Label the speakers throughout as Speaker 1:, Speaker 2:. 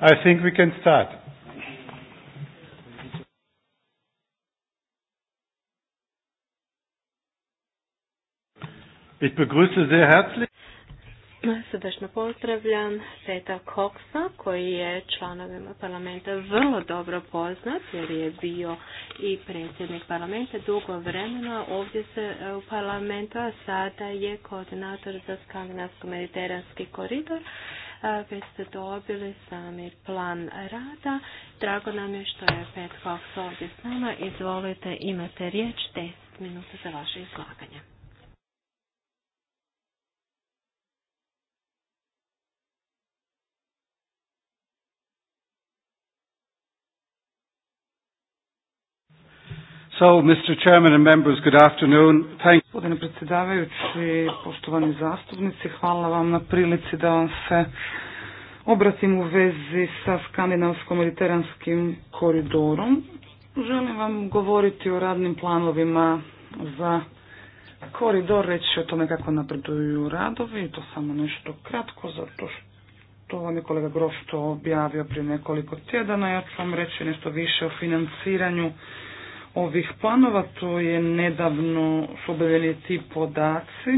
Speaker 1: I think we can start. Ich begrüße sehr herzlich.
Speaker 2: Srdečno pozdravljam Peta Koksa koji je članovima parlamenta vrlo dobro poznat jer je bio i predsjednik parlamenta dugo vremena ovdje se e, u parlamentu, a sada je koordinator za skandinavsko-mediteranski koridor već ste dobili sami plan rada. Drago nam je što je Pet Fox ovdje s nama. Izvolite, imate riječ, 10 minuta za vaše izlaganje.
Speaker 3: So, Mr. Chairman and members, good afternoon. Gospodine predsjedavajući, poštovani zastupnici, hvala vam na prilici da vam se obratim u vezi sa skandinavskom mediteranskim koridorom. Želim vam govoriti o radnim planovima za koridor, reći o tome kako napreduju radovi, to samo nešto kratko, zato što vam je kolega Grof objavio prije nekoliko tjedana. Ja ću vam reći nešto više o financiranju ovih planova, to je nedavno su objavljeni ti podaci.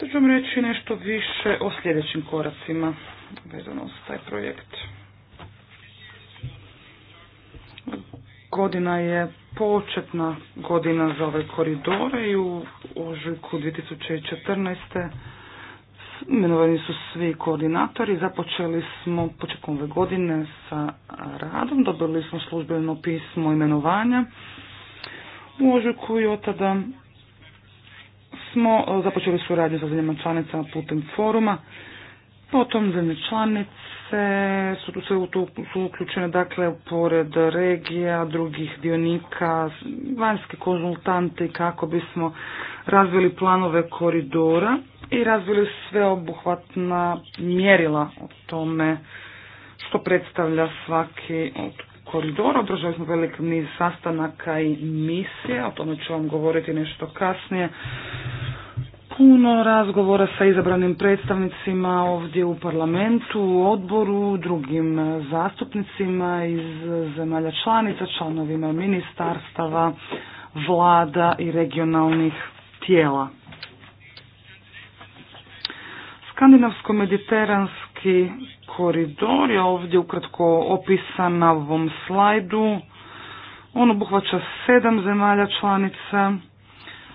Speaker 3: Da ću reći nešto više o sljedećim koracima vezano s taj projekt. Godina je početna godina za ove koridore i u ožujku 2014 Imenovani su svi koordinatori, započeli smo početkom ove godine sa radom, dobili smo službeno pismo imenovanja u ožujku i od tada smo započeli suradnju sa zemljama članicama putem foruma, potom zemlje članice se, su, tu, su uključene dakle pored regija, drugih dionika, vanjski konzultanti kako bismo razvili planove koridora i razvili sveobuhvatna mjerila o tome što predstavlja svaki od koridora. Održali smo velik niz sastanaka i misije, o tome ću vam govoriti nešto kasnije puno razgovora sa izabranim predstavnicima ovdje u parlamentu, u odboru, drugim zastupnicima iz zemalja članica, članovima ministarstava, vlada i regionalnih tijela. Skandinavsko-mediteranski koridor je ovdje ukratko opisan na ovom slajdu. On obuhvaća sedam zemalja članica,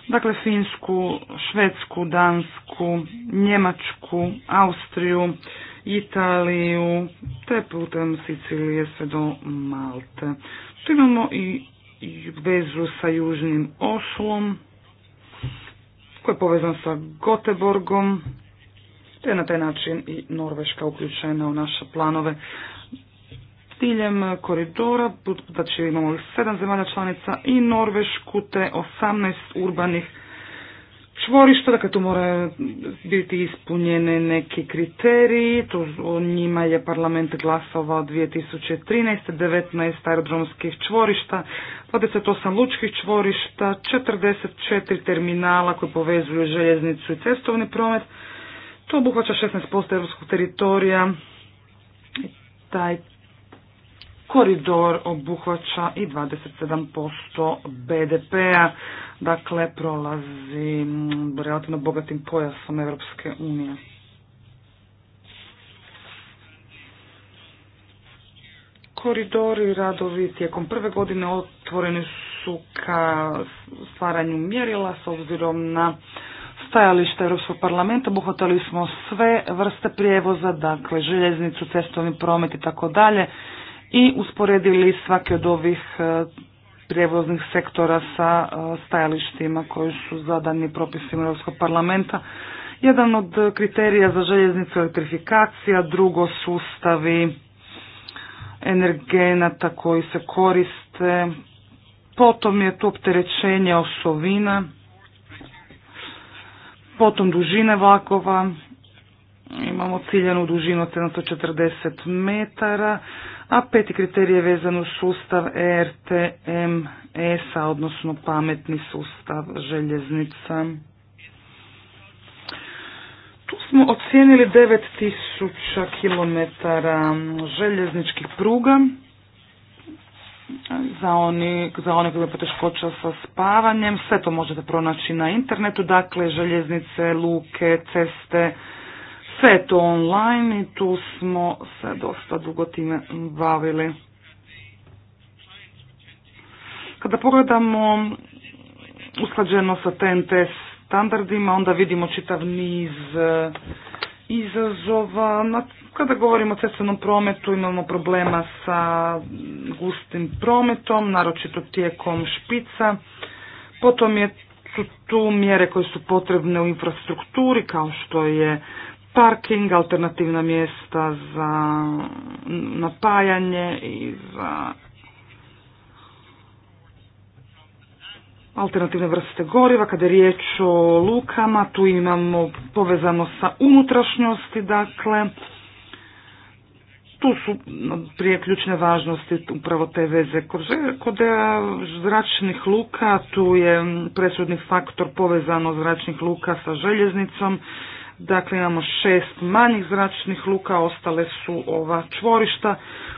Speaker 3: Dakle, Finsku, Švedsku, Dansku, Njemačku, Austriju, Italiju, te putem Sicilije sve do Malte. Tu imamo i vezu sa južnim Oslom, koji je povezan sa Goteborgom, te je na taj način i Norveška uključena u naše planove diljem koridora, znači imamo 7 zemalja članica i Norvešku, te 18 urbanih čvorišta, dakle tu moraju biti ispunjene neki kriteriji, tu o njima je parlament glasovao 2013, 19 aerodromskih čvorišta, 28 lučkih čvorišta, 44 terminala koji povezuju željeznicu i cestovni promet, to obuhvaća 16% europskog teritorija, taj koridor obuhvaća i 27% BDP-a, dakle prolazi relativno bogatim pojasom Europske unije. Koridori radovi tijekom prve godine otvoreni su ka stvaranju mjerila s obzirom na stajalište Europskog parlamenta obuhvatili smo sve vrste prijevoza, dakle željeznicu, cestovni promet i tako dalje i usporedili svaki od ovih e, prijevoznih sektora sa e, stajalištima koji su zadani propisima Europskog parlamenta. Jedan od kriterija za željeznicu elektrifikacija, drugo sustavi energenata koji se koriste, potom je tu opterećenje osovina, potom dužine vlakova, imamo ciljenu dužinu od 740 metara, a peti kriterij je vezan u sustav ERTMS-a, odnosno pametni sustav željeznica. Tu smo ocijenili 9000 km željezničkih pruga za, oni, za one koji poteškoća sa spavanjem. Sve to možete pronaći na internetu, dakle željeznice, luke, ceste, sve to online i tu smo se dosta dugo time bavili. Kada pogledamo uslađeno sa TNT standardima, onda vidimo čitav niz e, izazova. Kada govorimo o cestovnom prometu imamo problema sa gustim prometom, naročito tijekom špica. Potom je, su tu mjere koje su potrebne u infrastrukturi kao što je parking, alternativna mjesta za napajanje i za alternativne vrste goriva. Kada je riječ o lukama, tu imamo povezano sa unutrašnjosti, dakle, tu su prije ključne važnosti upravo te veze. Kod, e, zračnih luka tu je presudni faktor povezano zračnih luka sa željeznicom Dakle, imamo šest manjih zračnih luka, ostale su ova čvorišta,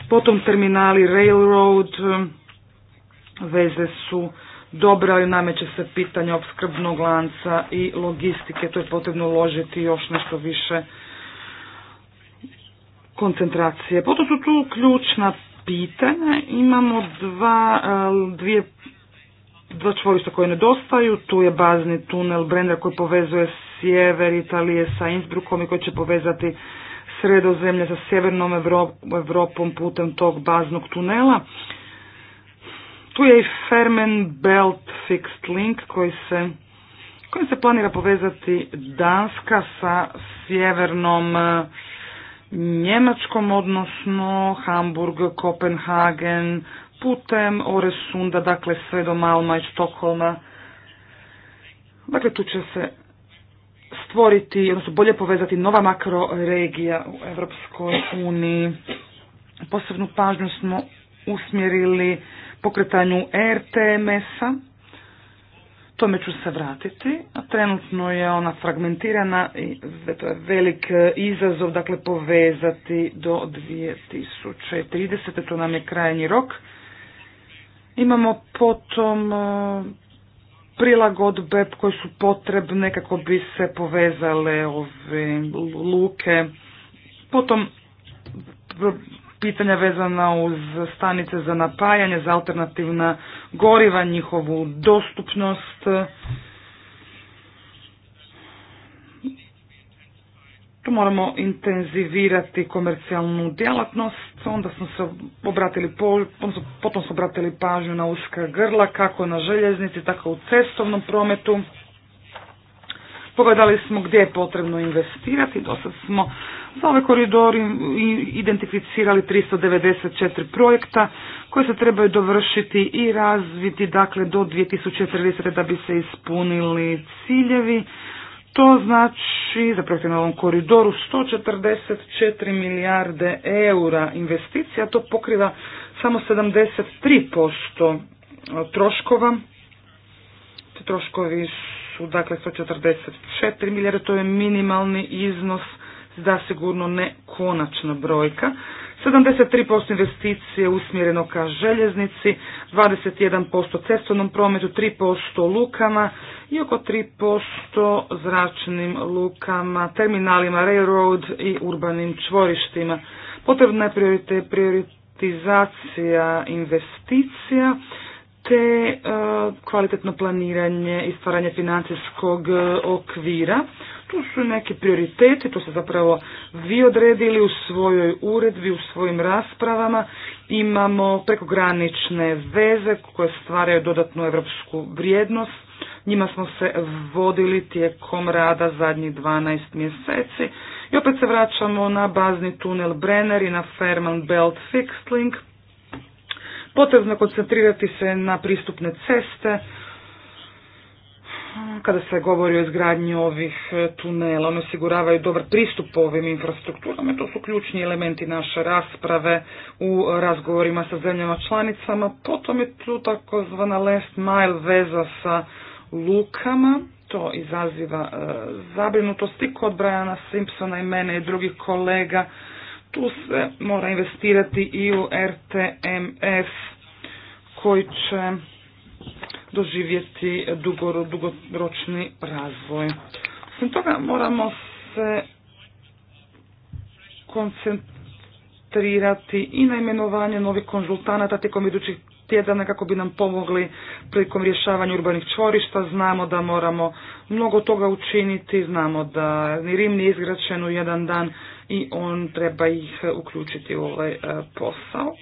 Speaker 3: potom terminali Railroad, um, veze su dobra i nameće se pitanje opskrbnog lanca i logistike. To je potrebno uložiti još nešto više koncentracije. Potom su tu ključna pitanja. Imamo dva, um, dvije, dva čvorišta koje nedostaju. Tu je bazni tunel Brenner koji povezuje sjever Italije sa Innsbruckom i koji će povezati sredozemlje sa sjevernom Evropom putem tog baznog tunela. Tu je i Fermen Belt Fixed Link koji se, koji se planira povezati Danska sa sjevernom e, Njemačkom, odnosno Hamburg, Kopenhagen, putem Oresunda, dakle sve do Malma i Stokholma. Dakle, tu će se stvoriti, odnosno bolje povezati nova makroregija u Europskoj uniji. Posebnu pažnju smo usmjerili pokretanju RTMS-a. Tome ću se vratiti. trenutno je ona fragmentirana i to je velik izazov, dakle povezati do 2030. To nam je krajnji rok. Imamo potom prilagodbe koje su potrebne kako bi se povezale ove luke. Potom pitanja vezana uz stanice za napajanje, za alternativna goriva, njihovu dostupnost, Tu moramo intenzivirati komercijalnu djelatnost, onda smo se obratili, potom smo obratili pažnju na uska grla, kako na željeznici, tako u cestovnom prometu. Pogledali smo gdje je potrebno investirati, do sad smo za ove koridori identificirali 394 projekta koje se trebaju dovršiti i razviti dakle do 2040. da bi se ispunili ciljevi. To znači za projekte na ovom koridoru 144 milijarde eura investicija, to pokriva samo 73% troškova. Te troškovi su dakle 144 milijarde, to je minimalni iznos, da sigurno ne konačna brojka. 73% investicije usmjereno ka željeznici, 21% cestovnom prometu, 3% lukama i oko 3% zračnim lukama, terminalima, railroad i urbanim čvorištima. Potrebna je prioritizacija investicija te e, kvalitetno planiranje i stvaranje financijskog e, okvira. Tu su neki prioriteti, to se zapravo vi odredili u svojoj uredbi, u svojim raspravama. Imamo prekogranične veze koje stvaraju dodatnu evropsku vrijednost. Njima smo se vodili tijekom rada zadnjih 12 mjeseci. I opet se vraćamo na bazni tunel Brenner i na Fairman Belt Fixed Link. Potrebno je koncentrirati se na pristupne ceste, kada se govori o izgradnji ovih e, tunela, one osiguravaju dobar pristup ovim infrastrukturama i to su ključni elementi naše rasprave u razgovorima sa zemljama članicama. Potom je tu takozvana last mile veza sa lukama, to izaziva e, zabrinutost i kod Briana Simpsona i mene i drugih kolega. Tu se mora investirati i u RTMF koji će doživjeti dugoročni razvoj. Osim toga moramo se koncentrirati i na imenovanje novih konzultanata tijekom idućih tjedana kako bi nam pomogli prilikom rješavanja urbanih čvorišta. Znamo da moramo mnogo toga učiniti, znamo da ni Rim nije izgračen u jedan dan i on treba ih uključiti u ovaj e, posao.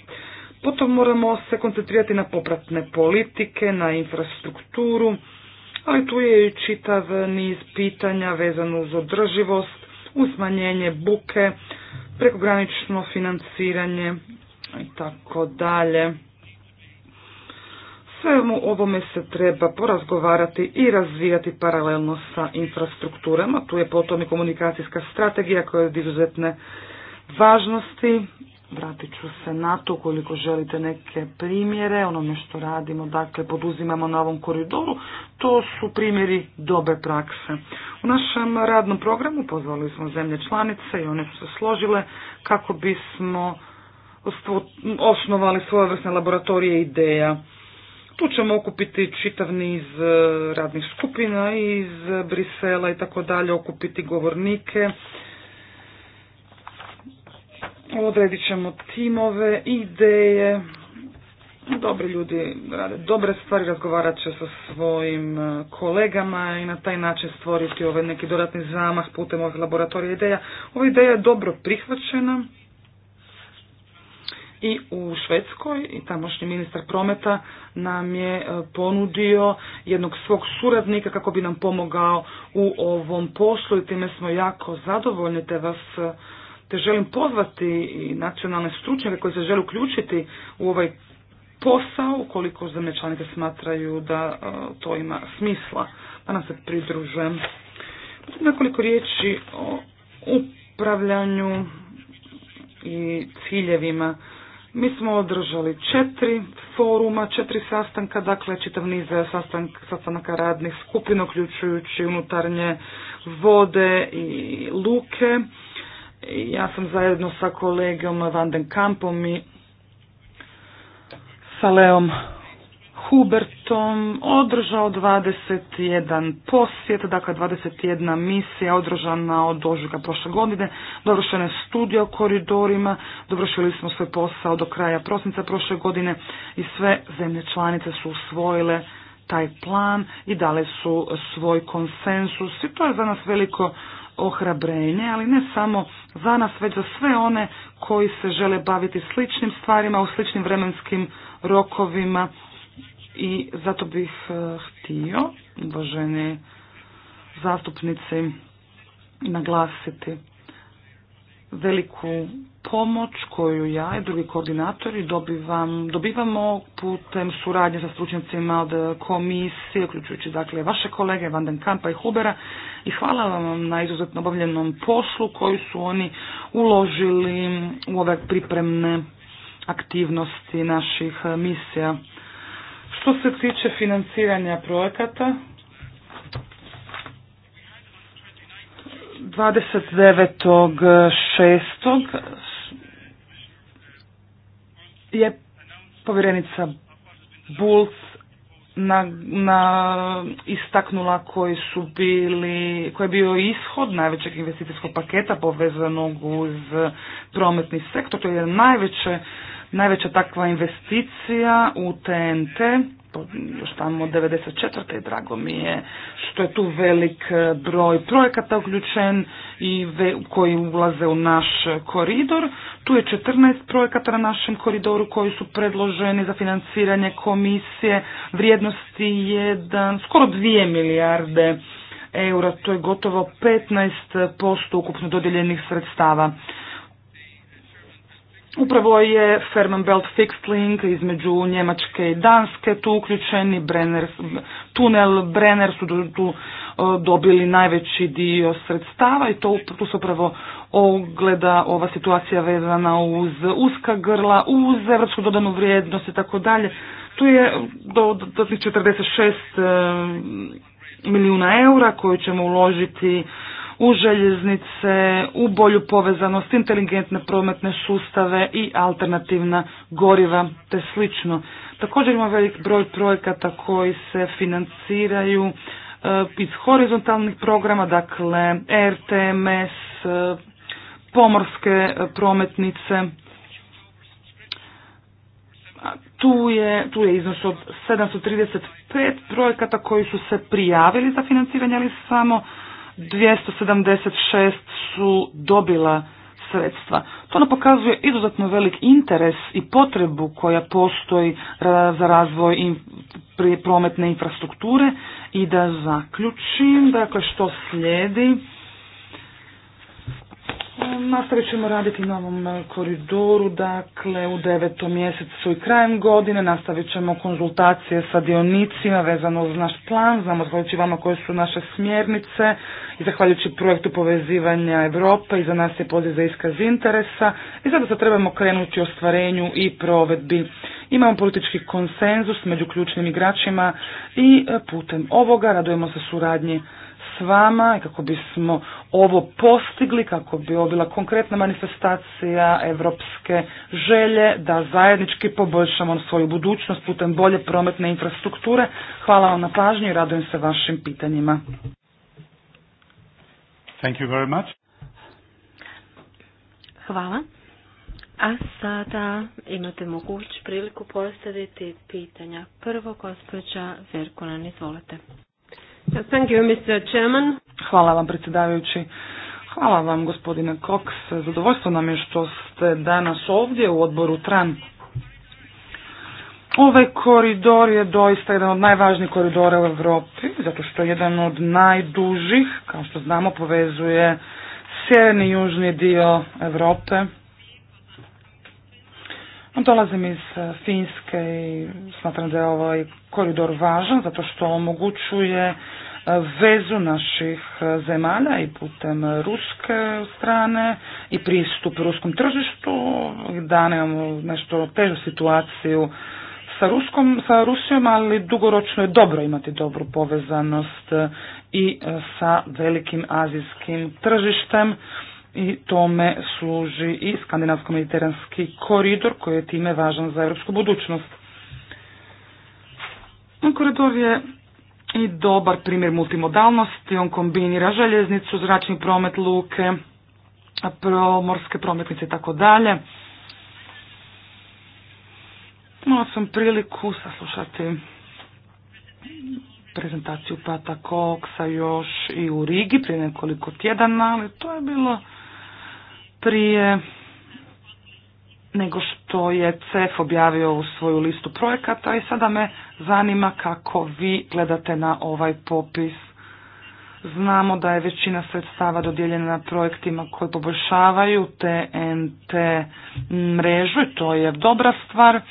Speaker 3: Potom moramo se koncentrirati na popratne politike, na infrastrukturu, ali tu je i čitav niz pitanja vezano uz održivost, uz smanjenje buke, prekogranično financiranje i tako dalje. Svemu ovome se treba porazgovarati i razvijati paralelno sa infrastrukturama. Tu je potom i komunikacijska strategija koja je od izuzetne važnosti Vratit ću se na to koliko želite neke primjere, onome što radimo, dakle poduzimamo na ovom koridoru, to su primjeri dobe prakse. U našem radnom programu pozvali smo zemlje članice i one su se složile kako bismo osnovali svojevrsne laboratorije i ideja. Tu ćemo okupiti čitav niz e, radnih skupina iz Brisela i tako dalje, okupiti govornike Odredit ćemo timove, ideje, dobri ljudi rade dobre stvari, razgovarat će sa svojim e, kolegama i na taj način stvoriti ovaj neki dodatni zamah putem ovih laboratorija ideja. Ova ideja je dobro prihvaćena i u Švedskoj i tamošnji ministar prometa nam je e, ponudio jednog svog suradnika kako bi nam pomogao u ovom poslu i time smo jako zadovoljni te vas e, te želim pozvati i nacionalne stručnjake koji se žele uključiti u ovaj posao, ukoliko zemlje članice smatraju da e, to ima smisla, da pa nam se pridružujem. Nekoliko riječi o upravljanju i ciljevima. Mi smo održali četiri foruma, četiri sastanka, dakle čitav niz sastank, sastanaka radnih skupina, uključujući unutarnje vode i luke. Ja sam zajedno sa kolegom Van den Kampom i sa Leom Hubertom održao 21 posjet, dakle 21 misija održana od ožujka prošle godine. Dovršena studio koridorima, dovršili smo svoj posao do kraja prosinca prošle godine i sve zemlje članice su usvojile taj plan i dale su svoj konsensus i to je za nas veliko ohrabrenje, ali ne samo za nas, već za sve one koji se žele baviti sličnim stvarima u sličnim vremenskim rokovima i zato bih e, htio, uvažene zastupnici, naglasiti veliku pomoć koju ja i drugi koordinatori dobivam, dobivamo putem suradnje sa stručnjacima od komisije, uključujući dakle vaše kolege Van den Kampa i Hubera i hvala vam na izuzetno obavljenom poslu koji su oni uložili u ove pripremne aktivnosti naših misija. Što se tiče financiranja projekata, 29.6. je povjerenica Bulls na, na istaknula koji su bili, koji je bio ishod najvećeg investicijskog paketa povezanog uz prometni sektor. To je najveće, najveća takva investicija u TNT još tamo 94. drago mi je što je tu velik e, broj projekata uključen i koji ulaze u naš koridor. Tu je 14 projekata na našem koridoru koji su predloženi za financiranje komisije vrijednosti jedan, skoro 2 milijarde eura, to je gotovo 15% ukupno dodijeljenih sredstava. Upravo je Belt Fixed Link između Njemačke i Danske tu uključeni, Brenner, tunel Brenner su tu dobili najveći dio sredstava i to, tu se upravo ogleda ova situacija vezana uz uska grla, uz evropsku dodanu vrijednost i tako dalje. Tu je do dodatnih 46 milijuna eura koje ćemo uložiti u željeznice, u bolju povezanost, inteligentne prometne sustave i alternativna goriva te slično. Također ima velik broj projekata koji se financiraju e, iz horizontalnih programa, dakle RTMS, e, pomorske e, prometnice. Tu je, tu je iznos od 735 projekata koji su se prijavili za financiranje, ali samo 276 su dobila sredstva. To nam pokazuje izuzetno velik interes i potrebu koja postoji za razvoj prometne infrastrukture i da zaključim dakle što slijedi Nastavit ćemo raditi na ovom e, koridoru, dakle u devetom mjesecu i krajem godine nastavit ćemo konzultacije sa dionicima vezano uz naš plan, znamo zahvaljujući vama koje su naše smjernice i zahvaljujući projektu povezivanja Europe i za nas je poziv za iskaz interesa i sada se trebamo krenuti ostvarenju i provedbi. Imamo politički konsenzus među ključnim igračima i e, putem ovoga radujemo se suradnji vama i kako bismo ovo postigli, kako bi ovo bila konkretna manifestacija evropske želje da zajednički poboljšamo svoju budućnost putem bolje prometne infrastrukture. Hvala vam na pažnju i radujem se vašim pitanjima. Thank you very much.
Speaker 2: Hvala. A sada imate moguć priliku postaviti pitanja. Prvo, gospođa Verkunan, izvolite.
Speaker 3: Thank Hvala vam predsjedavajući. Hvala vam gospodine Cox. Zadovoljstvo nam je što ste danas ovdje u odboru TRAN. Ovaj koridor je doista jedan od najvažnijih koridora u Europi, zato što je jedan od najdužih, kao što znamo, povezuje sjeverni i južni dio Europe. Dolazim iz Finske i smatram da je ovaj koridor važan zato što omogućuje e, vezu naših e, zemalja i putem ruske strane i pristup ruskom tržištu. da imamo nešto težu situaciju sa, ruskom, sa Rusijom, ali dugoročno je dobro imati dobru povezanost e, i sa velikim azijskim tržištem i tome služi i skandinavsko-mediteranski koridor koji je time važan za europsku budućnost. Koridor je i dobar primjer multimodalnosti, on kombinira željeznicu, zračni promet, luke, morske prometnice i tako dalje. Imala sam priliku saslušati prezentaciju Pata Koksa još i u Rigi prije nekoliko tjedana, ali to je bilo prije nego što je CEF objavio u svoju listu projekata i sada me zanima kako vi gledate na ovaj popis. Znamo da je većina sredstava dodijeljena na projektima koji poboljšavaju TNT mrežu i to je dobra stvar.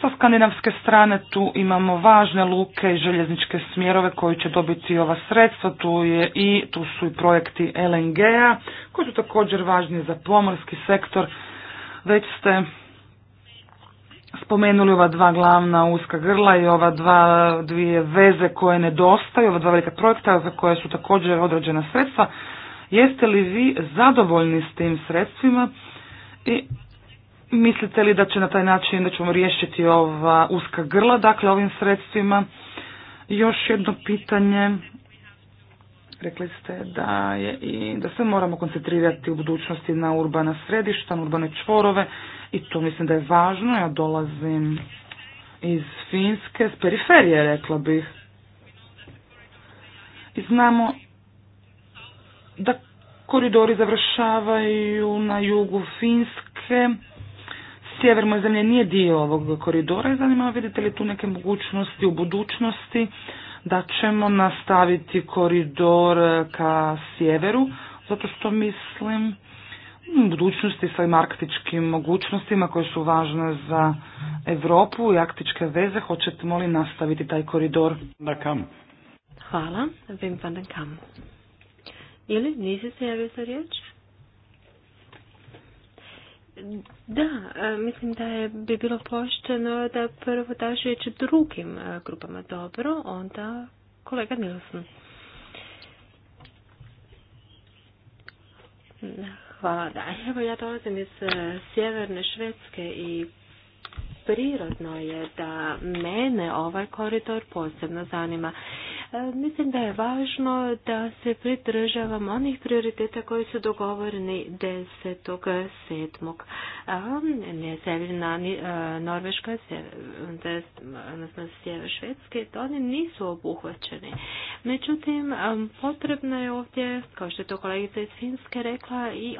Speaker 3: Sa skandinavske strane tu imamo važne luke i željezničke smjerove koji će dobiti ova sredstva, tu, je i, tu su i projekti LNG-a koji su također važni za pomorski sektor već ste spomenuli ova dva glavna uska grla i ova dva, dvije veze koje nedostaju, ova dva velika projekta za koje su također određena sredstva. Jeste li vi zadovoljni s tim sredstvima i mislite li da će na taj način da ćemo riješiti ova uska grla, dakle ovim sredstvima? Još jedno pitanje Rekli ste da, je, i da se moramo koncentrirati u budućnosti na urbana središta, na urbane čvorove i to mislim da je važno. Ja dolazim iz Finske, s periferije rekla bih. I znamo da koridori završavaju na jugu Finske. Sjever moje zemlje nije dio ovog koridora i zanima vidite li tu neke mogućnosti u budućnosti da ćemo nastaviti koridor ka sjeveru, zato što mislim u budućnosti sa ovim arktičkim mogućnostima koje su važne za Europu i arktičke veze, Hoćete li nastaviti taj koridor? Da kam.
Speaker 2: Hvala, Kam. Ili nisi se javio za riječ? Da, e, mislim da je, bi bilo pošteno da prvo daš već drugim e, grupama dobro, onda kolega Nilsson. Hvala, da. Evo ja dolazim iz e, sjeverne Švedske i prirodno je da mene ovaj koridor posebno zanima. E, mislim da je važno da se pridržavamo onih prioriteta koji su dogovoreni 10.7. Ne e, Norveška, odnosno Sjever Švedske, to oni nisu obuhvaćeni. Međutim, e, potrebno je ovdje, kao što je to kolegica iz Finske rekla, i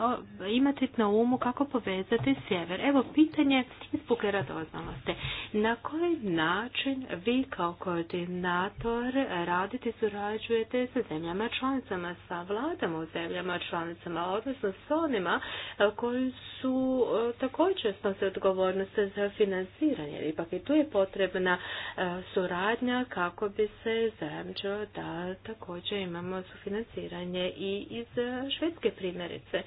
Speaker 2: imati na umu kako povezati sjever. Evo, pitanje iz Bukera Na koji način vi kao koordinator radite raditi, surađujete sa zemljama članicama, sa vladama u zemljama članicama, odnosno s onima e, koji su e, također snose odgovornosti za financiranje. Ipak i tu je potrebna e, suradnja kako bi se zajamčilo da također imamo sufinanciranje i iz švedske primjerice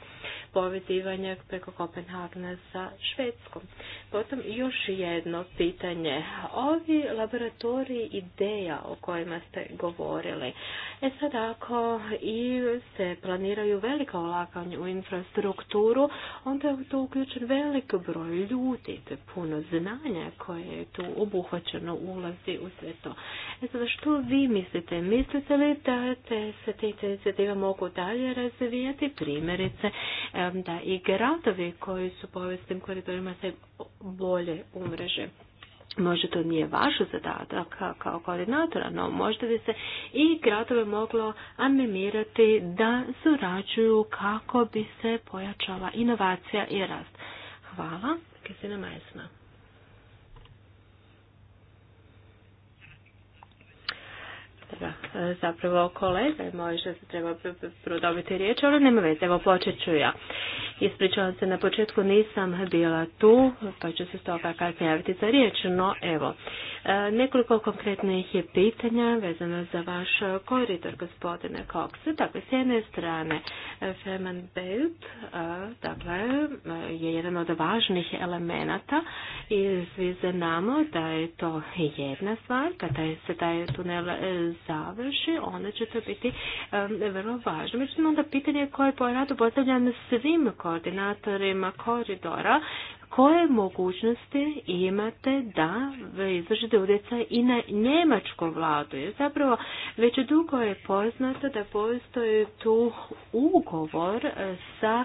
Speaker 2: povezivanje preko Kopenhagna sa Švedskom. Potom još jedno pitanje. Ovi laboratoriji ideja o kojima ste govorili. E sad ako i se planiraju velika ulaganja u infrastrukturu, onda je to uključen velik broj ljudi, to je puno znanja koje je tu obuhvaćeno ulazi u sve to. E sad što vi mislite? Mislite li da te, se te inicijative mogu dalje razvijati? Primjerice da i gradovi koji su povijesnim koridorima se bolje umreže. Možda to nije vaš zadatak kao koordinatora, no možda bi se i gradove moglo animirati da surađuju kako bi se pojačala inovacija i rast. Hvala, Kisina Majesna. zapravo kolega možda se treba prodobiti riječ, ali nema veze, evo počet ću ja. Ispričavam se, na početku nisam bila tu, pa ću se stoga kasnije javiti za riječ, no evo, Nekoliko konkretnih je pitanja vezano za vaš koridor, gospodine Cox. Dakle, s jedne strane, Femen Belt, dakle, je jedan od važnih elemenata i svi znamo da je to jedna stvar. Kada se taj tunel e, završi, onda će to biti e, vrlo važno. Međutim, onda pitanje koje po radu svim koordinatorima koridora, koje mogućnosti imate da izvršite utjecaj i na njemačku vladu? Jer zapravo već dugo je poznato da postoji tu ugovor e, sa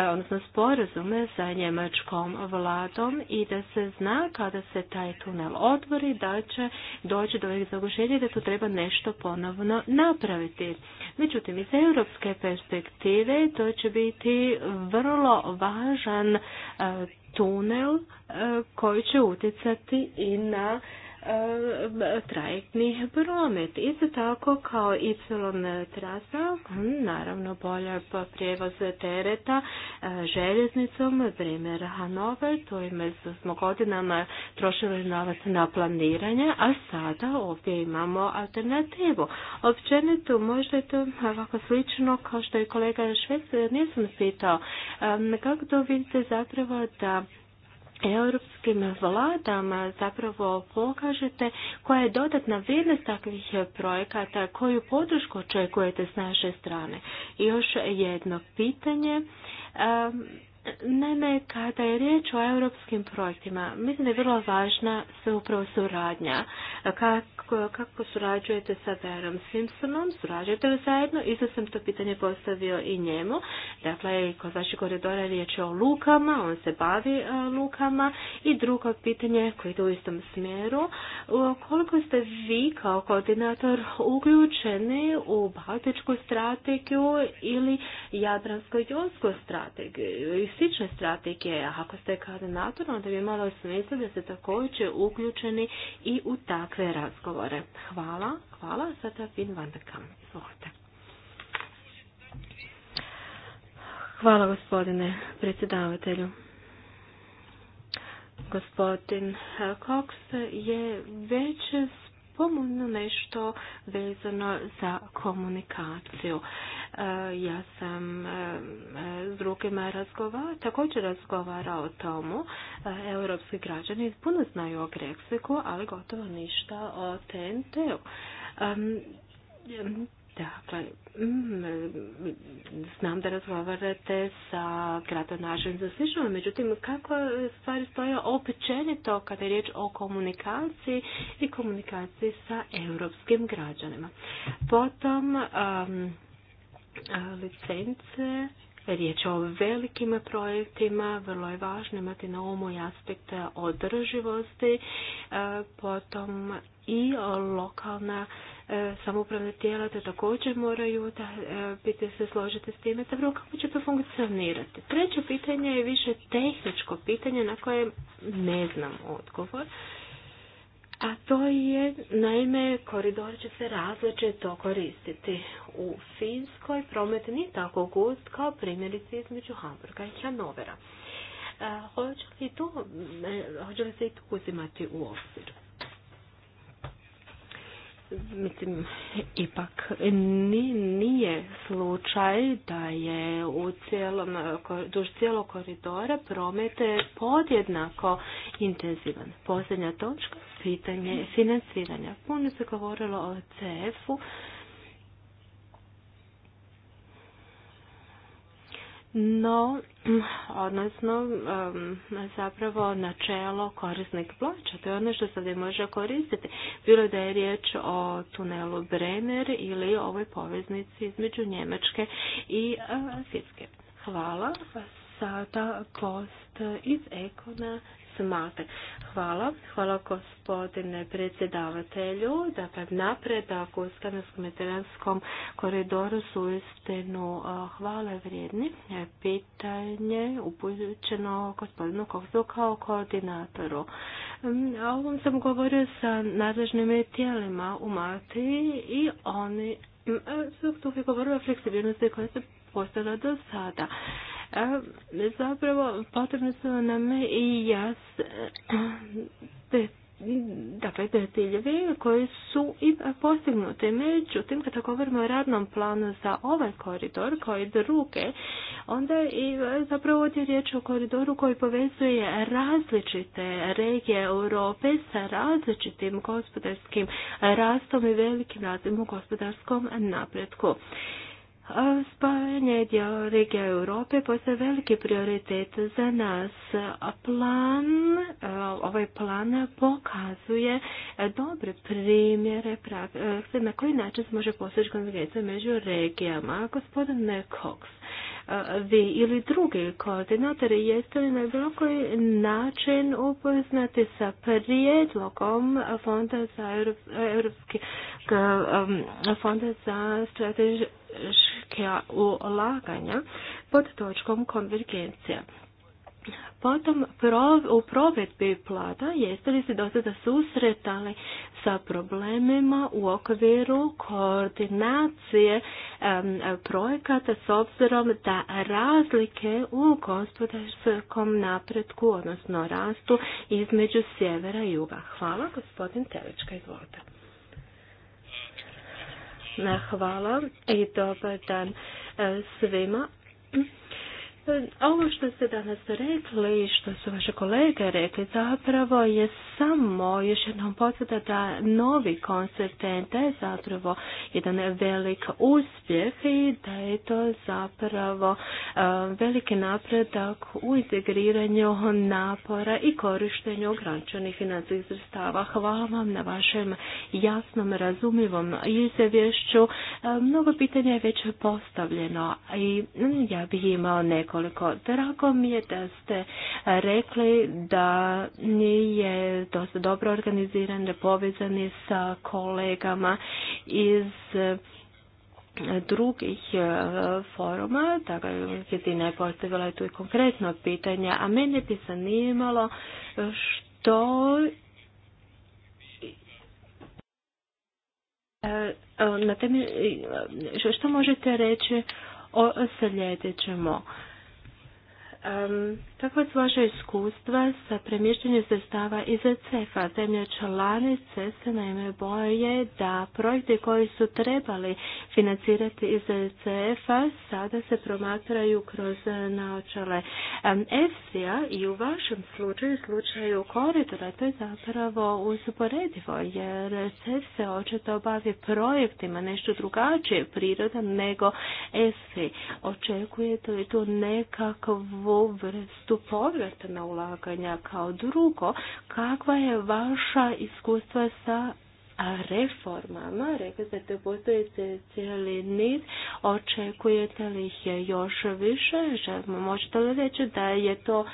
Speaker 2: e, odnosno sporazume sa njemačkom vladom i da se zna kada se taj tunel otvori da će doći do ovih zagušenja i da tu treba nešto ponovno napraviti. Međutim, iz europske perspektive to će biti vrlo važan e, tunel e, koji će utjecati i na trajektni promet. Isto tako kao Y trasa, naravno bolje pa prijevoz tereta e, željeznicom, primjer Hanover, to ime smo godinama trošili novac na planiranje, a sada ovdje imamo alternativu. Općenito možda je to ovako slično kao što je kolega Švec, nisam pitao, kako to vidite zapravo da europskim vladama zapravo pokažete koja je dodatna vrijednost takvih projekata, koju podršku očekujete s naše strane. I još jedno pitanje. Naime, kada je riječ o europskim projektima, mislim da je vrlo važna se upravo suradnja. Kako, kako surađujete sa Verom Simpsonom, surađujete li zajedno? Isto sam to pitanje postavio i njemu. Dakle, ko znači koridora riječ o lukama, on se bavi e, lukama. I drugo pitanje koje ide u istom smjeru, koliko ste vi kao koordinator uključeni u Baltičku strategiju ili Jadransko-Jonsku strategiju? slične strategije, a ako ste koordinator, onda bi malo smisla da ste također uključeni i u takve razgovore. Hvala, hvala, sada fin van Hvala gospodine predsjedavatelju. Gospodin Cox je već pomoćno nešto vezano za komunikaciju. E, ja sam e, s drugima razgovarao, također razgovarao o tomu. E, europski građani puno znaju o greksiku, ali gotovo ništa o TNT-u Dakle, mm, znam da razgovarate sa gradonačelnicom slično, međutim, kako stvari stoje općenito kada je riječ o komunikaciji i komunikaciji sa europskim građanima. Potom, um, licence, Riječ je o velikim projektima, vrlo je važno imati na umu i aspekte održivosti, e, potom i lokalna e, samoupravna tijela te također moraju da e, biti se složiti s time, kako će to funkcionirati. Treće pitanje je više tehničko pitanje na koje ne znam odgovor. A to je, naime, koridor će se različito koristiti. U Finskoj promet nije tako gust kao primjerice između Hamburga i Hanovera. E, e, hoće li, se i tu uzimati u obzir? mislim, ipak nije slučaj da je u cijelom, duž cijelog koridora promete podjednako intenzivan. Posljednja točka, pitanje financiranja. Puno se govorilo o CF-u, No, odnosno, zapravo načelo korisnik plaća, to je ono što se ovdje može koristiti. Bilo da je riječ o tunelu Brenner ili ovoj poveznici između Njemačke i e, Svjetske. Hvala. Sada post iz Ekona Hvala. Hvala gospodine predsjedavatelju. Dakle, napredak u skanarskom koridoru su istinu hvale vrijedni. E, pitanje upućeno gospodinu Kovzu kao koordinatoru. O mm, ovom sam govorio sa nadležnim tijelima u Mati i oni mm, e, su tu govorili o fleksibilnosti koja se postala do sada. Zapravo potrebno su nam i jas te dakle, te koji su i postignute. Međutim, kada govorimo o radnom planu za ovaj koridor koji i druge, onda i zapravo ovdje je riječ o koridoru koji povezuje različite regije Europe sa različitim gospodarskim rastom i velikim razvojem u gospodarskom napretku. Spajanje dio regija Europe postoje veliki prioritet za nas. Plan, e, ovaj plan pokazuje e, dobre primjere prakse e, na koji način se može postići konvergencija među regijama. Gospodine Cox, vi ili drugi koordinatori jeste li na bilo koji način upoznati sa prijedlogom Fonda za Europski, Fonda za strateški u ulaganja pod točkom konvergencija. Potom u provedbi plada jeste li se sada susretali sa problemima u okviru koordinacije projekata s obzirom da razlike u gospodarskom napretku, odnosno rastu između sjevera i juga. Hvala, gospodin Telička, izvolite. Hvala i dobar dan e, svima. Dakle, ovo što ste danas rekli i što su vaše kolege rekli zapravo je samo još jednom potvrda da novi koncept je zapravo jedan velik uspjeh i da je to zapravo e, veliki napredak u integriranju napora i korištenju ograničenih financijskih sredstava. Hvala vam na vašem jasnom, razumljivom izvješću. E, mnogo pitanja je već postavljeno i ja bih imao neko koliko Drago mi je da ste rekli da nije dosta dobro organiziran, da povezani sa kolegama iz eh, drugih eh, foruma, tako je postavila tu i konkretno pitanje, a mene bi zanimalo što eh, na temi, što možete reći o sljedećemo um, Kakva su vaša iskustva sa premještenjem sredstava iz ECF-a? Zemlje članice se naime boje da projekte koji su trebali financirati iz ECF-a sada se promatraju kroz naočale EFSI-a i u vašem slučaju, slučaju koridora, to je zapravo usporedivo jer ECF se očito bavi projektima nešto drugačije priroda nego EFSI. Očekujete li tu nekakvu vrstu su povratna ulaganja? Kao drugo, kakva je vaša iskustva sa reformama, rekli ste da cijeli niz, očekujete li ih još više, možete li reći da je to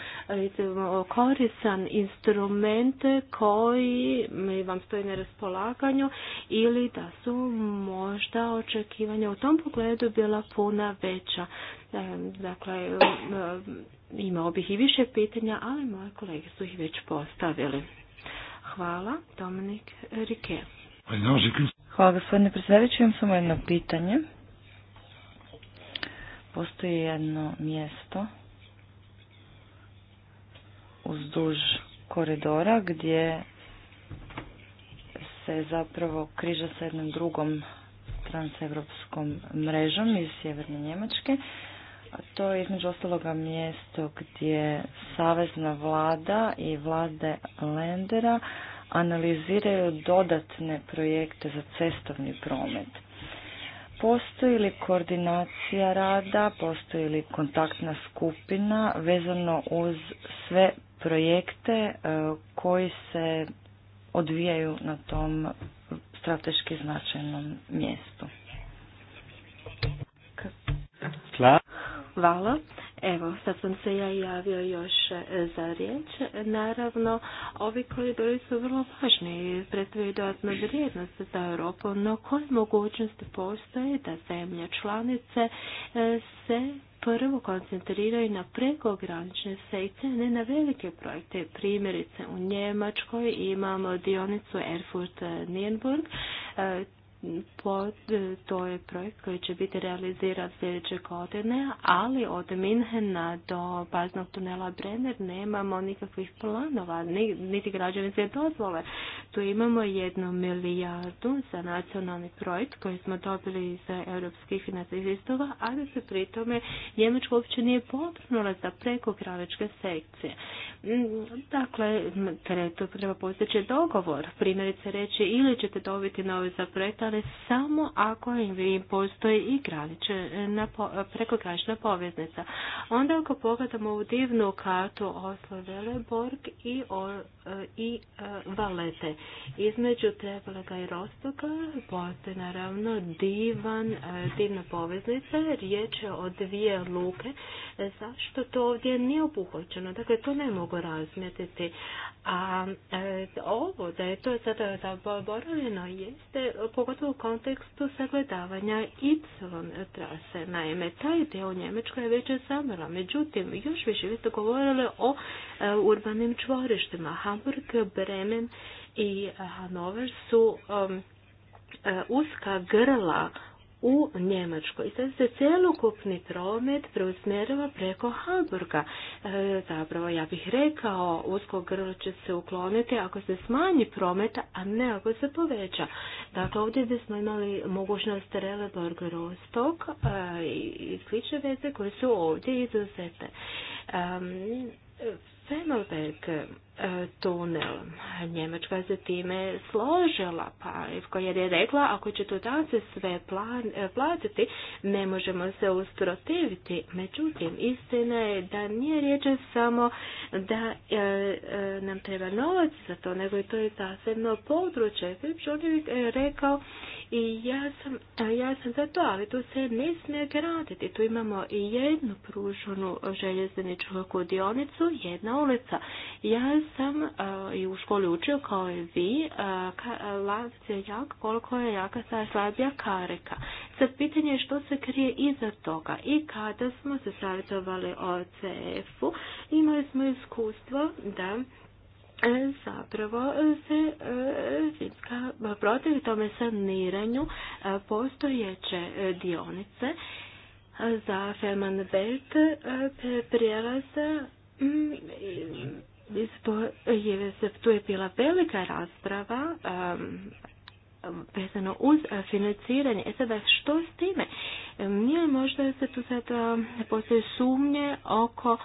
Speaker 2: korisan instrument koji vam stoji na raspolaganju ili da su možda očekivanja u tom pogledu bila puna veća. Dakle, imao bih i više pitanja, ali moje kolege su ih već postavili. Hvala, Dominik Rike.
Speaker 4: Hvala gospodine predsjedavajući, imam samo jedno pitanje. Postoji jedno mjesto duž koridora gdje se zapravo križa sa jednom drugom transevropskom mrežom iz sjeverne Njemačke. To je između ostaloga mjesto gdje savezna vlada i vlade Lendera analiziraju dodatne projekte za cestovni promet. Postoji li koordinacija rada, postoji li kontaktna skupina vezano uz sve projekte e, koji se odvijaju na tom strateški
Speaker 2: značajnom mjestu? Hvala. Evo, sad sam se ja javio još e, za riječ. Naravno, ovi koridori su vrlo važni i predstavljaju dodatnu vrijednost za Europu, no koje mogućnosti postoje da zemlje članice e, se prvo koncentriraju na prekogranične sekcije, ne na velike projekte. Primjerice, u Njemačkoj imamo dionicu Erfurt-Nienburg, e, to je projekt koji će biti realiziran sljedeće godine, ali od Minhena do baznog tunela Brenner nemamo nikakvih planova, niti građevinske dozvole. Tu imamo jednu milijardu za nacionalni projekt koji smo dobili iz europskih financijistova, a da se tome njemačka uopće nije pokrenula za preko sekcije. Mm, dakle, treba postići dogovor. Primjerice reći ili ćete dobiti novi za projekta ali samo ako im postoji i granična prekogranična poveznica. Onda ako pogledamo ovu divnu kartu Oslo-Veleborg i, e, i e, Valete, između Trebalega i Rostoga postoje naravno divan, e, divna poveznica, riječ je o dvije luke. Zašto to ovdje nije obuhvaćeno? Dakle, to ne mogu razmetiti. A e, ovo da je to sada zaboravljeno jeste pogotovo u kontekstu sagledavanja Y trase. Naime, taj dio Njemačka je već zamrla. Međutim, još više vi ste govorili o e, urbanim čvorištima. Hamburg, Bremen i Hanover su um, e, uska grla u Njemačkoj. I sad se celokupni promet preusmjerava preko Hamburga. E, zapravo, ja bih rekao, usko grlo će se ukloniti ako se smanji promet, a ne ako se poveća. Dakle, ovdje bismo imali mogućnost Releborg Rostok e, i slične veze koje su ovdje izuzete. E, Femelberg, tunel. Njemačka se time složila, pa jer je rekla ako će se sve e, platiti, ne možemo se usprotiviti. Međutim, istina je da nije riječ samo da e, e, nam treba novac za to, nego i to je zasebno područje. Filip je rekao i ja sam, ja sam za to, ali tu se ne smije graditi. Tu imamo i jednu pruženu željezničku dionicu, jedna ulica. Ja sam e, i u školi učio kao i vi, e, ka, jak, koliko je jaka ta slabija karika. Sad pitanje je što se krije iza toga i kada smo se savjetovali o CF-u, imali smo iskustvo da e, zapravo se protiv tome saniranju postojeće dionice za Ferman Belt prijelaze mm, tu je bila velika rasprava um, vezano uz uh, financiranje. E sada, što s time? Nije možda se tu sad uh, postoje sumnje oko uh,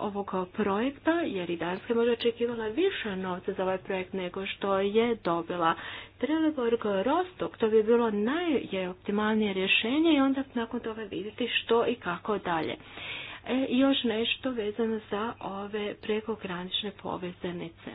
Speaker 2: ovog projekta, jer i Danska možda očekivala više novca za ovaj projekt nego što je dobila. Trelleborg Rostok, to bi bilo najoptimalnije rješenje i onda nakon toga vidjeti što i kako dalje. E, još nešto vezano za ove prekogranične povezanice.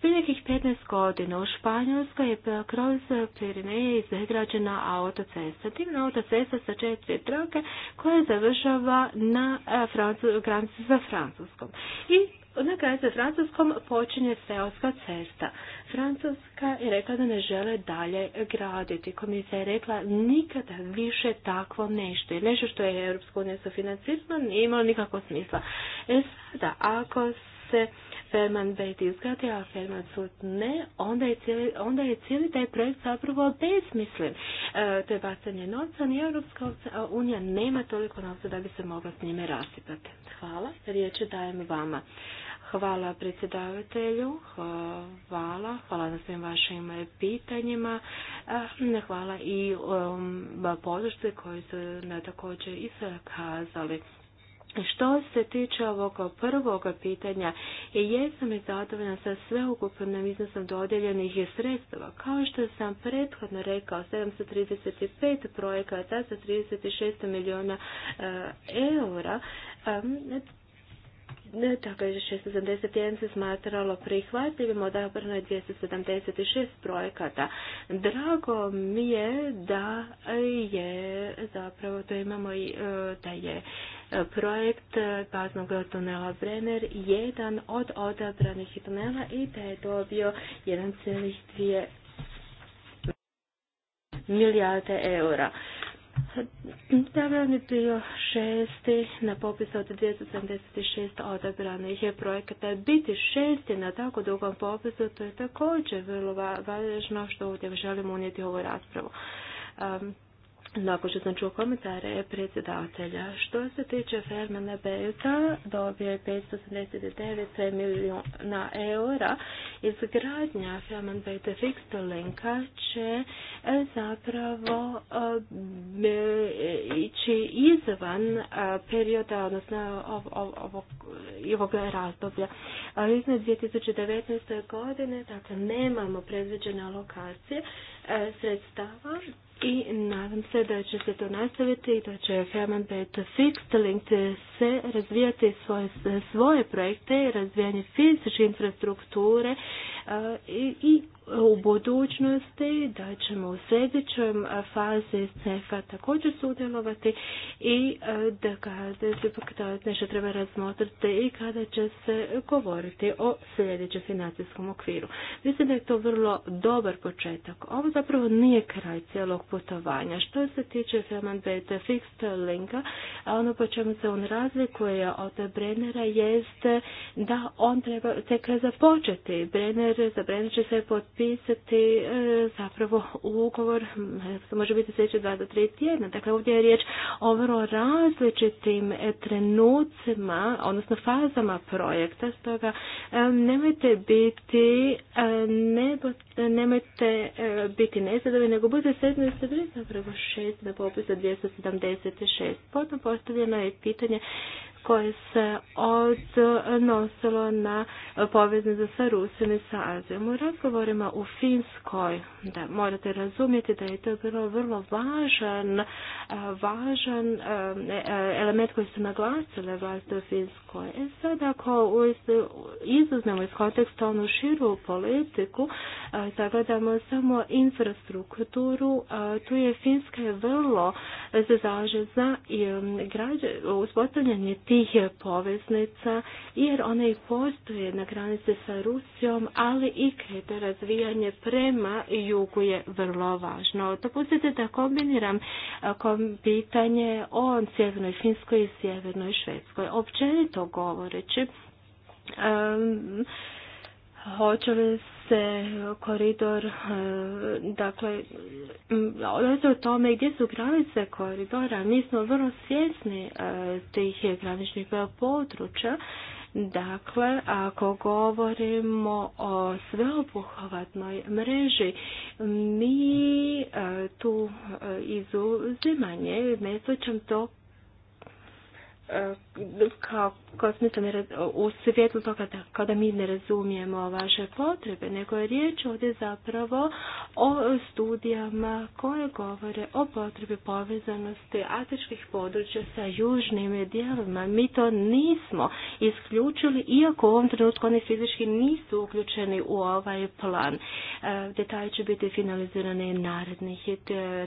Speaker 2: Prije nekih 15 godina u Španjolskoj je kroz Pirineje izgrađena autocesta. Divna autocesta sa četiri trake koja završava na e, Francu, granici Francuskom. I na kraju sa Francuskom počinje seoska cesta. Francuska je rekla da ne žele dalje graditi. Komisija je rekla nikada više takvo nešto. i nešto što je Europska unija sufinancirala nije imalo nikakvog smisla. E sada, ako se Ferman bet izgradi, a Ferman Sud ne, onda je, cijeli, onda je cijeli taj projekt zapravo besmislen. E, to je bacanje novca, ni Europska unija nema toliko novca da bi se mogla s njime rasipati. Hvala, riječ dajem vama. Hvala predsjedavatelju, hvala, hvala na svim vašim pitanjima, hvala i um, podršci koju su također iskazali. Što se tiče ovog prvog pitanja, jesam je zadovoljna sa sveukupnim iznosom dodeljenih sredstava. Kao što sam prethodno rekao, 735 projekata za 36 milijuna e, eura, tako je 671 se smatralo prihvatljivim, odabrano je 276 projekata. Drago mi je da je zapravo, to imamo i e, da je e, projekt e, baznog tunela Brenner jedan od odabranih tunela i da je dobio 1,2 milijarde eura. Davran je bio šesti na popisu od 276 odabranih je projekata. Biti šesti na tako dugom popisu, to je također vrlo važno što ovdje želimo unijeti ovu raspravu nakon što sam čuo komentare predsjedatelja. Što se tiče Fermana Bejuta, dobio je 589 milijuna eura. Izgradnja Ferman Bejuta Fixed Linka će e, zapravo e, ići izvan e, perioda, odnosno ovog, razdoblja. Iznad 2019. godine, dakle, nemamo predviđene lokacije sredstava i nadam se da će se to nastaviti i da će Fairman Bet Fixed Link se razvijati svoje, svoje projekte, razvijanje fizičke infrastrukture e, i, u budućnosti da ćemo u sljedećem fazi CEFA također sudjelovati i e, da kada se nešto treba razmotriti i kada će se govoriti o sljedećem financijskom okviru. Mislim da je to vrlo dobar početak. Ovo zapravo nije kraj cijelog putovanja. Što se tiče Fremantbet Fixed Linka, ono po čemu se on razlikuje od Brennera jeste da on treba tek započeti. Brenner, za Brenner će se potpisati zapravo e, zapravo ugovor, to e, može biti sljedeće dva do tri tjedna. Dakle, ovdje je riječ o vrlo različitim e, trenucima, odnosno fazama projekta, stoga nemojte biti nebo, nemojte biti nezadovoljni, nego budite s bili zapravo šest na popisu 276. Potom postavljeno je pitanje koje se odnosilo na poveznicu sa Rusijom i sa Azijom. U razgovorima u Finskoj, da morate razumjeti da je to bilo vrlo važan, važan eh, element koji su naglasile vlasti u Finskoj. E sad ako izuznemo iz konteksta onu širu politiku, eh, zagledamo samo infrastrukturu eh, tu je Finska je vrlo zalaže za um, uspostavljanje tih poveznica jer one i postoje na granici sa Rusijom, ali i to razvijanje prema jugu je vrlo važno. Dopustite da kombiniram pitanje o sjevernoj Finskoj i sjevernoj Švedskoj. Općenito govoreći, um, hoće li se koridor, e, dakle, o tome gdje su granice koridora, mi smo vrlo svjesni e, tih graničnih područja, Dakle, ako govorimo o sveobuhvatnoj mreži, mi e, tu izuzimanje, ne to kao mi u svijetu toga da, kada mi ne razumijemo vaše potrebe, nego je riječ ovdje zapravo o studijama koje govore o potrebi povezanosti atičkih područja sa južnim dijelovima. Mi to nismo isključili, iako u ovom trenutku oni fizički nisu uključeni u ovaj plan. E, Detalje će biti finalizirani narednih e,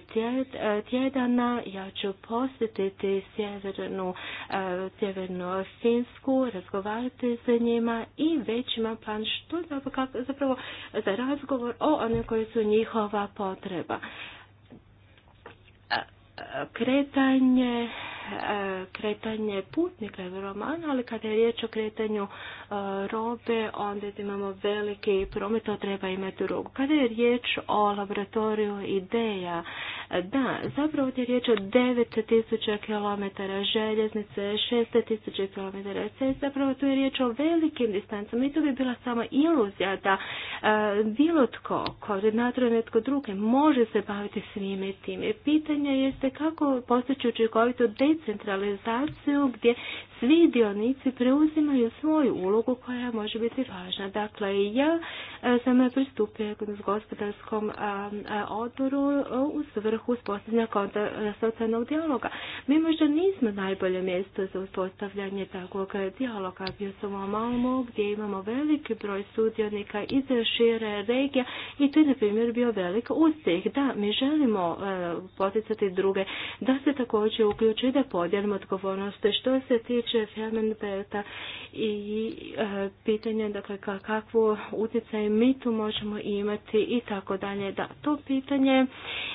Speaker 2: tjedana. Ja ću posjetiti sjevernu, e, sjevernu Finsku, razgovarati sa njima i već ima plan što zapravo za razgovor o onoj koji su njihova potreba. Kretanje Eh, kretanje putnika je roman, ali kada je riječ o kretanju eh, robe, onda imamo veliki promet, to treba imati rogu. Kada je riječ o laboratoriju ideja, eh, da, zapravo je riječ o 9000 km željeznice, 6000 km cest, zapravo tu je riječ o velikim distancama i to bi bila samo iluzija da bilo tko, koordinator netko druge može se baviti svime time. Pitanje jeste kako postići učinkovitu centralizaciju gdje svi dionici preuzimaju svoju ulogu koja može biti važna. Dakle, ja e, sam pristupio s gospodarskom odboru e, u svrhu uspostavljanja e, socijalnog dijaloga. Mi možda nismo najbolje mjesto za uspostavljanje takvog dijaloga. Bio sam u Malmo gdje imamo veliki broj sudionika iz šire regija i to je, na primjer, bio velik uspjeh. Da, mi želimo poticati druge da se također uključuje da podijelimo odgovornost. Što se tiče Felmenberta i e, pitanje dakle kakvu utjecaj mi tu možemo imati i tako dalje. Da, to pitanje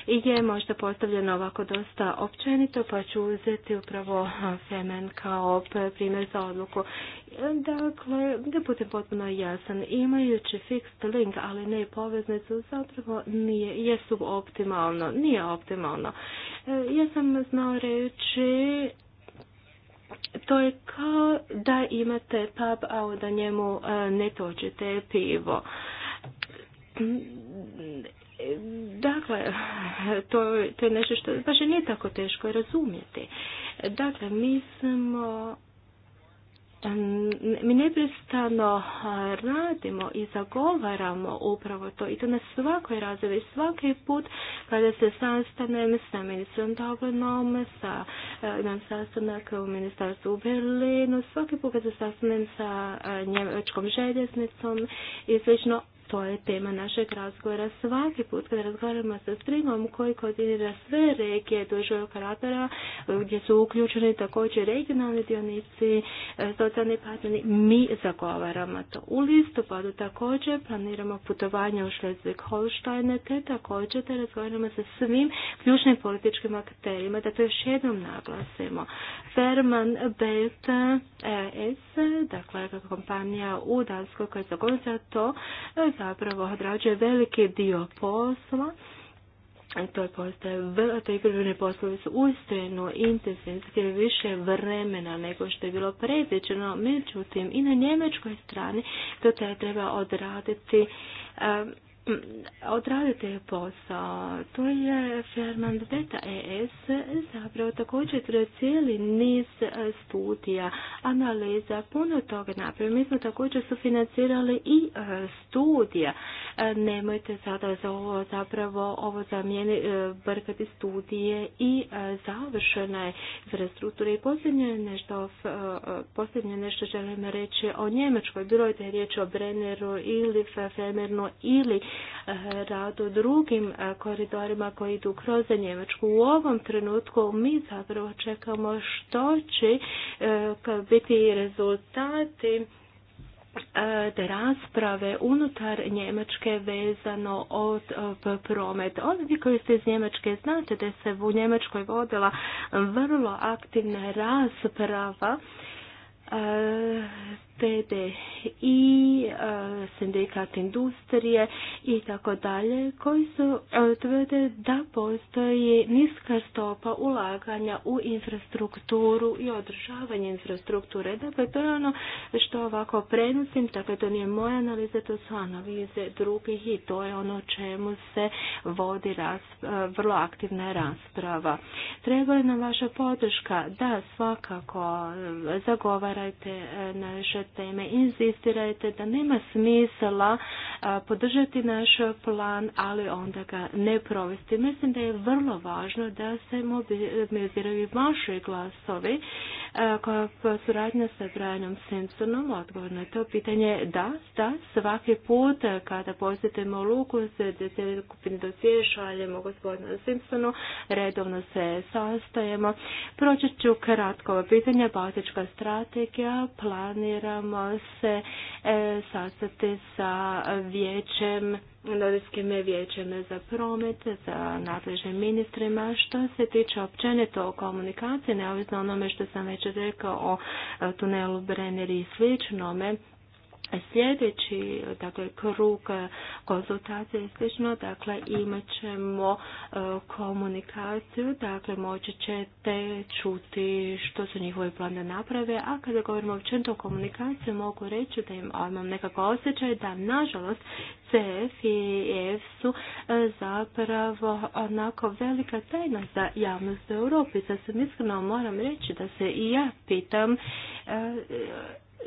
Speaker 2: je možda postavljeno ovako dosta općenito pa ću uzeti upravo Femen kao primjer za odluku. Dakle, da budem potpuno jasan, imajući fixed link, ali ne poveznicu, zapravo nije, jesu optimalno, nije optimalno. E, ja sam znao reći to je kao da imate pub, a da njemu e, ne točite pivo. Dakle, to, to je nešto što baš nije tako teško razumjeti. Dakle, mi smo mi neprestano radimo i zagovaramo upravo to i to na svakoj razini, svaki put kada se sastanem sa ministrom Dogonom, sa, e, imam sastanak u ministarstvu u Berlinu, svaki put kada se sastanem sa e, njemačkom željeznicom i slično, to je tema našeg razgovora svaki put kad razgovaramo sa Stringom, koji koordinira sve regije duže operatora gdje su uključeni također regionalni dionici, e, socijalni partneri. Mi zagovaramo to. U listopadu također planiramo putovanje u schleswig holštajne te također da razgovaramo sa svim ključnim političkim akterima. Da dakle, to još jednom naglasimo. Ferman Belt ES, dakle kompanija u Danskoj koja je to, zapravo odrađuje veliki dio posla. E, to postaje, te pripremne poslove su uistinu intenzivski više vremena nego što je bilo predviđeno. Međutim, i na njemačkoj strani to treba odraditi Mm, odradite posao. To je Ferman Beta ES zapravo također kroz cijeli niz e, studija, analiza, puno toga napravili. Mi smo također sufinancirali i e, studija. E, nemojte sada za ovo zapravo ovo zamijeni brkati studije i završene infrastrukture. I posljednje nešto, posljednje nešto želim reći o Njemačkoj. Bilo je da je riječ o Brenneru ili Femernu ili rad u drugim e, koridorima koji idu kroz Njemačku. U ovom trenutku mi zapravo čekamo što će e, biti rezultati e, te rasprave unutar Njemačke vezano od promet. Oni koji ste iz Njemačke znate da se u Njemačkoj vodila vrlo aktivna rasprava PD i e, sindikat industrije i tako dalje koji su e, tvrde da postoji niska stopa ulaganja u infrastrukturu i održavanje infrastrukture. Dakle, to je ono što ovako prenosim, dakle to nije moja analiza, to su analize drugih i to je ono čemu se vodi e, vrlo aktivna rasprava. Treba je nam vaša podrška? Da, svakako zagovarajte naše teme. Inzistirajte da nema smisla podržati naš plan, ali onda ga ne provesti. Mislim da je vrlo važno da se mobiliziraju vaši glasovi koja pa suradnja sa Brianom Simpsonom. Odgovor na to pitanje da, da, svaki put kada posjetimo luku se kupine dosije šaljemo gospodinu Simpsonu, redovno se sastajemo. Proći ću kratko pitanje. Baltička strategija planira moramo se e, sastati sa vijećem Nordijskim vijećem za promet, za nadležnim ministrima. Što se tiče općenito komunikacije, komunikaciji, neovisno onome što sam već rekao o e, tunelu Brenner i sličnome, Sljedeći dakle, krug konzultacije je slično, dakle imat ćemo e, komunikaciju, dakle moći ćete čuti što su njihovi plan naprave, a kada govorimo općenito o komunikaciji mogu reći da im, imam nekako osjećaj da nažalost CF i EF su e, zapravo onako velika tajna za javnost u Europi. Sad sam iskreno moram reći da se i ja pitam e,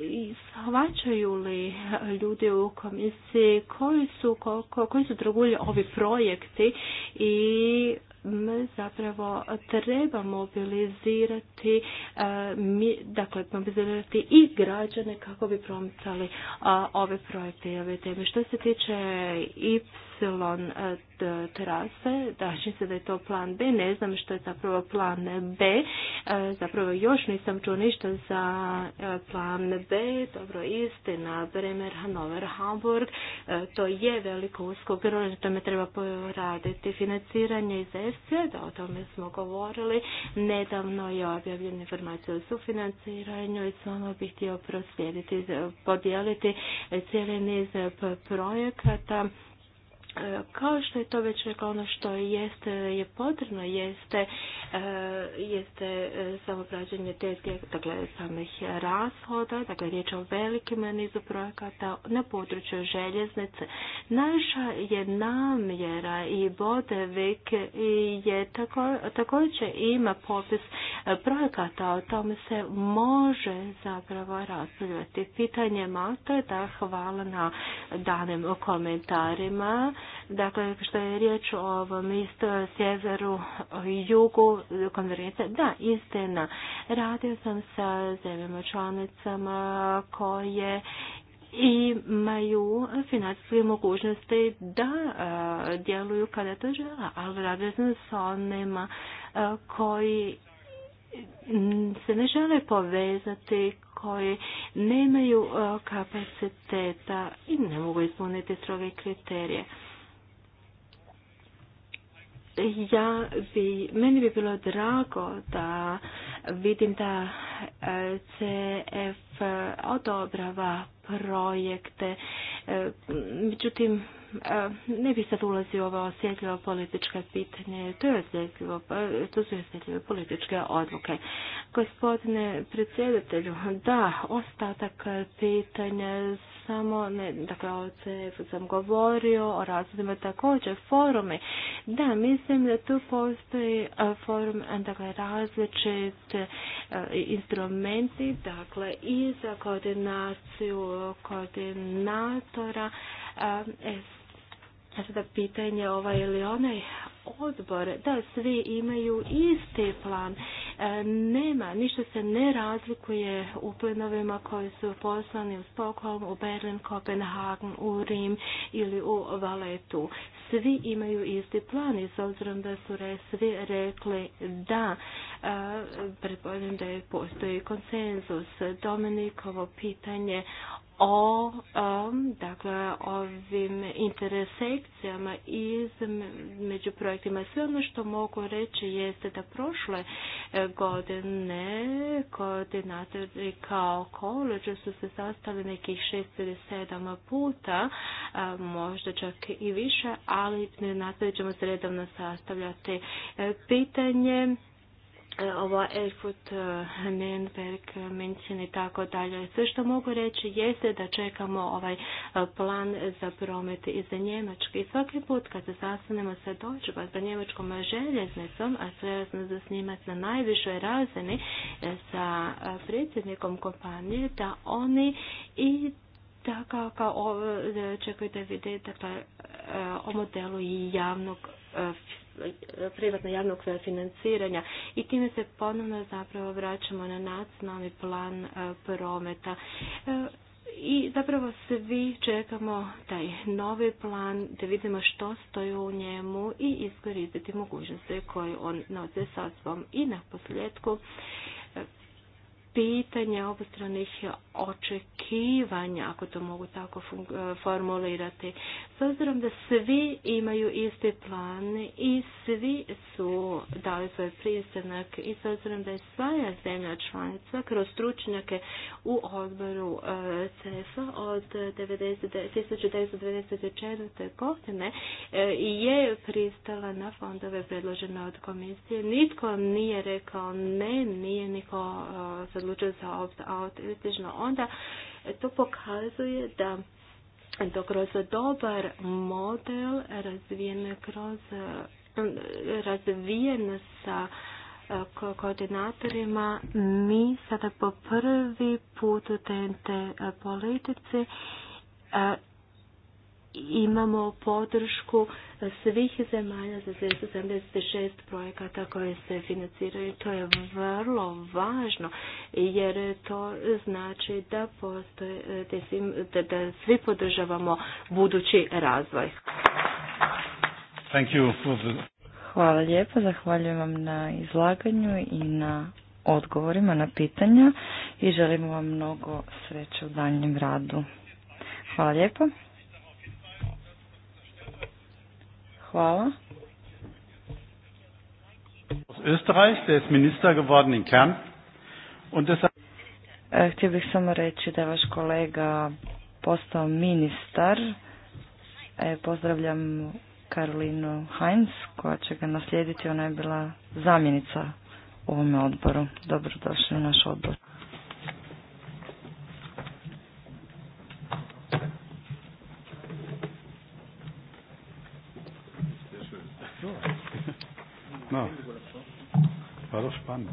Speaker 2: i shvaćaju li ljudi u komisiji koji su, koliko, koji su drugulji ovi projekti i zapravo treba mobilizirati e, mi, dakle mobilizirati i građane kako bi promicali ove projekte i ove teme. Što se tiče IPS on e, trase, će se da je to plan B, ne znam što je zapravo plan B, e, zapravo još nisam čuo ništa za e, plan B, dobro istina, Bremer, Hanover, Hamburg, to je veliko usko grlo, na tome treba poraditi financiranje iz SC, da o tome smo govorili, nedavno je objavljena informacija o sufinanciranju i s bih htio proslijediti, podijeliti cijeli niz projekata, kao što je to već rekla, ono što jeste je potrebno jeste, e, jeste e, samo praćenje tezge, dakle samih rashoda, dakle riječ o velikim nizu projekata na području željeznice. Naša je namjera i Bodevik je tako, također ima popis e, projekata, o tome se može zapravo raspravljati. Pitanje je da hvala na danim komentarima Dakle, što je riječ o ovom isto sjeveru i jugu konvergencija, da, istina. Radio sam sa zemljama članicama koje imaju financijske mogućnosti da djeluju kada to žele, ali radio sam sa onima koji se ne žele povezati, koji nemaju kapaciteta i ne mogu ispuniti stroge kriterije ja bi, meni bi bilo drago da vidim da e, CF odobrava projekte, e, međutim ne bi sad ulazio ova osjetljiva politička pitanja, to, je osjetljivo, pa, to su osjetljive političke odluke. Gospodine predsjedatelju, da, ostatak pitanja samo, ne, dakle o sam govorio, o razvodima također, forume, da, mislim da tu postoji forum, dakle različit instrumenti, dakle i za koordinaciju koordinatora, sada pitanje ovaj ili onaj odbor, da svi imaju isti plan. E, nema, ništa se ne razlikuje u plenovima koji su poslani u Stockholm, u Berlin, Kopenhagen, u Rim ili u Valetu. Svi imaju isti plan i s obzirom da su svi rekli da, e, pretpostavljam da je postoji konsenzus. Dominikovo pitanje o um, dakle ovim intersekcijama i među projektima sve ono što mogu reći jeste da prošle e, godine koordinatori kao koleđe su se sastali nekih šest puta možda čak i više ali nastavit ćemo se redovno sastavljati e, pitanje E, ova Erfurt, e, Nenberg, München i tako dalje. Sve što mogu reći jeste da čekamo ovaj e, plan za promet za Njemačke. I svaki put kad se sastanemo sa za njemačkom željeznicom, a sve smo za na najvišoj razini sa predsjednikom kompanije, da oni i da kao, kao čekaju da dakle, o modelu i javnog privatno javnog financiranja i time se ponovno zapravo vraćamo na nacionalni plan e, prometa e, i zapravo svi čekamo taj novi plan da vidimo što stoji u njemu i iskoristiti mogućnosti koje on nose sa svom I na posljedku pitanja obostranih očekivanja, ako to mogu tako e, formulirati. S obzirom da svi imaju iste plane i svi su dali svoj pristanak i s obzirom da je svaja zemlja članica kroz stručnjake u odboru e, CEFA od 1994. godine e, je pristala na fondove predložene od komisije. Nitko nije rekao ne, nije niko sad odlučio za opt-out ili slično, onda to pokazuje da to kroz dobar model razvijen kroz razvijen sa e, koordinatorima mi sada po prvi put u TNT e, politici e, imamo podršku svih zemalja za 76 projekata koje se financiraju. To je vrlo važno jer to znači da, postoje, da, da svi podržavamo budući razvoj. Thank you
Speaker 4: Hvala lijepo, zahvaljujem vam na izlaganju i na odgovorima na pitanja i želimo vam mnogo sreće u daljnjem radu. Hvala lijepo. Hvala.
Speaker 1: Aus Minister
Speaker 4: e, Htio bih samo reći da je vaš kolega postao ministar. E, pozdravljam Karolinu Heinz koja će ga naslijediti. Ona je bila zamjenica u ovome odboru. Dobrodošli u naš odbor.
Speaker 2: No. War
Speaker 1: pa doch spannend.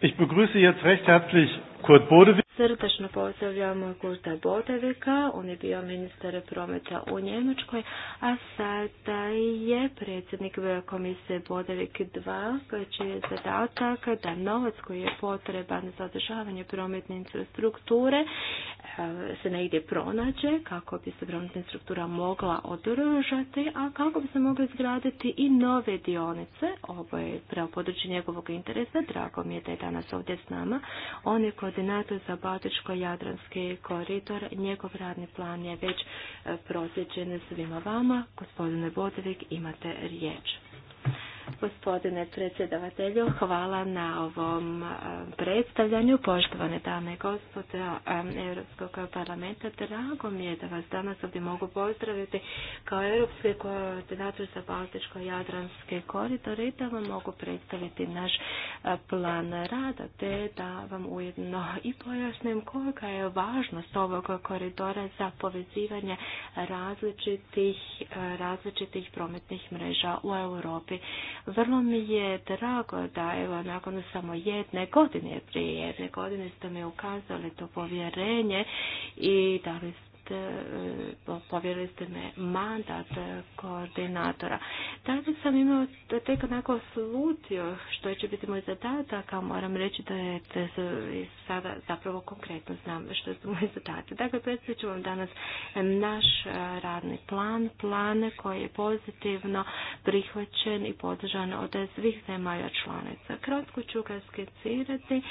Speaker 1: Ich begrüße jetzt recht herzlich Kurt Bode
Speaker 2: srdačno pozdravljamo Kurta Bodevika, on je bio ministar prometa u Njemačkoj, a sada je predsjednik komisije Bodevik 2, koji je zadatak da novac koji je potreban za održavanje prometne infrastrukture e, se ide pronađe kako bi se prometna infrastruktura mogla održati, a kako bi se mogle izgraditi i nove dionice. Ovo je pravo područje njegovog interesa, drago mi je da je danas ovdje s nama. On je koordinator za Baltičko-Jadranski koridor. Njegov radni plan je već e, prosjećen svima vama. Gospodine Bodevik, imate riječ. Gospodine predsjedavatelju, hvala na ovom e, predstavljanju. Poštovane dame i gospode Europskog parlamenta, drago mi je da vas danas ovdje mogu pozdraviti kao Europski koordinator za Baltičko-Jadranske koridore i da vam mogu predstaviti naš e, plan rada, te da vam ujedno i pojasnim kolika je važnost ovog koridora za povezivanje različitih e, prometnih mreža u Europi. Vrlo mi je drago da evo nakon samo jedne godine prije jedne godine ste mi ukazali to povjerenje i dali ste E, povjerili ste me mandat e, koordinatora. Tada sam imao tek onako slutio što će biti moj zadatak, a moram reći da je sada zapravo konkretno znam što su moji zadatak. Dakle, predstavit ću vam danas naš e, radni plan, plan koji je pozitivno prihvaćen i podržan od svih zemalja članica. Kratko ću ga skicirati,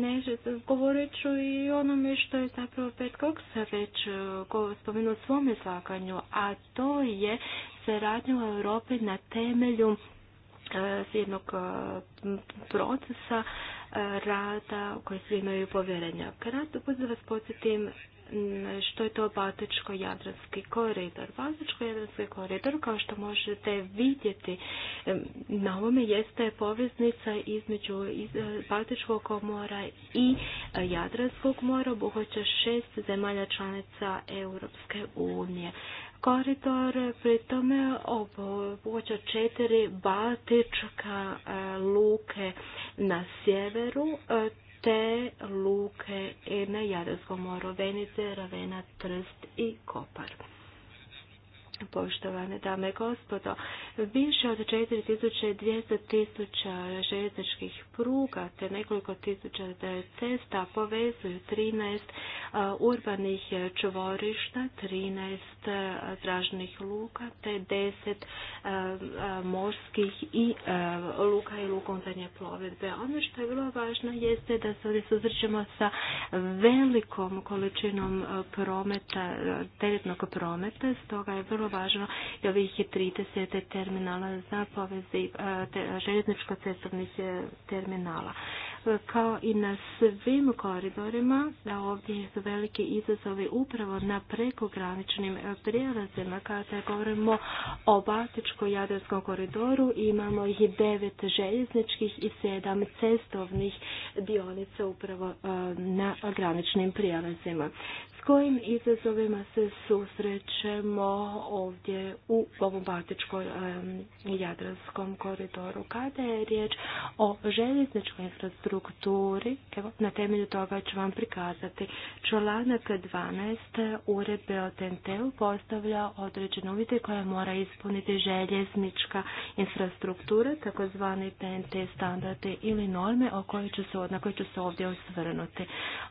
Speaker 2: ne, govorit ću i onome što je zapravo Pet se već spomenuo u svom izlaganju, a to je suradnja u Europi na temelju e, jednog e, procesa e, rada u koji svi imaju povjerenja. Kad vas podsjetim što je to Batičko-Jadranski koridor. Batičko-Jadranski koridor, kao što možete vidjeti na ovome, jeste poveznica između e, Batičkog mora i e, Jadranskog mora, obuhvaća šest zemalja članica Europske unije koridor, pri tome obuhvaća četiri Batička e, luke na sjeveru, te luke na Jadranskom moro, Venice, Ravena, Trst i Kopar. Poštovane dame i gospodo, više od 4200 tisuća željezničkih pruga te nekoliko tisuća cesta povezuju 13 urbanih čvorišta, 13 zražnih luka te 10 morskih i luka i nje plovidbe. Ono što je vrlo važno jeste da se ovdje suzrećemo sa velikom količinom prometa, teretnog prometa, stoga je vrlo važno i ovih je 30 terminala za povezi e, željezničko-cestovnih e, terminala. E, kao i na svim koridorima, da ovdje su veliki izazovi upravo na prekograničnim prijelazima. Kada govorimo o Batičko-Jadarskom koridoru, imamo ih devet željezničkih i sedam cestovnih dionica upravo na graničnim prijelazima kojim izazovima se susrećemo ovdje u ovom Baltičkoj Jadranskom koridoru. Kada je riječ o željezničkoj infrastrukturi, na temelju toga ću vam prikazati. Članak 12 uredbe o tnt postavlja određene uvjete koje mora ispuniti željeznička infrastruktura, takozvani TNT standarde ili norme o se, na koje ću se ovdje osvrnuti.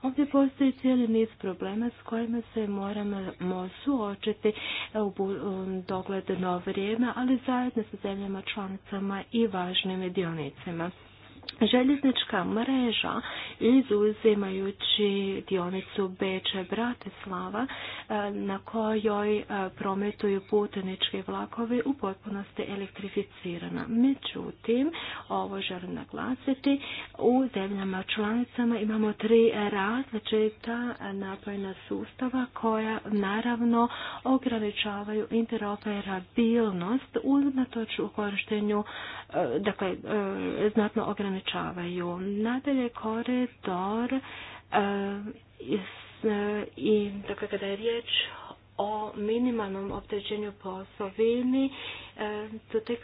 Speaker 2: Ovdje postoji cijeli niz problema s kojima se moramo suočiti e, u dogledno vrijeme, ali zajedno sa zemljama članicama i važnim dionicima. Željeznička mreža, izuzimajući dionicu Beče Bratislava, e, na kojoj e, prometuju putnički vlakovi u potpunosti elektrificirana. Međutim, ovo želim naglasiti, u zemljama članicama imamo tri različita napojna sustava koja naravno ograničavaju interoperabilnost unatoč u korištenju, e, dakle, znatno ograničavaju ograničavaju. Nadalje, koridor e, e, i dakle, kada je riječ o minimalnom opterećenju poslovini, e, to tek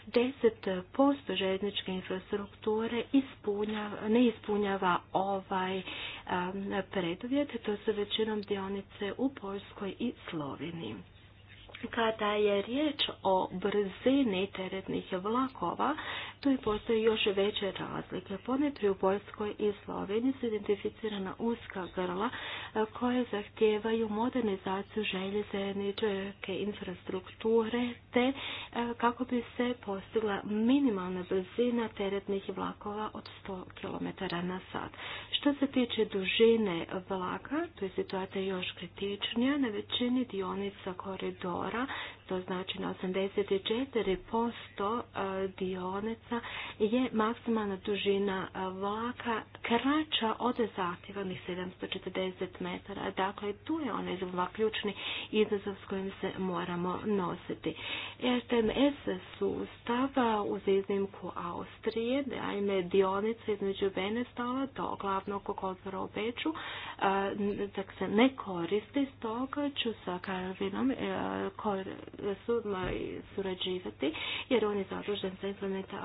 Speaker 2: 10% željezničke infrastrukture ne ispunjava ovaj preduvjet, to su većinom dionice u Poljskoj i Sloveniji. Kada je riječ o brzini teretnih vlakova, tu i postoji još veće razlike. Ponajprije u Poljskoj i Sloveniji su identificirana uska grla koje zahtijevaju modernizaciju željezničke infrastrukture te kako bi se postigla minimalna brzina teretnih vlakova od 100 km na sat. Što se tiče dužine vlaka, tu je situacija još kritičnija. Na većini dionica koridora odbora što znači na 84% e, dionica je maksimalna dužina e, vlaka kraća od zahtjevanih 740 metara. Dakle, tu je onaj ključni izazov s kojim se moramo nositi. RTMS sustava uz iznimku Austrije, ime dionica između Benestala do glavnog kozora u Beču, tako e, se ne koristi, stoga ću sa karvinom surađivati jer on je zadužen za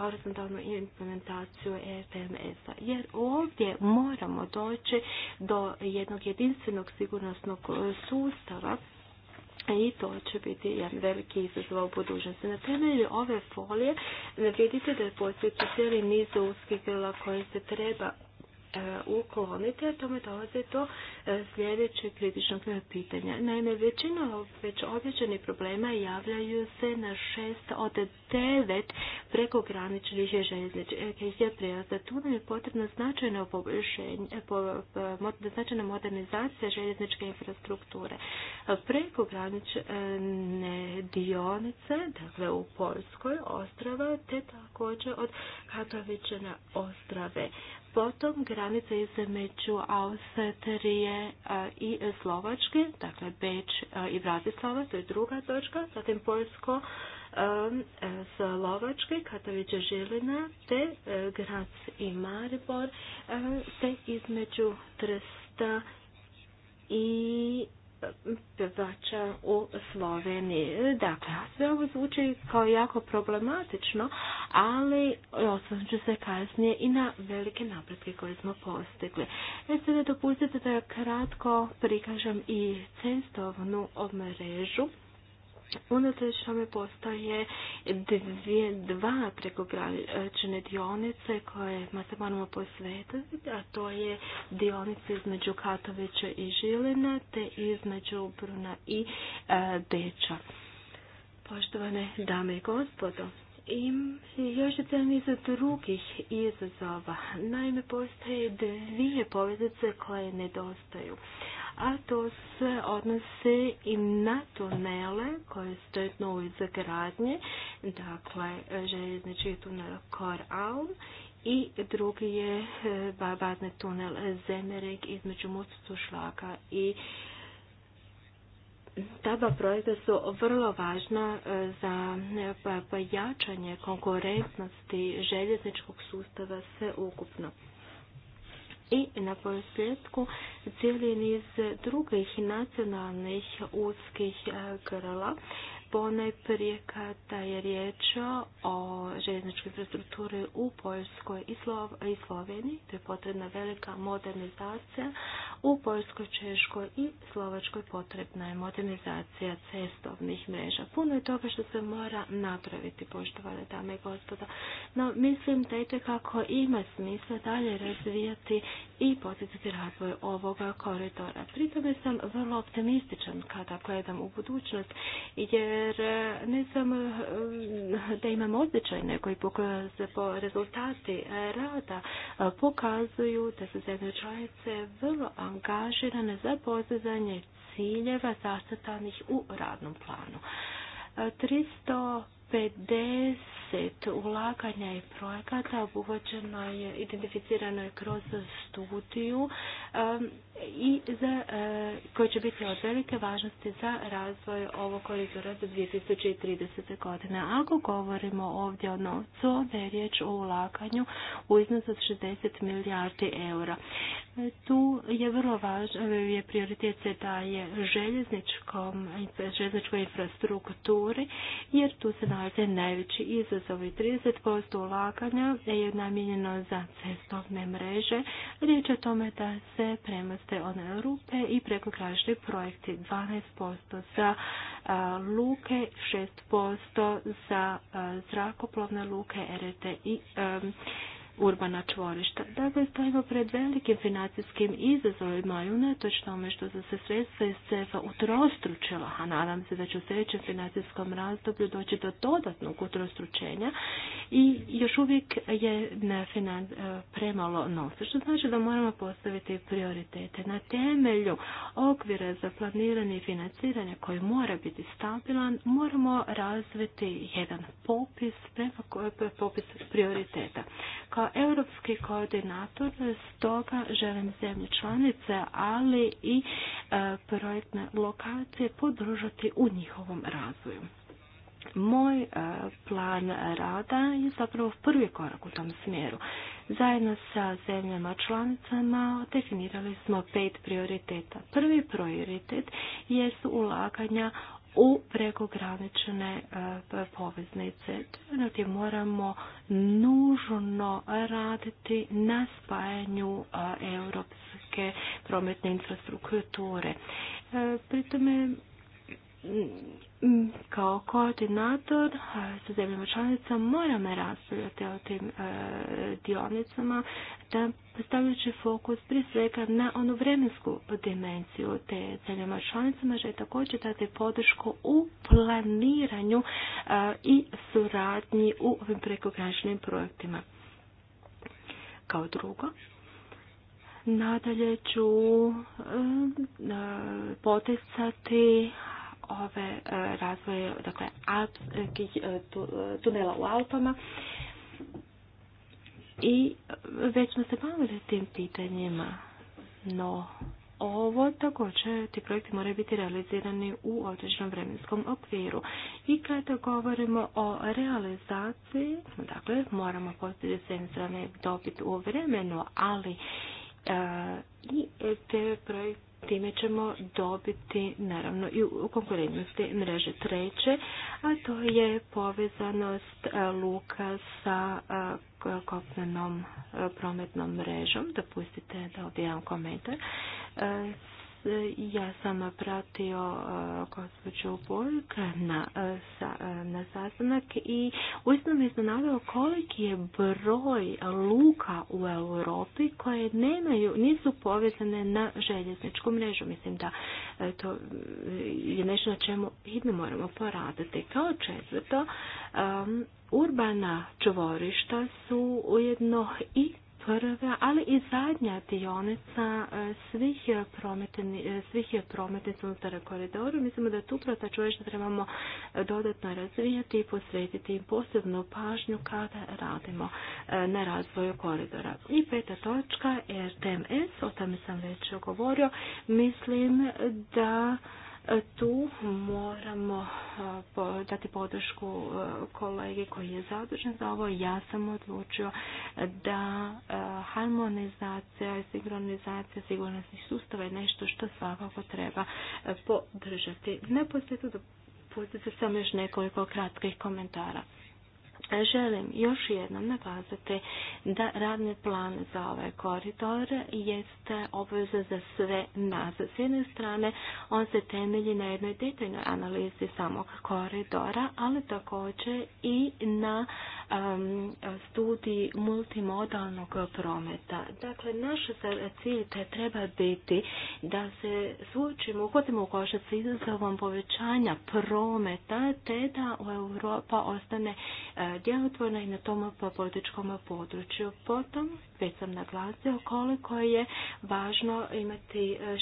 Speaker 2: horizontalnu implementaciju efms a Jer ovdje moramo doći do jednog jedinstvenog sigurnosnog sustava i to će biti jedan veliki izazov u budućnosti. Na temelju ove folije vidite da je postoji cijeli niz uskih koji se treba E, uklonite, tome dolazi do e, sljedećeg kritičnog pitanja. Naime, većina već određenih problema javljaju se na šest od devet prekograničnih željezničkih prijelaza. Tu nam je potrebno značajno e, značajna modernizacija željezničke infrastrukture. Prekogranične dionice, dakle u Poljskoj, Ostrava, te također od Katovića Ostrave. Potom granica između Austrije e, i Slovačke, dakle Beč e, i Bratislava, to je druga točka, zatim Poljsko e, Slovačke, Katovića Žilina, te Grac i Maribor, te između Trsta i pevača u Sloveniji. Dakle, sve ovo zvuči kao jako problematično, ali osvrnut ću se kasnije i na velike napretke koje smo postigli. E sada dopustite da kratko prikažem i cestovnu mrežu Unatoč tome postoje dvije, dva prekogračene dionice koje se moramo posvetiti, a to je dionice između Katovića i Žilina te između Bruna i Deča. E, Poštovane dame i gospodo, i još je cijel niz drugih izazova. Naime, postoje dvije poveznice koje nedostaju a to se odnose i na tunele koje stoje novo u izgradnje, dakle željeznički tunel Koral i drugi je e, babatni tunel Zemerek između Mostu Šlaka i ta dva projekta su vrlo važna e, za e, pa, pojačanje konkurentnosti željezničkog sustava sve ukupno. I na posljedku cijeli niz drugih nacionalnih uskih e, grla ponajprije kada je riječ o željezničkoj infrastrukturi u Poljskoj i, Sloveniji. To je potrebna velika modernizacija. U Poljskoj, Češkoj i Slovačkoj potrebna je modernizacija cestovnih mreža. Puno je toga što se mora napraviti, poštovane dame i gospoda. No, mislim da kako ima smisla dalje razvijati i poticati razvoj ovoga koridora. Pri tome sam vrlo optimističan kada gledam u budućnost jer jer e, ne samo e, da imam osjećaj, nego i po rezultati e, rada pokazuju da su zemlje članice vrlo angažirane za postizanje ciljeva zacrtanih u radnom planu. 350 50 ulaganja i projekata obuhvaćeno je, identificirano je kroz studiju i za, e, koji će biti od velike važnosti za razvoj ovog koridora do 2030. godine. Ako govorimo ovdje o novcu, da je riječ o ulaganju u iznosu od 60 milijardi eura. E, tu je vrlo važno, je prioritet se daje željezničkom, željezničkoj infrastrukturi, jer tu se nalaze najveći izazovi. 30% ulaganja je namijenjeno za cestovne mreže. Riječ je o tome da se prema te one rupe i prekogranični projekti 12% za luke, 6% za zrakoplovne luke, RT i urbana čvorišta. Dakle, stojimo pred velikim financijskim izazovima i unatoč tome što su se sredstva iz CEF-a utrostručila, a nadam se da će u sljedećem financijskom razdoblju doći do dodatnog utrostručenja i još uvijek je e, premalo novca, što znači da moramo postaviti prioritete na temelju okvira za planiranje i financiranje koji mora biti stabilan, moramo razviti jedan popis prema popis prioriteta. Kao europski koordinator stoga želim zemlje članice, ali i e, projektne lokacije podržati u njihovom razvoju. Moj e, plan rada je zapravo prvi korak u tom smjeru. Zajedno sa zemljama članicama definirali smo pet prioriteta. Prvi prioritet jesu ulaganja u prekogranične e, poveznice. Znači moramo nužno raditi na spajanju e, europske prometne infrastrukture. E, pri tome Mm, kao koordinator eh, sa zemljama članica moramo raspravljati o tim eh, dionicama, da stavljajući fokus prije svega na onu vremensku dimenziju te zemljama članicama, že je također dati podršku u planiranju eh, i suradnji u ovim prekograničnim projektima. Kao drugo, nadalje ću poticati ove e, razvoje dakle, alpskih e, e, tunela u Alpama i već smo se bavili tim pitanjima, no ovo također ti projekti moraju biti realizirani u određenom vremenskom okviru. I kada govorimo o realizaciji, dakle moramo postići strane dobiti u vremenu, ali i te projekte time ćemo dobiti naravno i u konkurentnosti mreže treće, a to je povezanost e, luka sa e, kopnenom e, prometnom mrežom. Dopustite da objavim komentar. Ja sam pratio e, gospođu Burg na, e, e, na sastanak i uistinu je naveo koliki je broj luka u Europi koje nemaju, nisu povezane na željezničku mrežu. Mislim da to je nešto na čemu i moramo poraditi. Kao četvrto, urbana čvorišta su ujedno i prva, ali i zadnja dionica e, svih, prometni, e, svih prometnica unutar koridoru. Mislimo da tu protačuješ da trebamo dodatno razvijati i posvetiti posebnu pažnju kada radimo e, na razvoju koridora. I peta točka, RTMS, o tome sam već govorio, mislim da tu moramo dati podršku kolegi koji je zadužen za ovo. Ja sam odlučio da harmonizacija i sigurnosnih sustava je nešto što svakako treba podržati. Na da dopustite sam još nekoliko kratkih komentara. Želim još jednom naglasiti da radni plan za ovaj koridor jeste obveza za sve nas. S jedne strane, on se temelji na jednoj detaljnoj analizi samog koridora, ali također i na um, studiji multimodalnog prometa. Dakle, naš cilj te treba biti da se suočimo, uhodimo u košac s izazovom povećanja prometa, te da u Europa ostane djelotvorna i na tom političkom području. Potom, već sam naglasio koliko je važno imati e,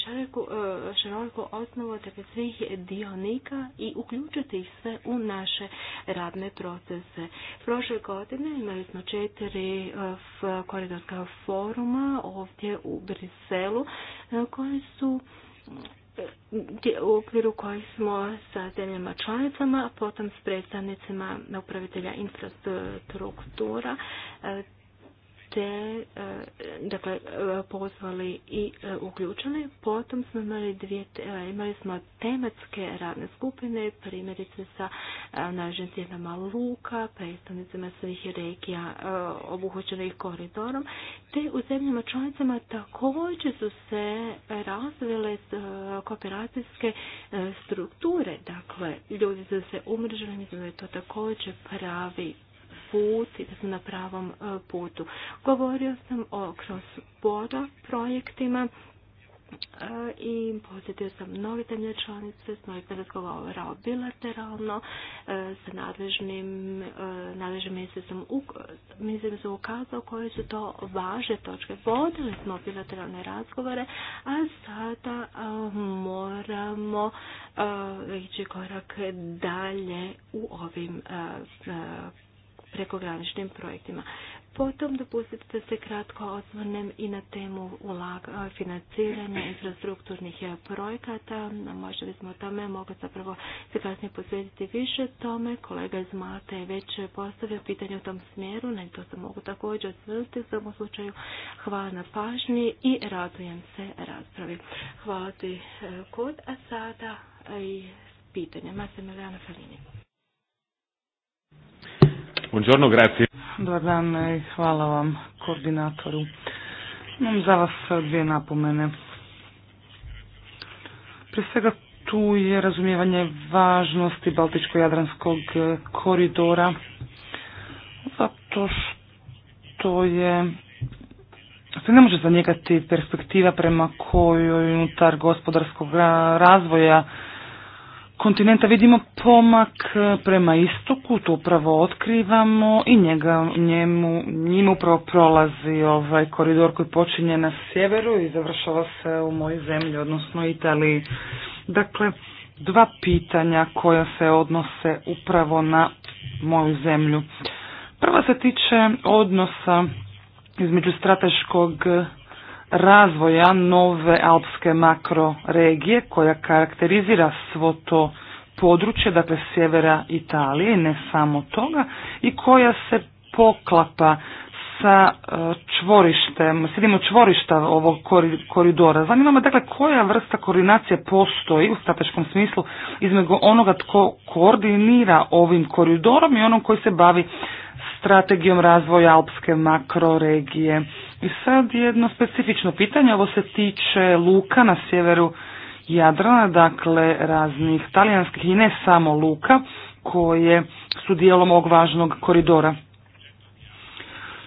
Speaker 2: široku e, osnovu dakle, svih dionika i uključiti ih sve u naše radne procese. Prošle godine imali smo četiri e, koridorska foruma ovdje u Briselu koji su u okviru koji smo sa zemljama članicama, a potom s predstavnicima upravitelja infrastruktura e, te e, dakle, e, pozvali i e, uključili. Potom smo imali, dvije, imali smo tematske radne skupine, primjerice sa našim sjednama Luka, predstavnicima svih regija obuhvaćenih koridorom, te u zemljama članicama također su se razvile kooperacijske strukture. Dakle, ljudi su se umrežili, mislim da je to također pravi put i da smo na pravom e, putu. Govorio sam o kroz boda projektima e, i posjetio sam mnogi temlje članice, s ih razgovarao bilateralno e, sa nadležnim, nadležnim mislim mislim sam ukazao koje su to važe točke. Vodili smo bilateralne razgovore, a sada moramo ići korak dalje u ovim prekograničnim projektima. Potom dopustite da se kratko osvrnem i na temu financiranja infrastrukturnih e, projekata. Možda bismo o tome mogli zapravo se kasnije posvetiti više tome. Kolega iz Mate je već postavio pitanje u tom smjeru, na to se mogu također osvrnuti. U svom slučaju hvala na pažnji i radujem se raspravi. Hvala ti e, kod, a sada e, i pitanja. Masa Falini.
Speaker 3: Buongiorno, grazie. Dobar dan i hvala vam koordinatoru. Imam za vas dvije napomene. Prije svega tu je razumijevanje važnosti Baltičko-Jadranskog eh, koridora zato što je se ne može zanijekati perspektiva prema kojoj unutar gospodarskog razvoja kontinenta vidimo pomak e, prema istoku, to upravo otkrivamo i njega, njemu, njim upravo prolazi ovaj koridor koji počinje na sjeveru i završava se u mojoj zemlji, odnosno Italiji. Dakle, dva pitanja koja se odnose upravo na moju zemlju. Prva se tiče odnosa između strateškog razvoja nove alpske makroregije koja karakterizira svo to područje, dakle sjevera Italije i ne samo toga i koja se poklapa sa e, čvorištem, sjedimo čvorišta ovog koridora. Zanima me dakle koja vrsta koordinacije postoji u strateškom smislu između onoga tko koordinira ovim koridorom i onom koji se bavi strategijom razvoja alpske makroregije. I sad jedno specifično pitanje, ovo se tiče luka na sjeveru Jadrana, dakle raznih talijanskih i ne samo luka koje su dijelom ovog važnog koridora.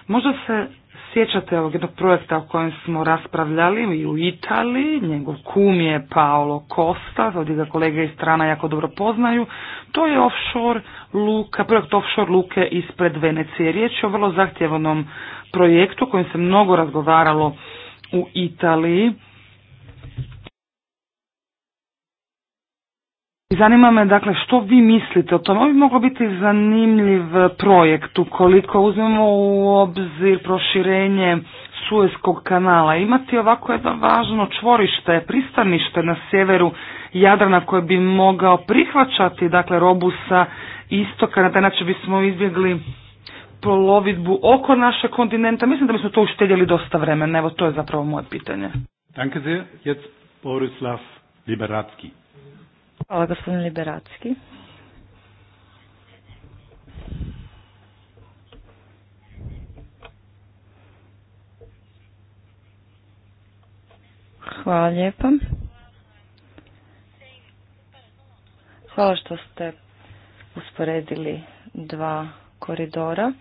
Speaker 3: Možda se sjećate ovog jednog projekta o kojem smo raspravljali i u Italiji, njegov kum je Paolo Costa, ovdje ga kolege iz strana jako dobro poznaju, to je offshore luka, projekt offshore luke ispred Venecije. Riječ je o vrlo zahtjevnom projektu o kojem se mnogo razgovaralo u Italiji. Zanima me dakle što vi mislite o tome. Ovo bi moglo biti zanimljiv projekt ukoliko uzmemo u obzir proširenje Suezkog kanala. Imati ovako jedno važno čvorište, pristanište na sjeveru Jadrana koje bi mogao prihvaćati dakle robu sa istoka. Na taj način bismo izbjegli polovidbu oko našeg kontinenta. Mislim da bismo to uštedjeli dosta vremena. Evo to je zapravo moje pitanje.
Speaker 1: Danke sehr. Jetzt Borislav Liberatski.
Speaker 3: Hvala gospodin Liberacki.
Speaker 4: Hvala lijepa. Hvala što ste usporedili dva koridora.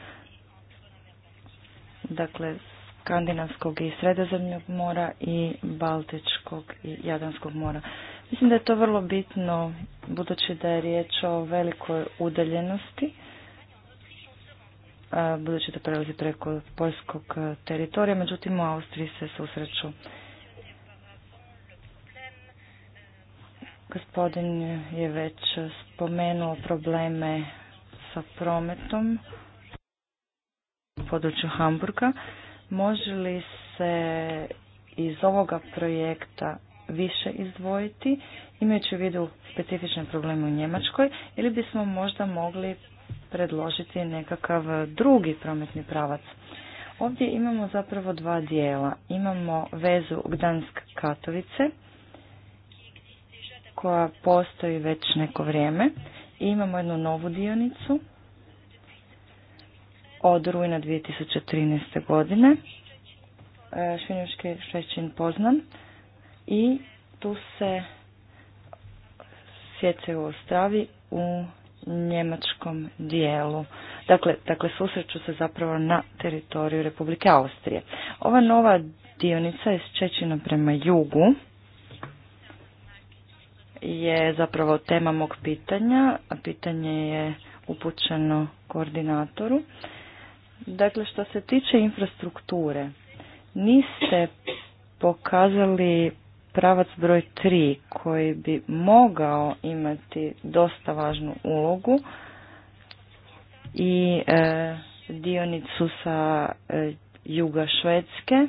Speaker 4: Dakle, Skandinavskog i Sredozemnog mora i Baltičkog i Jadranskog mora. Mislim da je to vrlo bitno budući da je riječ o velikoj udaljenosti budući da prelazi preko poljskog e, teritorija, međutim u Austriji se susreću. Gospodin je već spomenuo probleme sa prometom u području Hamburga. Može li se iz ovoga projekta više izdvojiti, imajući u vidu specifične probleme u Njemačkoj, ili bismo možda mogli predložiti nekakav drugi prometni pravac. Ovdje imamo zapravo dva dijela. Imamo vezu Gdansk-Katovice, koja postoji već neko vrijeme. I imamo jednu novu dionicu od rujna 2013. godine. E, Švinjuški Švećin Poznan i tu se sjece u Ostravi u njemačkom dijelu. Dakle, dakle susreću se zapravo na teritoriju Republike Austrije. Ova nova dionica je Čečina prema jugu je zapravo tema mog pitanja, a pitanje je upućeno koordinatoru. Dakle, što se tiče infrastrukture, niste pokazali pravac broj 3 koji bi mogao imati dosta važnu ulogu i e, dionicu sa e, juga Švedske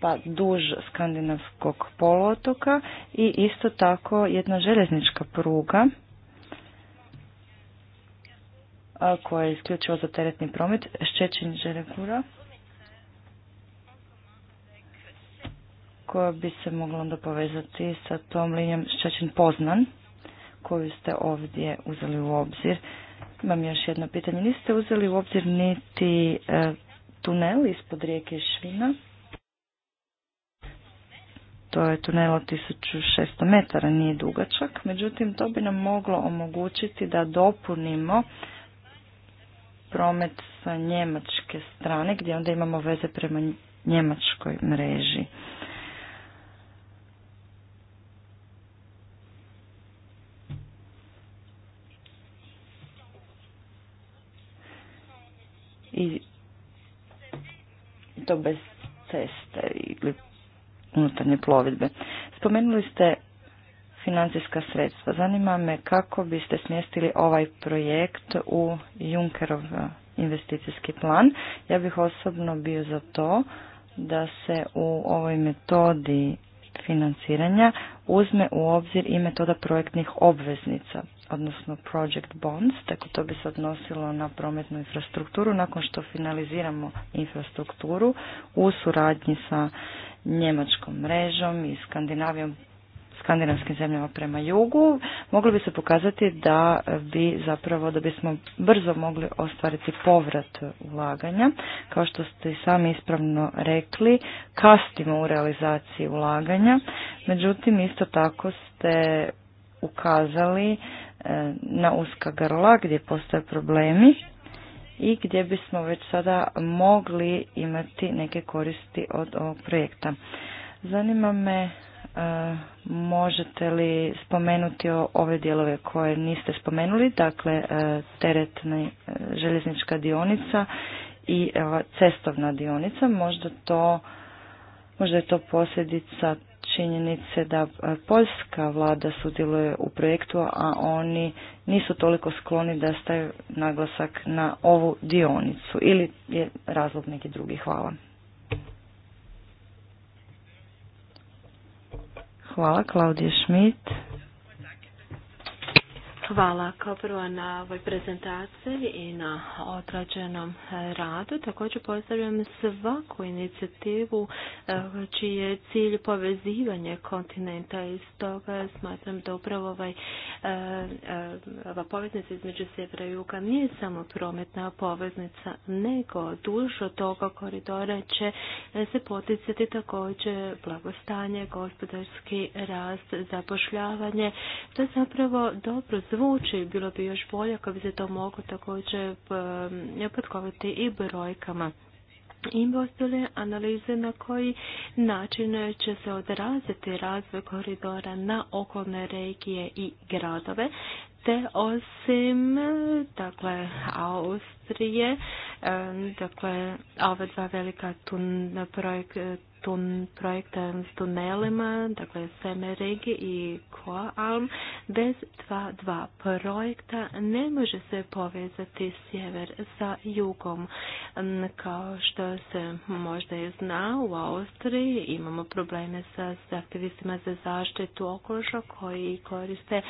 Speaker 4: pa duž skandinavskog poluotoka i isto tako jedna željeznička pruga koja je isključivo za teretni promet Ščećin želekura. koja bi se mogla onda povezati sa tom linijom šećin poznan koju ste ovdje uzeli u obzir. Imam još jedno pitanje. Niste uzeli u obzir niti e, tunel ispod rijeke Švina? To je tunel od 1600 metara, nije dugačak. Međutim, to bi nam moglo omogućiti da dopunimo promet sa njemačke strane, gdje onda imamo veze prema njemačkoj mreži. i to bez ceste ili unutarnje plovidbe. Spomenuli ste financijska sredstva. Zanima me kako biste smjestili ovaj projekt u Junkerov investicijski plan. Ja bih osobno bio za to da se u ovoj metodi financiranja uzme u obzir i metoda projektnih obveznica odnosno Project Bonds, tako to bi se odnosilo na prometnu infrastrukturu. Nakon što finaliziramo infrastrukturu u suradnji sa njemačkom mrežom i Skandinavijom skandinavskim zemljama prema jugu, moglo bi se pokazati da bi zapravo, da bismo brzo mogli ostvariti povrat ulaganja. Kao što ste i sami ispravno rekli, kastimo u realizaciji ulaganja, međutim isto tako ste ukazali na uska grla gdje postoje problemi i gdje bismo već sada mogli imati neke koristi od ovog projekta. Zanima me e, možete li spomenuti ove dijelove koje niste spomenuli, dakle e, teretna e, željeznička dionica i cestovna dionica, možda to možda je to posljedica činjenice da e, poljska vlada sudjeluje u projektu, a oni nisu toliko skloni da staju naglasak na ovu dionicu ili je razlog neki drugi. Hvala. Hvala, Klaudija Schmidt.
Speaker 2: Hvala kao prvo na ovoj prezentaciji i na odrađenom e, radu. Također pozdravljam svaku inicijativu e, čiji je cilj povezivanje kontinenta i stoga smatram da upravo ovaj, e, ova poveznica između sjevera i juga nije samo prometna poveznica, nego duž od toga koridora će se poticati također blagostanje, gospodarski rast, zapošljavanje. To je zapravo dobro zvuči, bilo bi još bolje ako bi se to moglo također um, potkovati i brojkama i ostale analize na koji način će se odraziti razvoj koridora na okolne regije i gradove, te osim dakle, Austrije, um, dakle, ova dva velika tun, projekt, tun, projekta s tunelima, dakle Semerig i Koalm, bez dva dva projekta ne može se povezati sjever sa jugom. Mm, kao što se možda je zna, u Austriji imamo probleme sa aktivistima za zaštitu okoliša koji koriste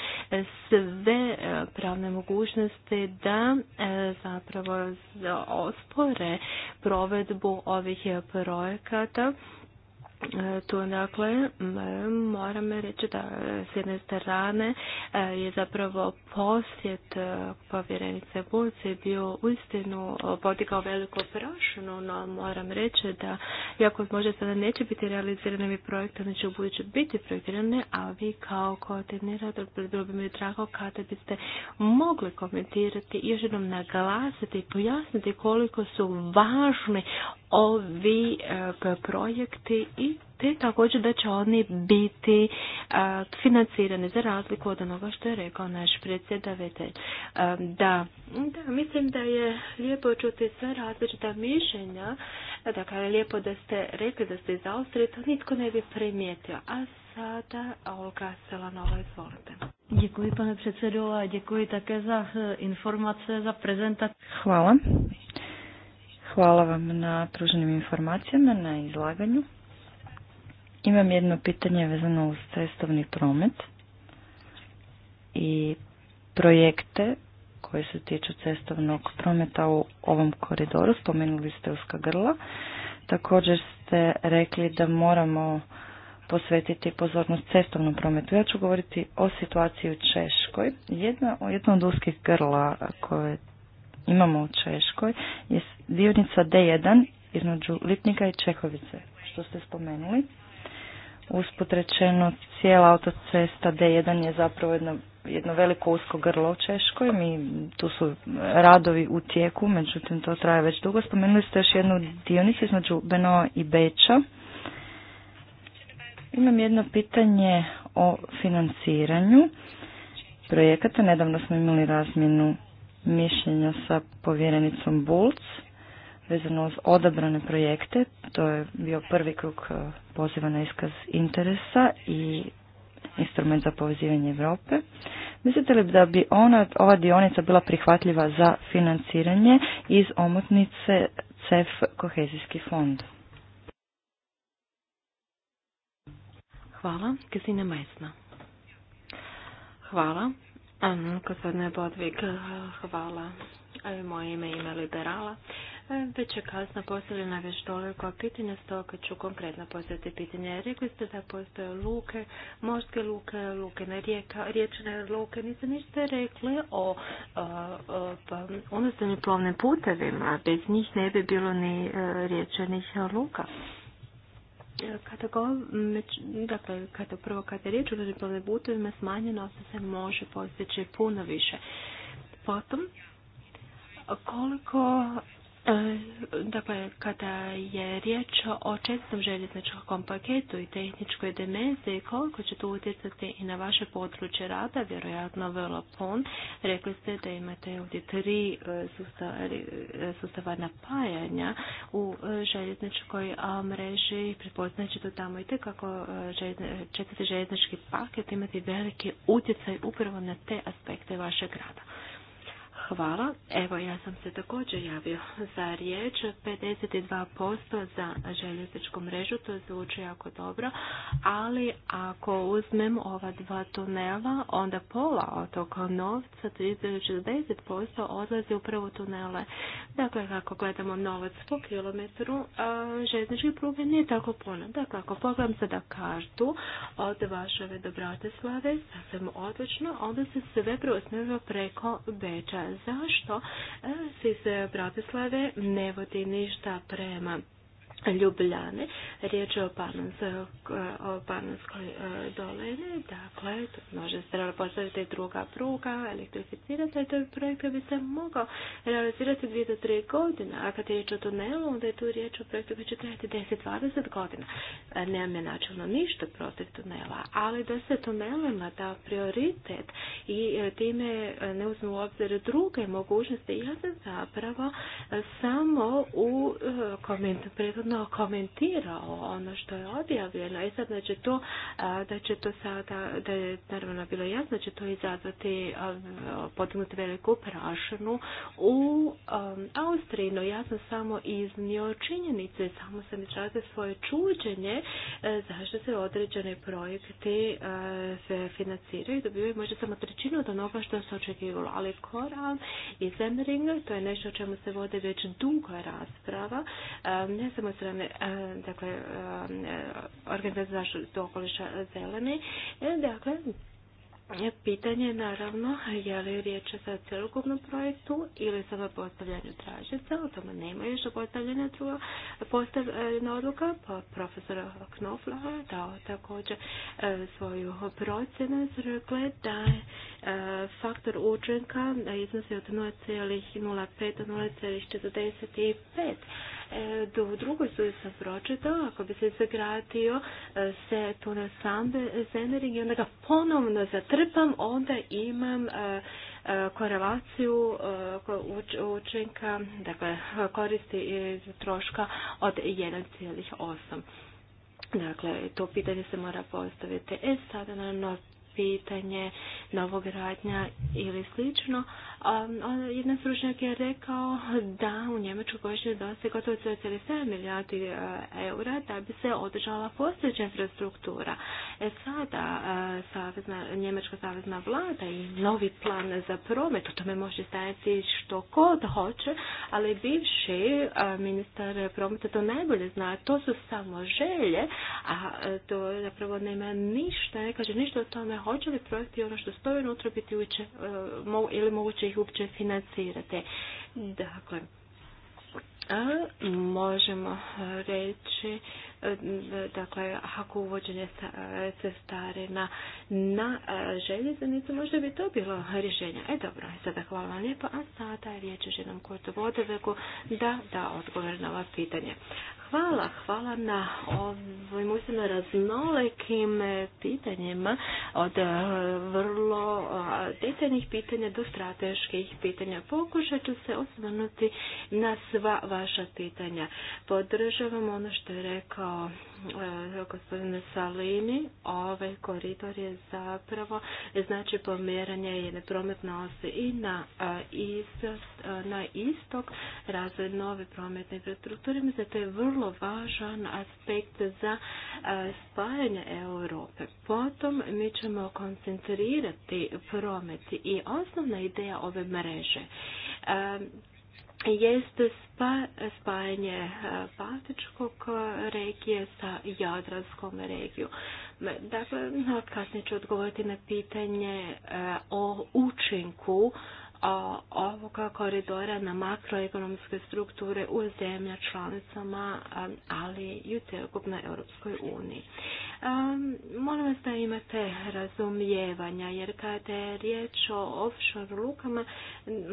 Speaker 2: sve e, pravne mogućnosti da e, zapravo ospore provedbu ovih projekata E, tu dakle e, moram reći da s jedne strane e, je zapravo posjet povjerenice Bulce bio uistinu podigao veliku prašinu, no moram reći da iako možda sada neće biti realizirani mi projekti, oni će u budući biti projektirane, a vi kao koordinator bilo bi mi drago kada biste mogli komentirati i još jednom naglasiti i pojasniti koliko su važni ovi projekti i te također da će oni biti e, financirani za razliku od onoga što je rekao naš predsjedavitelj. E, da, da, mislim da je lijepo čuti sve različita mišljenja, e, dakle lijepo da ste rekli da ste iz Austrije, to nitko ne bi primijetio. A sada Olga Selanova, izvolite. Děkuji, pane předsedo, a děkuji také za informace, za prezentaci. Hvala. Hvala vam na pruženim
Speaker 4: informacijama, na izlaganju. Imam jedno pitanje vezano uz cestovni promet i projekte koji se tiču cestovnog prometa u ovom koridoru. Spomenuli ste uska grla. Također ste rekli da moramo posvetiti pozornost cestovnom prometu. Ja ću govoriti o situaciji u Češkoj. Jedna, jedna od uskih grla koje imamo u Češkoj je dionica D1 između Lipnika i Čehovice, što ste spomenuli. Usput rečeno, cijela autocesta D1 je zapravo jedno, veliko usko grlo u Češkoj. Mi, tu su radovi u tijeku, međutim to traje već dugo. Spomenuli ste još jednu dionicu između Benoa i Beča. Imam jedno pitanje o financiranju projekata. Nedavno smo imali razmjenu mišljenja sa povjerenicom Bulc vezano uz odabrane projekte. To je bio prvi krug e, poziva na iskaz interesa i instrument za povezivanje Europe. Mislite li da bi ona, ova dionica bila prihvatljiva za financiranje iz omotnice CEF Kohezijski
Speaker 3: fond?
Speaker 2: Hvala. Kazina Majsna. Hvala. ne Bodvig, hvala. E, moje ime je liberala. Već je kasno postavljena već toliko pitanja, stoga ću konkretno postaviti pitanje. Rekli ste da postoje luke, morske luke, luke na rijeka, riječne luke. Niste ništa rekli o, e, o, pa, unostavnim plovnim putevima. Bez njih ne bi bilo ni e, riječenih luka. E, kada go, dakle, kada prvo kada je riječ o plovnim putevima smanjeno se može postići puno više. Potom, koliko E, dakle, kada je riječ o čestom željezničkom paketu i tehničkoj dimenziji, koliko će to utjecati i na vaše područje rada, vjerojatno vrlo pun, rekli ste da imate ovdje tri e, e, sustava, napajanja u željezničkoj mreži, prepoznat ćete tamo i kako četvrti željeznički paket imati veliki utjecaj upravo na te aspekte vašeg rada. Hvala. Evo, ja sam se također javio za riječ. 52% za željezničku mrežu, to zvuči jako dobro, ali ako uzmem ova dva tunela, onda pola od toga novca, 30 posto odlazi upravo tunele. Dakle, ako gledamo novac po kilometru, željezničke pruge nije tako puno. Dakle, ako pogledam sada kartu od vaše do slave, sasvim odlično, onda se sve preko Beča zašto e, se iz Bratislave ne vodi ništa prema Ljubljane. Riječ je o, Panonskoj e, dolini, dakle, može se postaviti druga pruga, elektrificirati, to je projekt bi se mogao realizirati dvije do tri godine, a kad je riječ o tunelu, onda je tu riječ o projektu koji će trajati 10-20 godina. E, nemam je načelno ništa protiv tunela, ali da se tunelima da prioritet i e, time ne uzme u obzir druge mogućnosti, ja sam zapravo samo u komentu prethodno komentirao ono što je objavljeno i sad da će to, da će to sada, da je naravno bilo jasno, će to izazvati podignuti veliku prašinu u Austriji, no ja sam samo iznio činjenice, samo sam izrazio svoje čuđenje e, zašto se određene projekti e, se financiraju i dobivaju možda samo trećinu od onoga što se očekivalo, ali Koran i Zemring. to je nešto o čemu se vode već dugo rasprava, e, ne samo se strane e, dakle, e, e, organizacije zaštite okoliša zeleni. Dakle, Pitanje naravno je li riječ o cjelokupnom projektu ili samo postavljanju tražica, o tome nema još postavljena druga postavljena odluka, pa profesor Knofla dao također e, svoju procjenu rekle da je faktor učenka iznosi od 0,05 do 0,45 e, do u drugoj studiji sam pročitao, ako bi se zagradio e, se tu na sam Zenering i onda ga ponovno za Trpam, onda imam e, e, korelaciju e, učinka, dakle koristi iz troška od 1,8. Dakle, to pitanje se mora postaviti. E sada, naravno, pitanje novogradnja ili slično, Um, jedan stručnjak je rekao da u Njemačku godišnje dostaje gotovo 3,7 milijardi e, eura da bi se održala postojeća infrastruktura. E sada e, Njemačka savezna vlada i novi plan za promet, o tome može stajati što kod hoće, ali bivši e, ministar prometa to najbolje zna, to su samo želje, a to zapravo nema ništa, ne kaže ništa o tome hoće li projekti ono što stoji unutra biti ili moguće ih uopće financirate. Dakle, možemo reći dakle, ako uvođenje cestarina na e, željezanicu. možda bi to bilo rješenje. E dobro, e, sada hvala vam lijepo, a sada je riječ još jednom Kurtu Vodoveku da da odgovor na ova pitanja. Hvala, hvala na ovim ustavno raznolikim e, pitanjima, od vrlo detaljnih pitanja do strateških pitanja. Pokušat ću se osvrnuti na sva vaša pitanja. Podržavam ono što je rekao Gospodine Salini, ovaj koridor je zapravo znači pomjeranje jedne prometne ose i na, e, e, na istok razvoj nove prometne infrastrukture. Mislim to je vrlo važan aspekt za e, spajanje Europe. Potom mi ćemo koncentrirati promet i osnovna ideja ove mreže jest spa, spajanje e, Baltičkog e, regije sa Jadranskom regiju. Dakle, kasnije ću odgovoriti na pitanje e, o učinku ovoga koridora na makroekonomske strukture u zemlja članicama, um, ali i u cijelokupnoj Europskoj uniji. Um, molim vas da imate razumijevanja, jer kada je riječ o offshore lukama,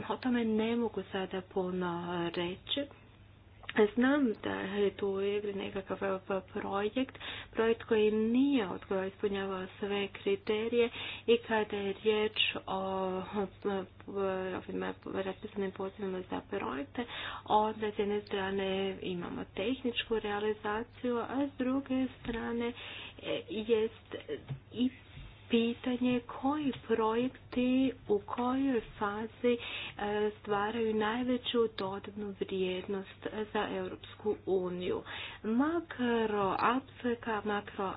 Speaker 2: o tome ne mogu sada puno reći Znam da je tu u nekakav projekt, projekt koji nije odgovor ispunjavao sve kriterije i kada je riječ o ovim raspisanim pozivima za projekte, onda s jedne strane imamo tehničku realizaciju, a s druge strane e, jest i pitanje koji projekti u kojoj fazi e, stvaraju najveću dodatnu vrijednost za Europsku uniju. Makro, Afrika, makro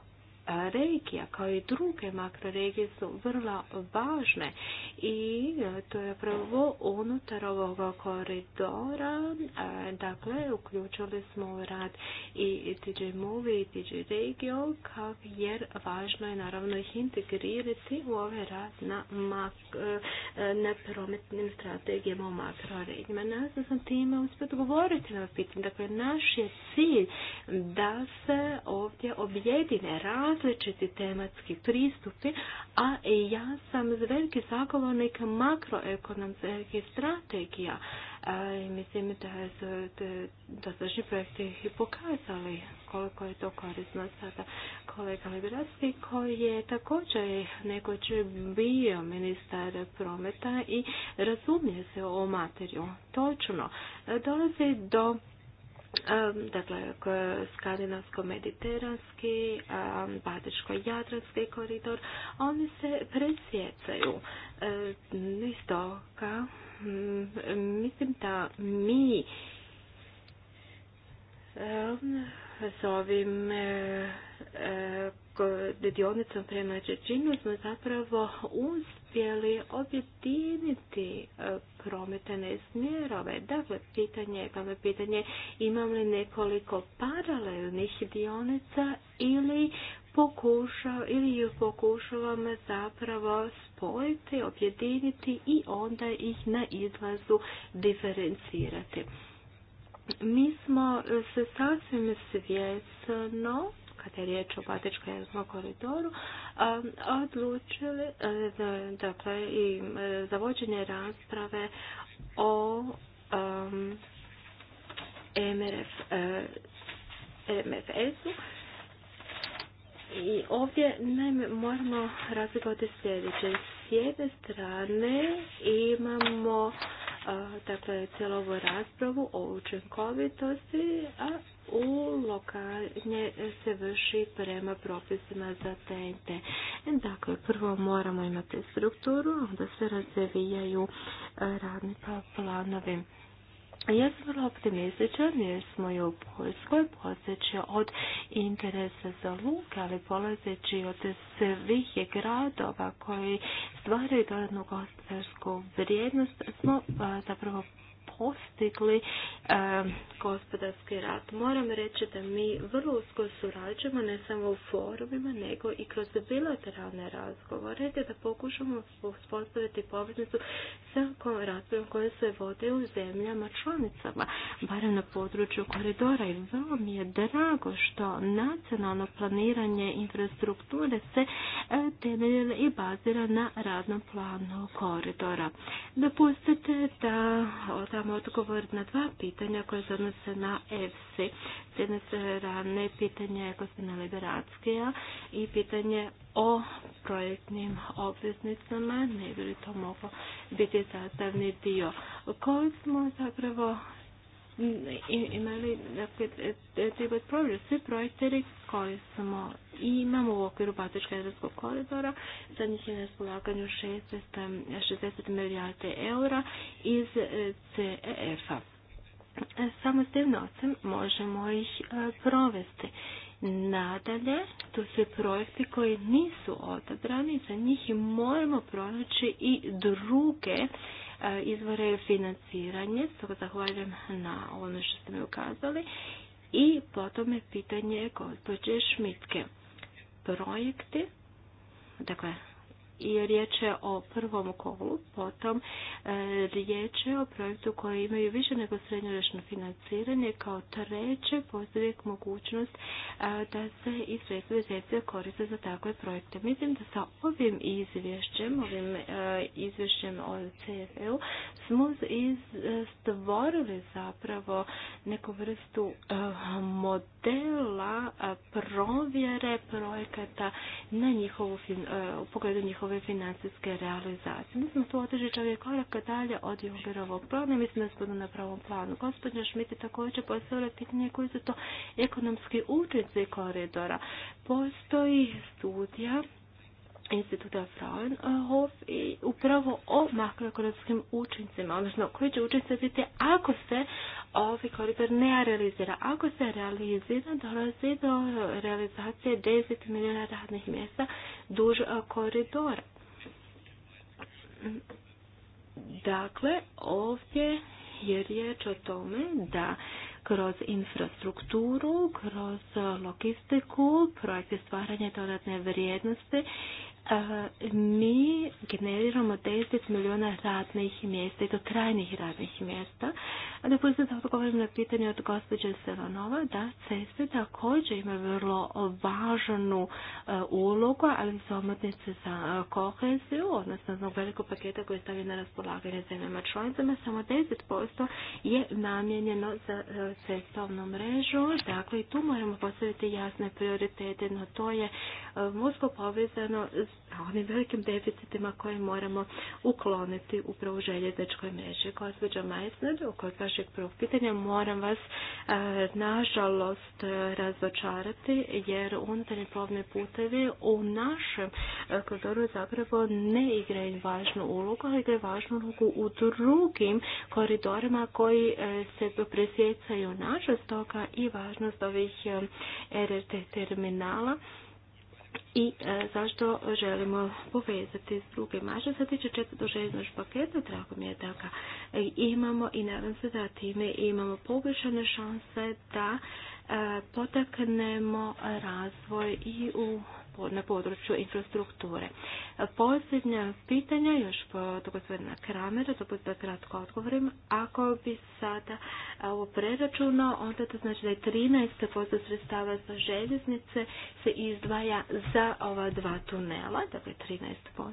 Speaker 2: regija kao i druge makroregije su vrlo važne i e, to je prvo unutar ovog koridora e, dakle uključili smo u rad i TG Movie i TG Regio jer važno je naravno ih integrirati u ovaj rad na, e, prometnim strategijama u makroregijima. Nas sam time uspjet govoriti na pitanju. Dakle, naš je cilj da se ovdje objedine rad različiti tematski pristupi, a ja sam veliki zagovornik makroekonomskih strategija. i e, mislim da su dosadašnji projekti i pokazali koliko je to korisno sada kolega Liberacki koji je također nekoć bio ministar prometa i razumije se o materiju. Točno, dolazi do dakle skandinavsko-mediteranski, batičko-jadranski koridor, oni se presjecaju. Isto kao mislim da mi E, s ovim e, e, dionicom prema Čečinu smo zapravo uspjeli objediniti prometane smjerove. Dakle, pitanje je pitanje imam li nekoliko paralelnih dionica ili pokušao ili ju pokušavam zapravo spojiti, objediniti i onda ih na izlazu diferencirati. Mi smo e, se sasvim svjesno kada je riječ o Batičkom koridoru, odlučili e, dakle, i e, zavođenje rasprave o MFS-u. I ovdje naime, moramo razlikovati sljedeće. S jedne strane imamo dakle, cijelu ovu raspravu o učinkovitosti, a u lokalnje se vrši prema propisima za TNT. Dakle, prvo moramo imati strukturu, onda se razvijaju e, radni pa- planovi. Ja sam vrlo optimističan jer smo i u Poljskoj od interesa za luke, ali polazeći od svih gradova koji stvaraju dodatnu gospodarsku vrijednost, smo zapravo postigli gospodarski rat. Moram reći da mi vrlo usko surađujemo ne samo u forumima, nego i kroz bilateralne razgovore, te da pokušamo uspostaviti poveznicu sa razvojom koje se vode u zemljama članicama, barem na području koridora. I vrlo mi je drago što nacionalno planiranje infrastrukture se e, temeljilo i bazira na radnom planu koridora. Dopustite da od sam odgovor na dva pitanja koje se odnose na EFSI. S jedne strane pitanje na Liberackija i pitanje o projektnim obveznicama, ne bi li to moglo biti sastavni dio. Koji smo zapravo imali, dakle, treba provjeriti Svi projekte koje smo imamo u okviru Baltička koridora. Sad njih je na spolaganju 60, milijarde eura iz e, CEF-a. E, Samo s tim novcem možemo ih e, provesti. Nadalje, tu su projekti koji nisu odabrani, za njih moramo pronaći i druge E, izvore financiranje, stoga zahvaljujem na ono što ste mi ukazali. I potom je pitanje gospođe Šmitke. Projekti, dakle, i riječ je o prvom kolu, potom e, riječ je o projektu koji imaju više nego srednjoročno financiranje, kao treće postoji mogućnost e, da se i sredstvo koriste za takve projekte. Mislim da sa ovim izvješćem, ovim e, izvješćem o CFL smo stvorili zapravo neku vrstu modela provjere projekata na u pogledu njihovu njihove financijske realizacije. Mi smo tu održi čovjek koraka dalje od Jungerovog plana. Mislim da smo na pravom planu. Gospodin Šmit je također postavila pitanje koji su to ekonomski učinci koridora. Postoji studija instituta Fraunhof i upravo o makroekonomskim učincima, odnosno koji će učinci biti ako se ovaj koridor ne realizira. Ako se realizira, dolazi do realizacije 10 milijuna radnih mjesta duž e, koridora. Dakle, ovdje je riječ o tome da kroz infrastrukturu, kroz logistiku, projekte stvaranja dodatne vrijednosti mi generiramo 10 milijuna radnih mjesta i to trajnih radnih mjesta. A da da odgovorim na pitanje od gospođe Selanova, da ceste također imaju vrlo važnu e, ulogu, ali su omotnice za koheziju, odnosno zbog velikog paketa koji stavi na raspolaganje zemljama članicama, samo 10% je namjenjeno za e, cestovnu mrežu, dakle i tu moramo postaviti jasne prioritete, no to je e, usko povezano a onim velikim deficitima koje moramo ukloniti upravo u željezničkoj mreži. Gospođa Majsner, u vašeg prvog pitanja moram vas e, nažalost e, razočarati jer unutarnji plovni putevi u našem e, koridoru zapravo ne igraju važnu ulogu, ali igraju važnu ulogu u drugim koridorima koji se presjecaju naša stoka i važnost ovih RRT terminala i e, zašto želimo povezati s drugima. Što se tiče četvrtog željeznog paketa, drago mi je da e, imamo i nadam se da time imamo poboljšane šanse da e, potaknemo razvoj i u na području infrastrukture. Posljednja pitanja, još po gospodina Kramera, to da kratko odgovorim. Ako bi sada ovo preračunao, onda to znači da je 13% sredstava za željeznice se izdvaja za ova dva tunela, dakle 13%.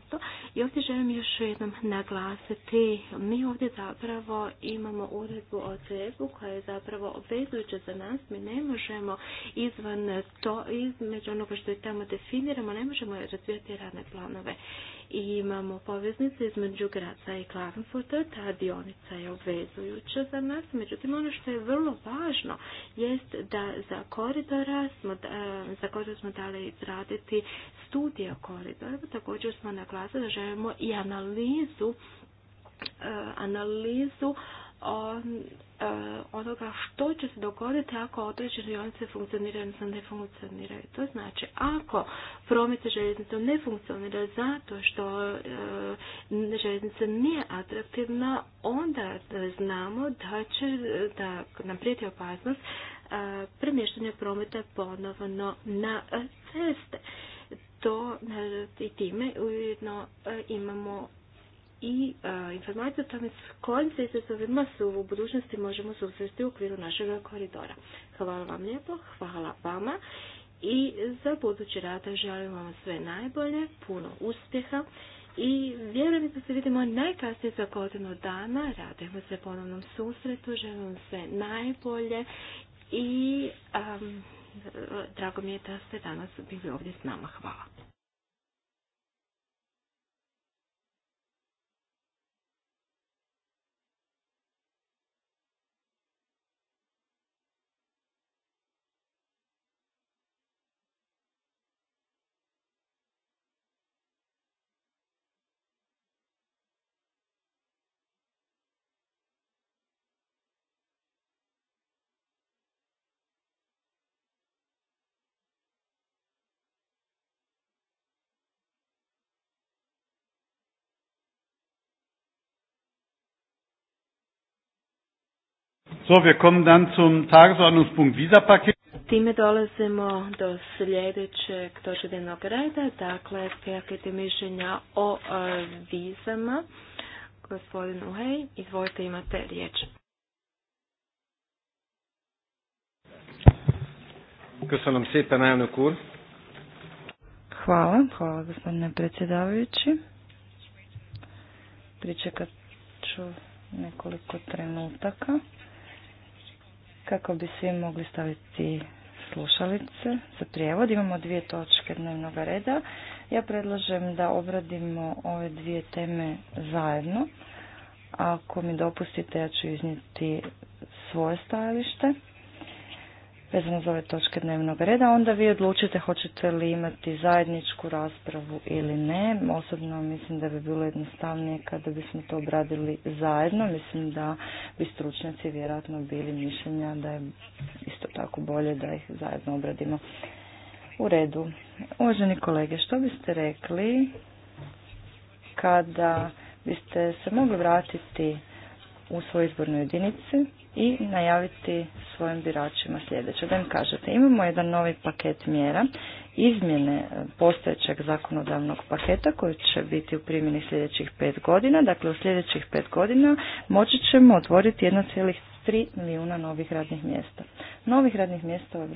Speaker 2: I ovdje želim još jednom naglasiti, mi ovdje zapravo imamo uredbu o cef koja je zapravo obvezujuća za nas, mi ne možemo izvan to, između onoga što je tamo definirano, definiramo, ne možemo razvijati radne planove. I imamo poveznice između Graca i Klagenfurta, ta dionica je obvezujuća za nas, međutim ono što je vrlo važno jest da za koridora smo, za koridor smo dali izraditi studije koridora. također smo naglasili da želimo i analizu e, analizu on, e, onoga što će se dogoditi ako određene dionice funkcioniraju odnosno ne funkcioniraju. To znači ako promet željeznicom ne funkcionira zato što e, željeznica nije atraktivna, onda znamo da će da nam prijeti opasnost e, prometa ponovno na ceste. To e, i time ujedno imamo i e, a, tome s kojim se izazovima u budućnosti možemo susresti u okviru našeg koridora. Hvala vam lijepo, hvala vama i za budući rad želim vam sve najbolje, puno uspjeha i vjerujem da se vidimo najkasnije za godinu dana, radujemo se ponovnom susretu, želim vam sve najbolje i drago mi je da ste danas bili ovdje s nama. Hvala.
Speaker 1: So, wir kommen dann zum Tagesordnungspunkt Visapaket.
Speaker 2: Time dolazimo do sljedećeg točke reda, dakle pakete mišljenja o e, vizama. Gospodin Uhej, izvolite imate riječ.
Speaker 1: Köszönöm szépen,
Speaker 4: Hvala, hvala gospodine predsjedavajući. Pričekat ću nekoliko trenutaka kako bi svi mogli staviti slušalice za prijevod. Imamo dvije točke dnevnog reda. Ja predlažem da obradimo ove dvije teme zajedno. Ako mi dopustite, ja ću iznijeti svoje stajalište vezano za ove točke dnevnog reda, onda vi odlučite hoćete li imati zajedničku raspravu ili ne. Osobno mislim da bi bilo jednostavnije kada bismo to obradili zajedno. Mislim da bi stručnjaci vjerojatno bili mišljenja da je isto tako bolje da ih zajedno obradimo. U redu. Uvaženi kolege, što biste rekli kada biste se mogli vratiti u svoju izbornoj jedinici i najaviti svojim biračima sljedeće. Da im kažete, imamo jedan novi paket mjera, izmjene postojećeg zakonodavnog paketa koji će biti u primjeni sljedećih pet godina. Dakle, u sljedećih pet godina moći ćemo otvoriti 1,3 milijuna novih radnih mjesta. Novih radnih mjesta u EU.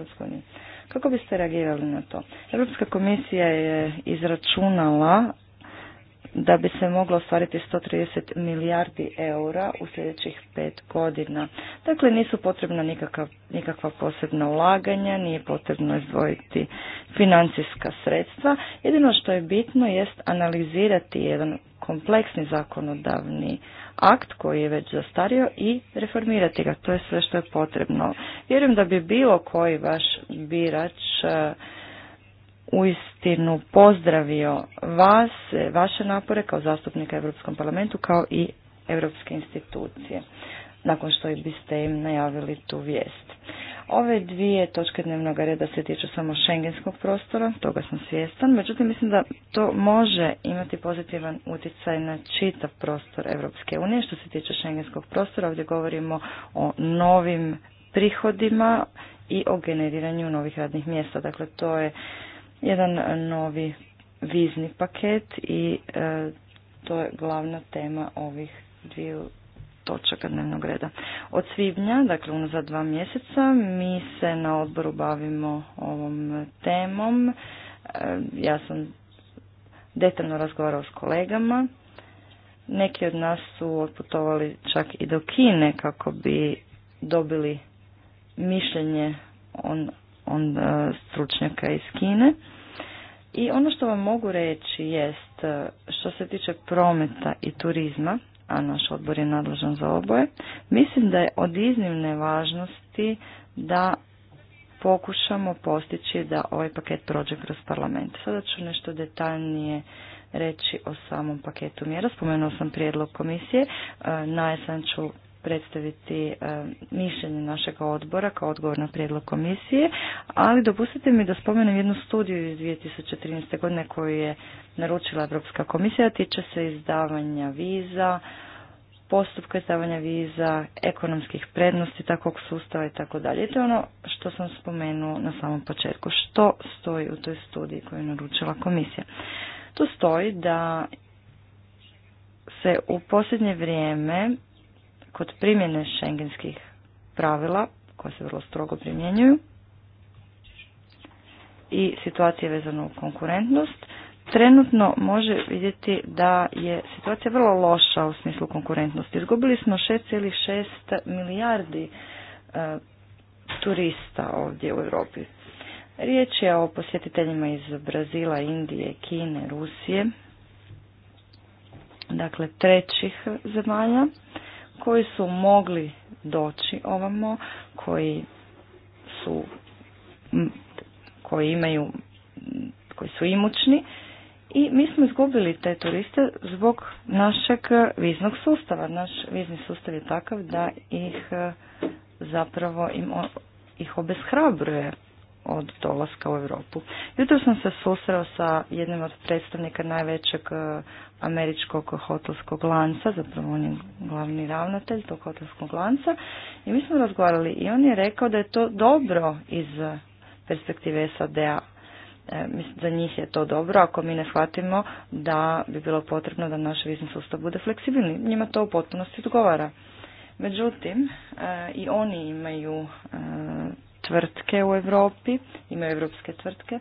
Speaker 4: Kako biste reagirali na to? Europska komisija je izračunala da bi se moglo ostvariti 130 milijardi eura u sljedećih pet godina. Dakle, nisu potrebna nikakva posebna ulaganja, nije potrebno izdvojiti financijska sredstva. Jedino što je bitno jest analizirati jedan kompleksni zakonodavni akt koji je već zastario i reformirati ga. To je sve što je potrebno. Vjerujem da bi bilo koji vaš birač uistinu pozdravio vas, vaše napore kao zastupnika Europskom parlamentu kao i europske institucije nakon što biste im najavili tu vijest. Ove dvije točke dnevnog reda se tiču samo šengenskog prostora, toga sam svjestan, međutim mislim da to može imati pozitivan utjecaj na čitav prostor Europske unije. Što se tiče šengenskog prostora, ovdje govorimo o novim prihodima i o generiranju novih radnih mjesta. Dakle, to je jedan novi vizni paket i e, to je glavna tema ovih dviju točaka dnevnog reda. Od svibnja, dakle unazad dva mjeseca, mi se na odboru bavimo ovom temom. E, ja sam detaljno razgovarao s kolegama. Neki od nas su otputovali čak i do Kine kako bi dobili mišljenje on, on e, stručnjaka iz Kine. I ono što vam mogu reći jest e, što se tiče prometa i turizma, a naš odbor je nadležan za oboje, mislim da je od iznimne važnosti da pokušamo postići da ovaj paket prođe kroz parlament. Sada ću nešto detaljnije reći o samom paketu mjera. Spomenuo sam prijedlog komisije, e, najesan ću predstaviti e, mišljenje našeg odbora kao odgovor na prijedlog komisije, ali dopustite mi da spomenem jednu studiju iz 2013. godine koju je naručila Europska komisija, tiče se izdavanja viza, postupka izdavanja viza, ekonomskih prednosti takvog sustava i tako to je ono što sam spomenula na samom početku. Što stoji u toj studiji koju je naručila komisija? Tu stoji da se u posljednje vrijeme kod primjene šengenskih pravila koje se vrlo strogo primjenjuju i situacije vezano u konkurentnost, trenutno može vidjeti da je situacija vrlo loša u smislu konkurentnosti. Izgubili smo 6,6 milijardi e, turista ovdje u Europi. Riječ je o posjetiteljima iz Brazila, Indije, Kine, Rusije, dakle trećih zemalja koji su mogli doći ovamo, koji su koji imaju koji su imućni i mi smo izgubili te turiste zbog našeg viznog sustava. Naš vizni sustav je takav da ih e, zapravo im, ih obeshrabruje od dolaska u Europu. Jutro sam se susreo sa jednim od predstavnika najvećeg e, američkog hotelskog lanca, zapravo on je glavni ravnatelj tog hotelskog lanca i mi smo razgovarali i on je rekao da je to dobro iz perspektive SAD-a. E, Mislim, za njih je to dobro ako mi ne shvatimo da bi bilo potrebno da naš vizni sustav bude fleksibilni. Njima to u potpunosti odgovara. Međutim, e, i oni imaju tvrtke u Europi, imaju evropske tvrtke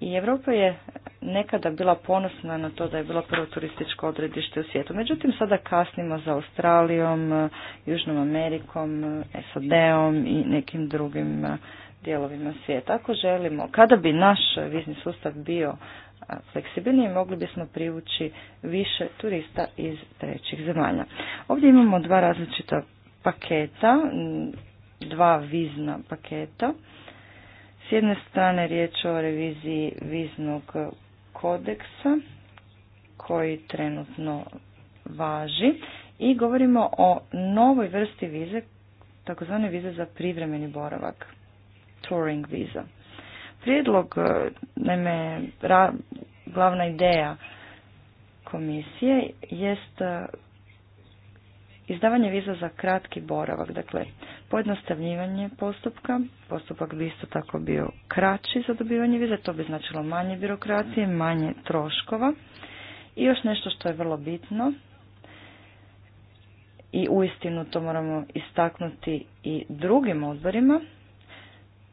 Speaker 4: i Europa je nekada bila ponosna na to da je bila prvo turističko odredište u svijetu. Međutim, sada kasnimo za Australijom, Južnom Amerikom, SAD-om i nekim drugim eh, dijelovima svijeta. Ako želimo, kada bi naš vizni sustav bio eh, fleksibilniji, mogli bismo privući više turista iz trećih zemalja. Ovdje imamo dva različita paketa dva vizna paketa. S jedne strane riječ o reviziji viznog kodeksa koji trenutno važi i govorimo o novoj vrsti vize, takozvane vize za privremeni boravak, touring viza. Prijedlog, e, naime, glavna ideja komisije jest e, Izdavanje viza za kratki boravak, dakle pojednostavljivanje postupka, postupak bi isto tako bio kraći za dobivanje vize, to bi značilo manje birokracije, manje troškova. I još nešto što je vrlo bitno i uistinu to moramo istaknuti i drugim odborima,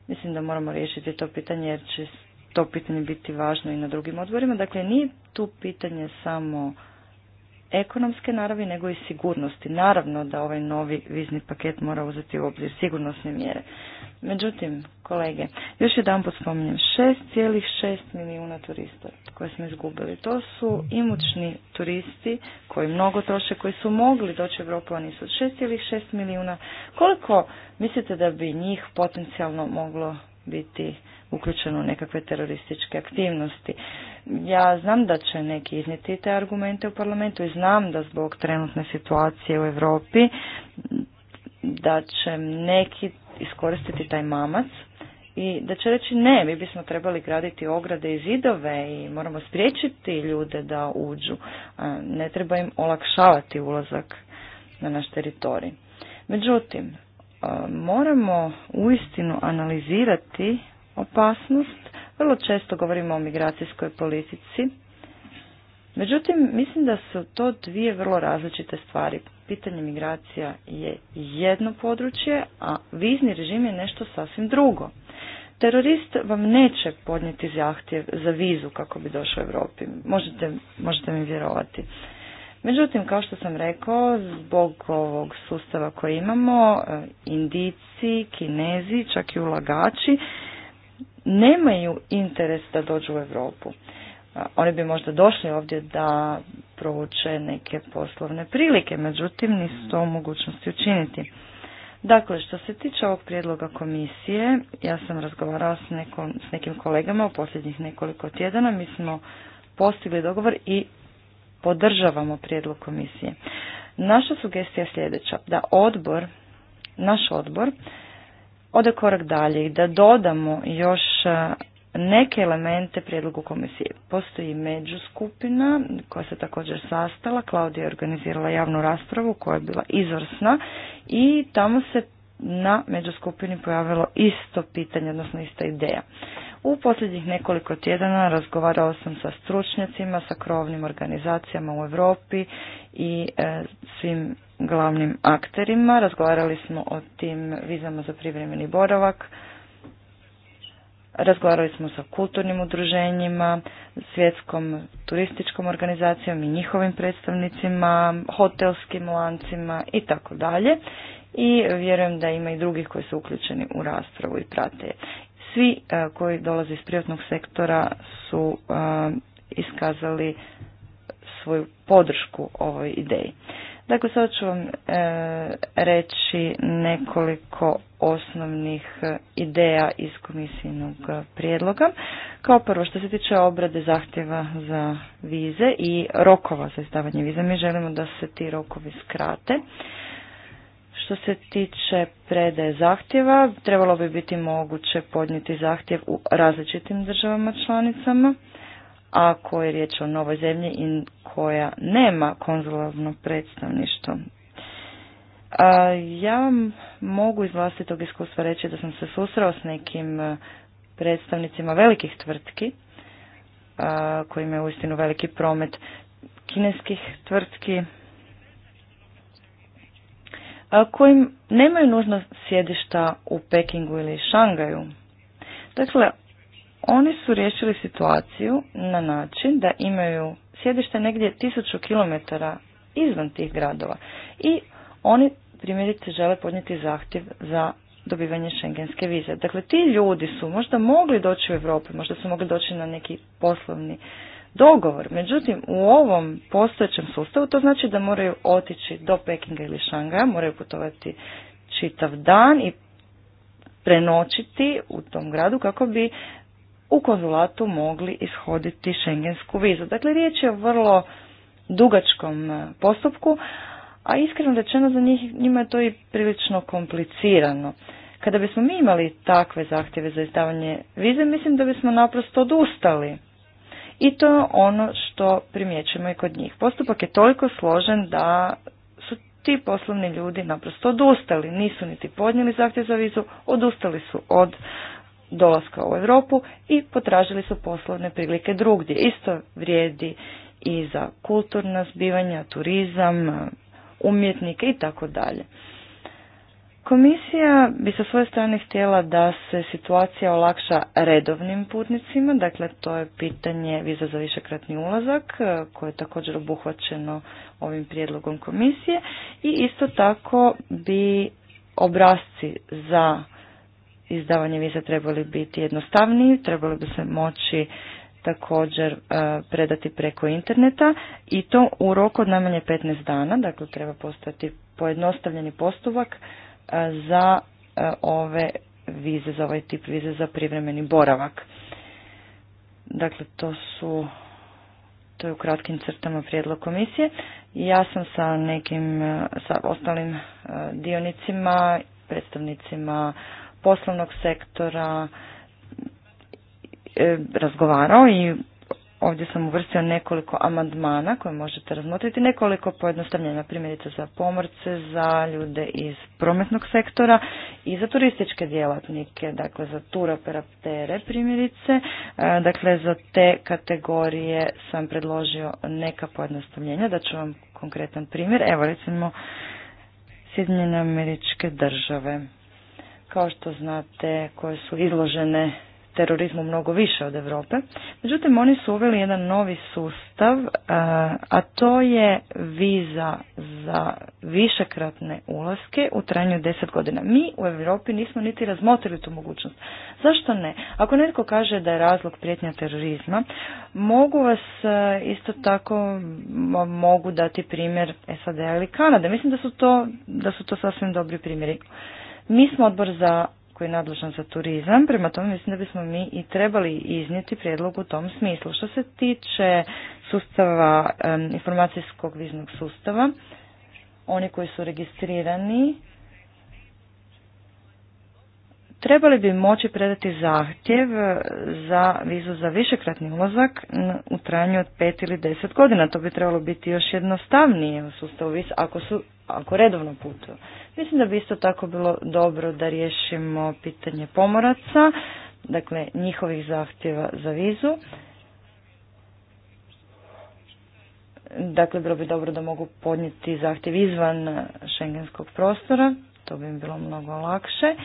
Speaker 4: mislim da moramo riješiti to pitanje jer će to pitanje biti važno i na drugim odborima. Dakle, nije tu pitanje samo ekonomske naravi nego i sigurnosti. Naravno da ovaj novi vizni paket mora uzeti u obzir sigurnosne mjere. Međutim, kolege, još jedan pot spominjem, 6,6 milijuna turista koje smo izgubili. To su imućni turisti koji mnogo troše, koji su mogli doći u Europu, a nisu. 6,6 milijuna. Koliko mislite da bi njih potencijalno moglo biti uključeno u nekakve terorističke aktivnosti. Ja znam da će neki iznijeti te argumente u parlamentu i znam da zbog trenutne situacije u Europi da će neki iskoristiti taj mamac i da će reći ne, mi bismo trebali graditi ograde i zidove i moramo spriječiti ljude da uđu. Ne treba im olakšavati ulazak na naš teritorij. Međutim, moramo uistinu analizirati opasnost. Vrlo često govorimo o migracijskoj politici. Međutim, mislim da su to dvije vrlo različite stvari. Pitanje migracija je jedno područje, a vizni režim je nešto sasvim drugo. Terorist vam neće podnijeti zahtjev za vizu kako bi došao u Europi. Možete, možete mi vjerovati. Međutim, kao što sam rekao, zbog ovog sustava koji imamo, e, indici, kinezi, čak i ulagači, nemaju interes da dođu u Europu. E, oni bi možda došli ovdje da provuče neke poslovne prilike, međutim nisu to u mogućnosti učiniti. Dakle, što se tiče ovog prijedloga komisije, ja sam razgovarala s, s nekim kolegama u posljednjih nekoliko tjedana, mi smo postigli dogovor i podržavamo prijedlog komisije. Naša sugestija je sljedeća, da odbor, naš odbor, ode korak dalje i da dodamo još e, neke elemente prijedlogu komisije. Postoji međuskupina koja se također sastala, Klaudija je organizirala javnu raspravu koja je bila izvrsna i tamo se na međuskupini pojavilo isto pitanje, odnosno ista ideja. U posljednjih nekoliko tjedana razgovarao sam sa stručnjacima, sa krovnim organizacijama u Europi i e, svim glavnim akterima. Razgovarali smo o tim vizama za privremeni boravak. Razgovarali smo sa kulturnim udruženjima, svjetskom turističkom organizacijom i njihovim predstavnicima, hotelskim lancima i tako dalje i vjerujem da ima i drugih koji su uključeni u raspravu i prate svi e, koji dolaze iz privatnog sektora su e, iskazali svoju podršku ovoj ideji. Dakle, sad ću vam e, reći nekoliko osnovnih ideja iz komisijnog prijedloga. Kao prvo, što se tiče obrade zahtjeva za vize i rokova za izdavanje vize, mi želimo da se ti rokovi skrate. Što se tiče predaje zahtjeva, trebalo bi biti moguće podnijeti zahtjev u različitim državama članicama, ako je riječ o novoj zemlji i koja nema konzularno predstavništvo. ja vam mogu iz vlastitog iskustva reći da sam se susrao s nekim e, predstavnicima velikih tvrtki, a, e, koji imaju uistinu veliki promet kineskih tvrtki, koji nemaju nužno sjedišta u Pekingu ili Šangaju. Dakle, oni su riješili situaciju na način da imaju sjedište negdje tisuću kilometara izvan tih gradova i oni primjerice žele podnijeti zahtjev za dobivanje šengenske vize. Dakle, ti ljudi su možda mogli doći u Europu, možda su mogli doći na neki poslovni dogovor. Međutim, u ovom postojećem sustavu to znači da moraju otići do Pekinga ili Šangaja, moraju putovati čitav dan i prenoćiti u tom gradu kako bi u konzulatu mogli ishoditi šengensku vizu. Dakle, riječ je o vrlo dugačkom e, postupku, a iskreno rečeno za njih, njima je to i prilično komplicirano. Kada bismo mi imali takve zahtjeve za izdavanje vize, mislim da bismo naprosto odustali i to je ono što primjećujemo i kod njih. Postupak je toliko složen da su ti poslovni ljudi naprosto odustali, nisu niti podnijeli zahtjev za vizu, odustali su od dolaska u Europu i potražili su poslovne prilike drugdje. Isto vrijedi i za kulturna zbivanja, turizam, umjetnike i tako dalje. Komisija bi sa svoje strane htjela da se situacija olakša redovnim putnicima, dakle to je pitanje viza za višekratni ulazak e, koje je također obuhvaćeno ovim prijedlogom komisije i isto tako bi obrazci za izdavanje viza trebali biti jednostavniji, trebali bi se moći također e, predati preko interneta i to u roku od najmanje 15 dana, dakle treba postati pojednostavljeni postupak za e, ove vize, za ovaj tip vize za privremeni boravak. Dakle, to su to je u kratkim crtama prijedlog komisije. Ja sam sa nekim, e, sa ostalim e, dionicima, predstavnicima poslovnog sektora razgovarao i Ovdje sam uvrstio nekoliko amandmana koje možete razmotriti, nekoliko pojednostavljenja primjerice za pomorce, za ljude iz prometnog sektora i za turističke djelatnike, dakle za operatere primjerice, e, dakle za te kategorije sam predložio neka pojednostavljenja, da ću vam konkretan primjer, evo recimo Sjedinjene američke države. Kao što znate koje su izložene terorizmu mnogo više od Europe. Međutim, oni su uveli jedan novi sustav, e, a to je viza za višekratne ulaske u trajanju deset godina. Mi u Europi nismo niti razmotrili tu mogućnost. Zašto ne? Ako netko kaže da je razlog prijetnja terorizma, mogu vas e, isto tako mogu dati primjer SAD ili Kanade. Mislim da su to, da su to sasvim dobri primjeri. Mi smo odbor za koji je nadležan za turizam, prema tome mislim da bismo mi i trebali iznijeti prijedlog u tom smislu. Što se tiče sustava, informacijskog viznog sustava, oni koji su registrirani trebali bi moći predati zahtjev za vizu za višekratni ulazak u trajanju od 5 ili 10 godina. To bi trebalo biti još jednostavnije u sustavu ako, su, ako redovno putuju. Mislim da bi isto tako bilo dobro da riješimo pitanje pomoraca, dakle njihovih zahtjeva za vizu. Dakle, bilo bi dobro da mogu podnijeti zahtjev izvan šengenskog prostora, to bi im bilo mnogo lakše.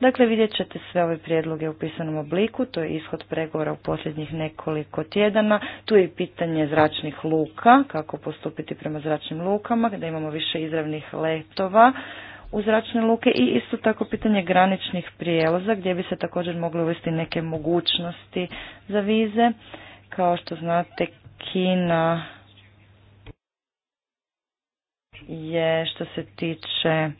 Speaker 4: Dakle, vidjet ćete sve ove prijedloge u pisanom obliku, to je ishod pregovora u posljednjih nekoliko tjedana. Tu je i pitanje zračnih luka, kako postupiti prema zračnim lukama, da imamo više izravnih letova u zračne luke i isto tako pitanje graničnih prijelaza gdje bi se također mogle uvesti neke mogućnosti za vize. Kao što znate, Kina je što se tiče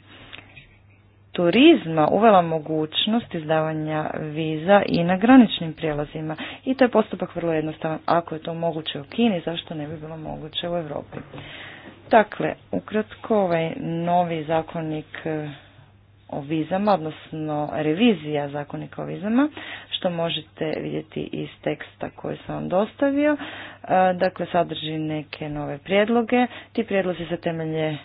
Speaker 4: turizma uvela mogućnost izdavanja viza i na graničnim prijelazima. I to je postupak vrlo jednostavan. Ako je to moguće u Kini, zašto ne bi bilo moguće u Europi? Dakle, ukratko, ovaj novi zakonik e, o vizama, odnosno revizija zakonika o vizama, što možete vidjeti iz teksta koji sam vam dostavio. E, dakle, sadrži neke nove prijedloge. Ti prijedlozi se temelje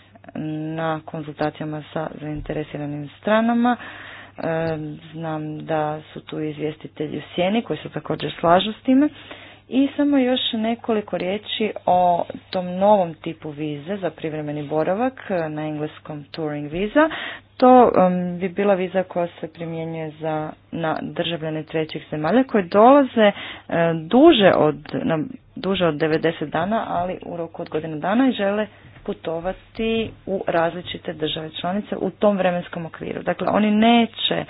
Speaker 4: na konzultacijama sa zainteresiranim stranama. E, znam da su tu izvjestitelji u sjeni koji se također slažu s time. I samo još nekoliko riječi o tom novom tipu vize za privremeni boravak eh, na engleskom touring viza. To bi bila viza koja se primjenjuje za, na državljane trećih zemalja koje dolaze eh, duže, od, na, duže od 90 dana, ali u roku od godinu dana i žele putovati u različite države članice u tom vremenskom okviru. Dakle, oni neće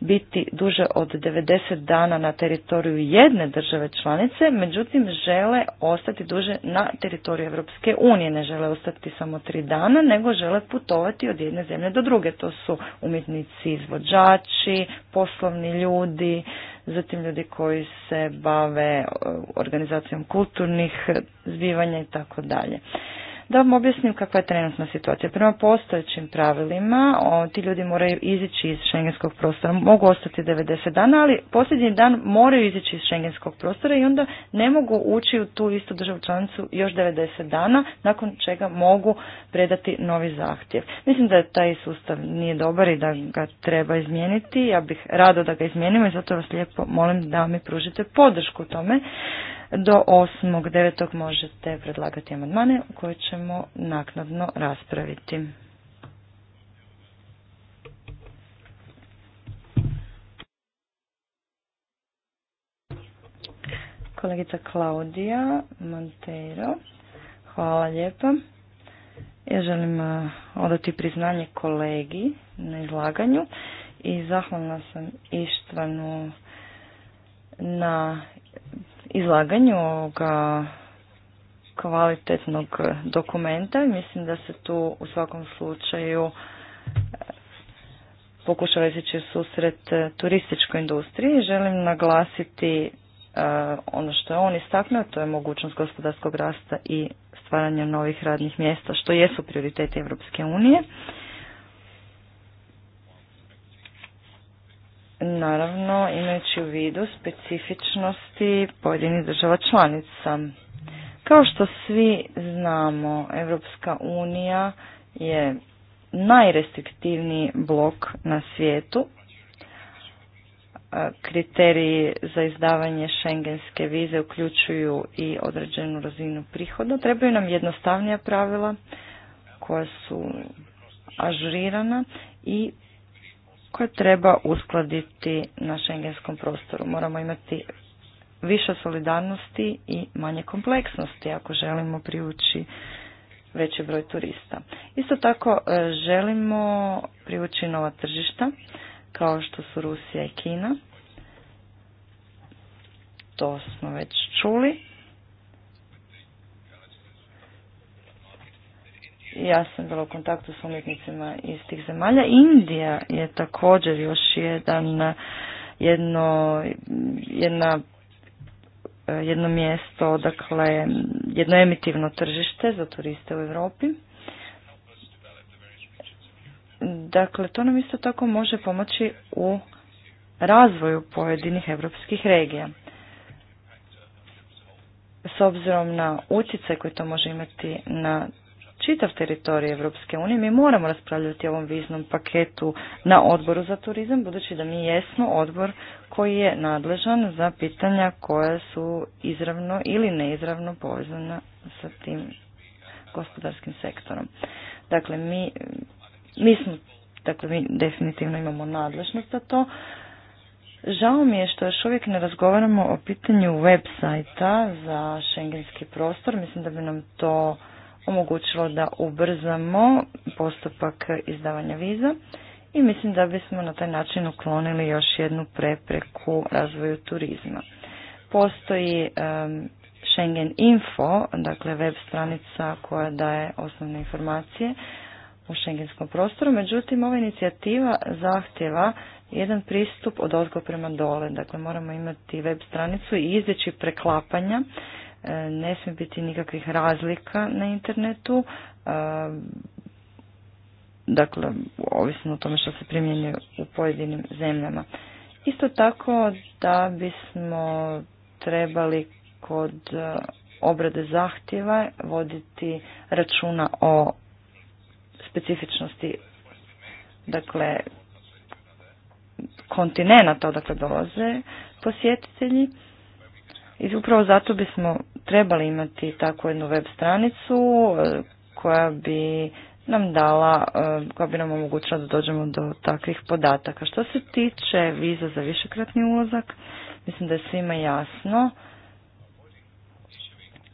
Speaker 4: biti duže od 90 dana na teritoriju jedne države članice, međutim žele ostati duže na teritoriju Europske unije, ne žele ostati samo tri dana, nego žele putovati od jedne zemlje do druge. To su umjetnici, izvođači, poslovni ljudi, zatim ljudi koji se bave e, organizacijom kulturnih zbivanja i tako dalje. Da vam objasnim kakva je trenutna situacija. Prema postojećim pravilima, o, ti ljudi moraju izići iz šengenskog prostora, mogu ostati 90 dana, ali posljednji dan moraju izići iz šengenskog prostora i onda ne mogu ući u tu istu državu članicu još 90 dana, nakon čega mogu predati novi zahtjev. Mislim da taj sustav nije dobar i da ga treba izmijeniti. Ja bih rado da ga izmijenimo i zato vas lijepo molim da mi pružite podršku tome. Do 8.9. možete predlagati amandmane koje ćemo naknadno raspraviti. Kolegica Klaudija Monteiro, hvala lijepa. Ja želim odati priznanje kolegi na izlaganju i zahvalna sam Ištvanu na izlaganju ovoga kvalitetnog dokumenta mislim da se tu u svakom slučaju e, pokušava izići susret e, turističkoj industriji. Želim naglasiti e, ono što je on istaknuo, to je mogućnost gospodarskog rasta i stvaranja novih radnih mjesta, što jesu prioriteti Europske unije. naravno imajući u vidu specifičnosti pojedinih država članica. Kao što svi znamo, Europska unija je najrestriktivniji blok na svijetu. Kriteriji za izdavanje šengenske vize uključuju i određenu razinu prihoda. Trebaju nam jednostavnija pravila koja su ažurirana i koje treba uskladiti na šengenskom prostoru. Moramo imati više solidarnosti i manje kompleksnosti ako želimo privući veći broj turista. Isto tako e, želimo privući nova tržišta kao što su Rusija i Kina. To smo već čuli. Ja sam bila u kontaktu s umjetnicima iz tih zemalja. Indija je također još jedan, jedno, jedna jedno mjesto, dakle jedno emitivno tržište za turiste u Europi. Dakle, to nam isto tako može pomoći u razvoju pojedinih europskih regija. S obzirom na utjecaj koji to može imati na čitav teritorij Evropske unije, mi moramo raspravljati o ovom viznom paketu na odboru za turizam, budući da mi jesmo odbor koji je nadležan za pitanja koja su izravno ili neizravno povezana sa tim gospodarskim sektorom. Dakle, mi, mi smo, dakle, mi definitivno imamo nadležnost za to. Žao mi je što još uvijek ne razgovaramo o pitanju web sajta za šengenski prostor. Mislim da bi nam to omogućilo da ubrzamo postupak izdavanja viza i mislim da bismo na taj način uklonili još jednu prepreku razvoju turizma. Postoji Schengen Info, dakle web stranica koja daje osnovne informacije u šengenskom prostoru, međutim ova inicijativa zahtjeva jedan pristup od ozgo prema dole, dakle moramo imati web stranicu i izbjeći preklapanja E, ne smije biti nikakvih razlika na internetu. E, dakle, ovisno o tome što se primjenjuje u pojedinim zemljama. Isto tako da bismo trebali kod e, obrade zahtjeva voditi računa o specifičnosti dakle kontinenta odakle dolaze posjetitelji i upravo zato bismo trebali imati takvu jednu web stranicu e, koja bi nam dala, e, koja bi nam omogućila da dođemo do takvih podataka. Što se tiče viza za višekratni ulazak, mislim da je svima jasno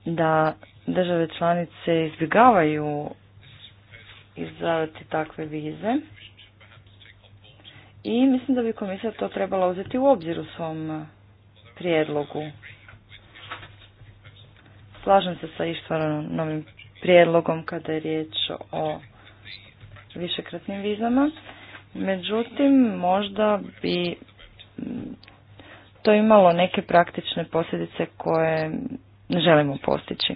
Speaker 4: da države članice izbjegavaju izdavati takve vize i mislim da bi komisija to trebala uzeti u obzir u svom prijedlogu Slažem se sa Ištvarom novim prijedlogom kada je riječ o višekratnim vizama. Međutim, možda bi mm, to imalo neke praktične posljedice koje ne želimo postići.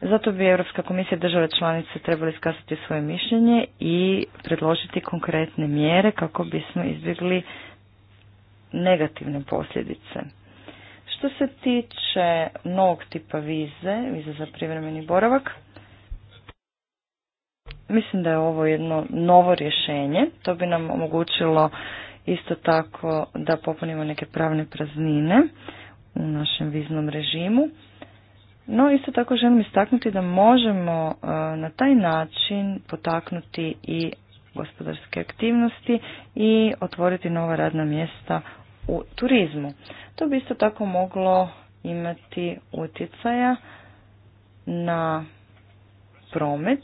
Speaker 4: Zato bi Europska komisija države članice trebali iskazati svoje mišljenje i predložiti konkretne mjere kako bismo izbjegli negativne posljedice. Što se tiče novog tipa vize, vize za privremeni boravak, mislim da je ovo jedno novo rješenje. To bi nam omogućilo isto tako da popunimo neke pravne praznine u našem viznom režimu. No isto tako želim istaknuti da možemo e, na taj način potaknuti i gospodarske aktivnosti i otvoriti nova radna mjesta u turizmu. To bi isto tako moglo imati utjecaja na promet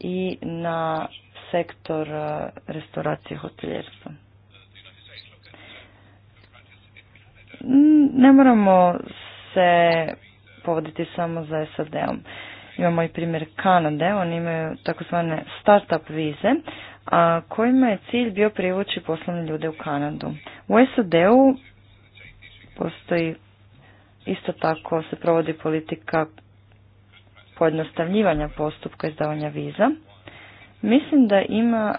Speaker 4: i na sektor e, restauracije hoteljerstva. Ne moramo se povoditi samo za SAD-om. Imamo i primjer Kanade, oni imaju takozvane start-up vize, a kojima je cilj bio privući poslovne ljude u Kanadu. U SAD-u postoji isto tako se provodi politika pojednostavljivanja postupka izdavanja viza. Mislim da ima,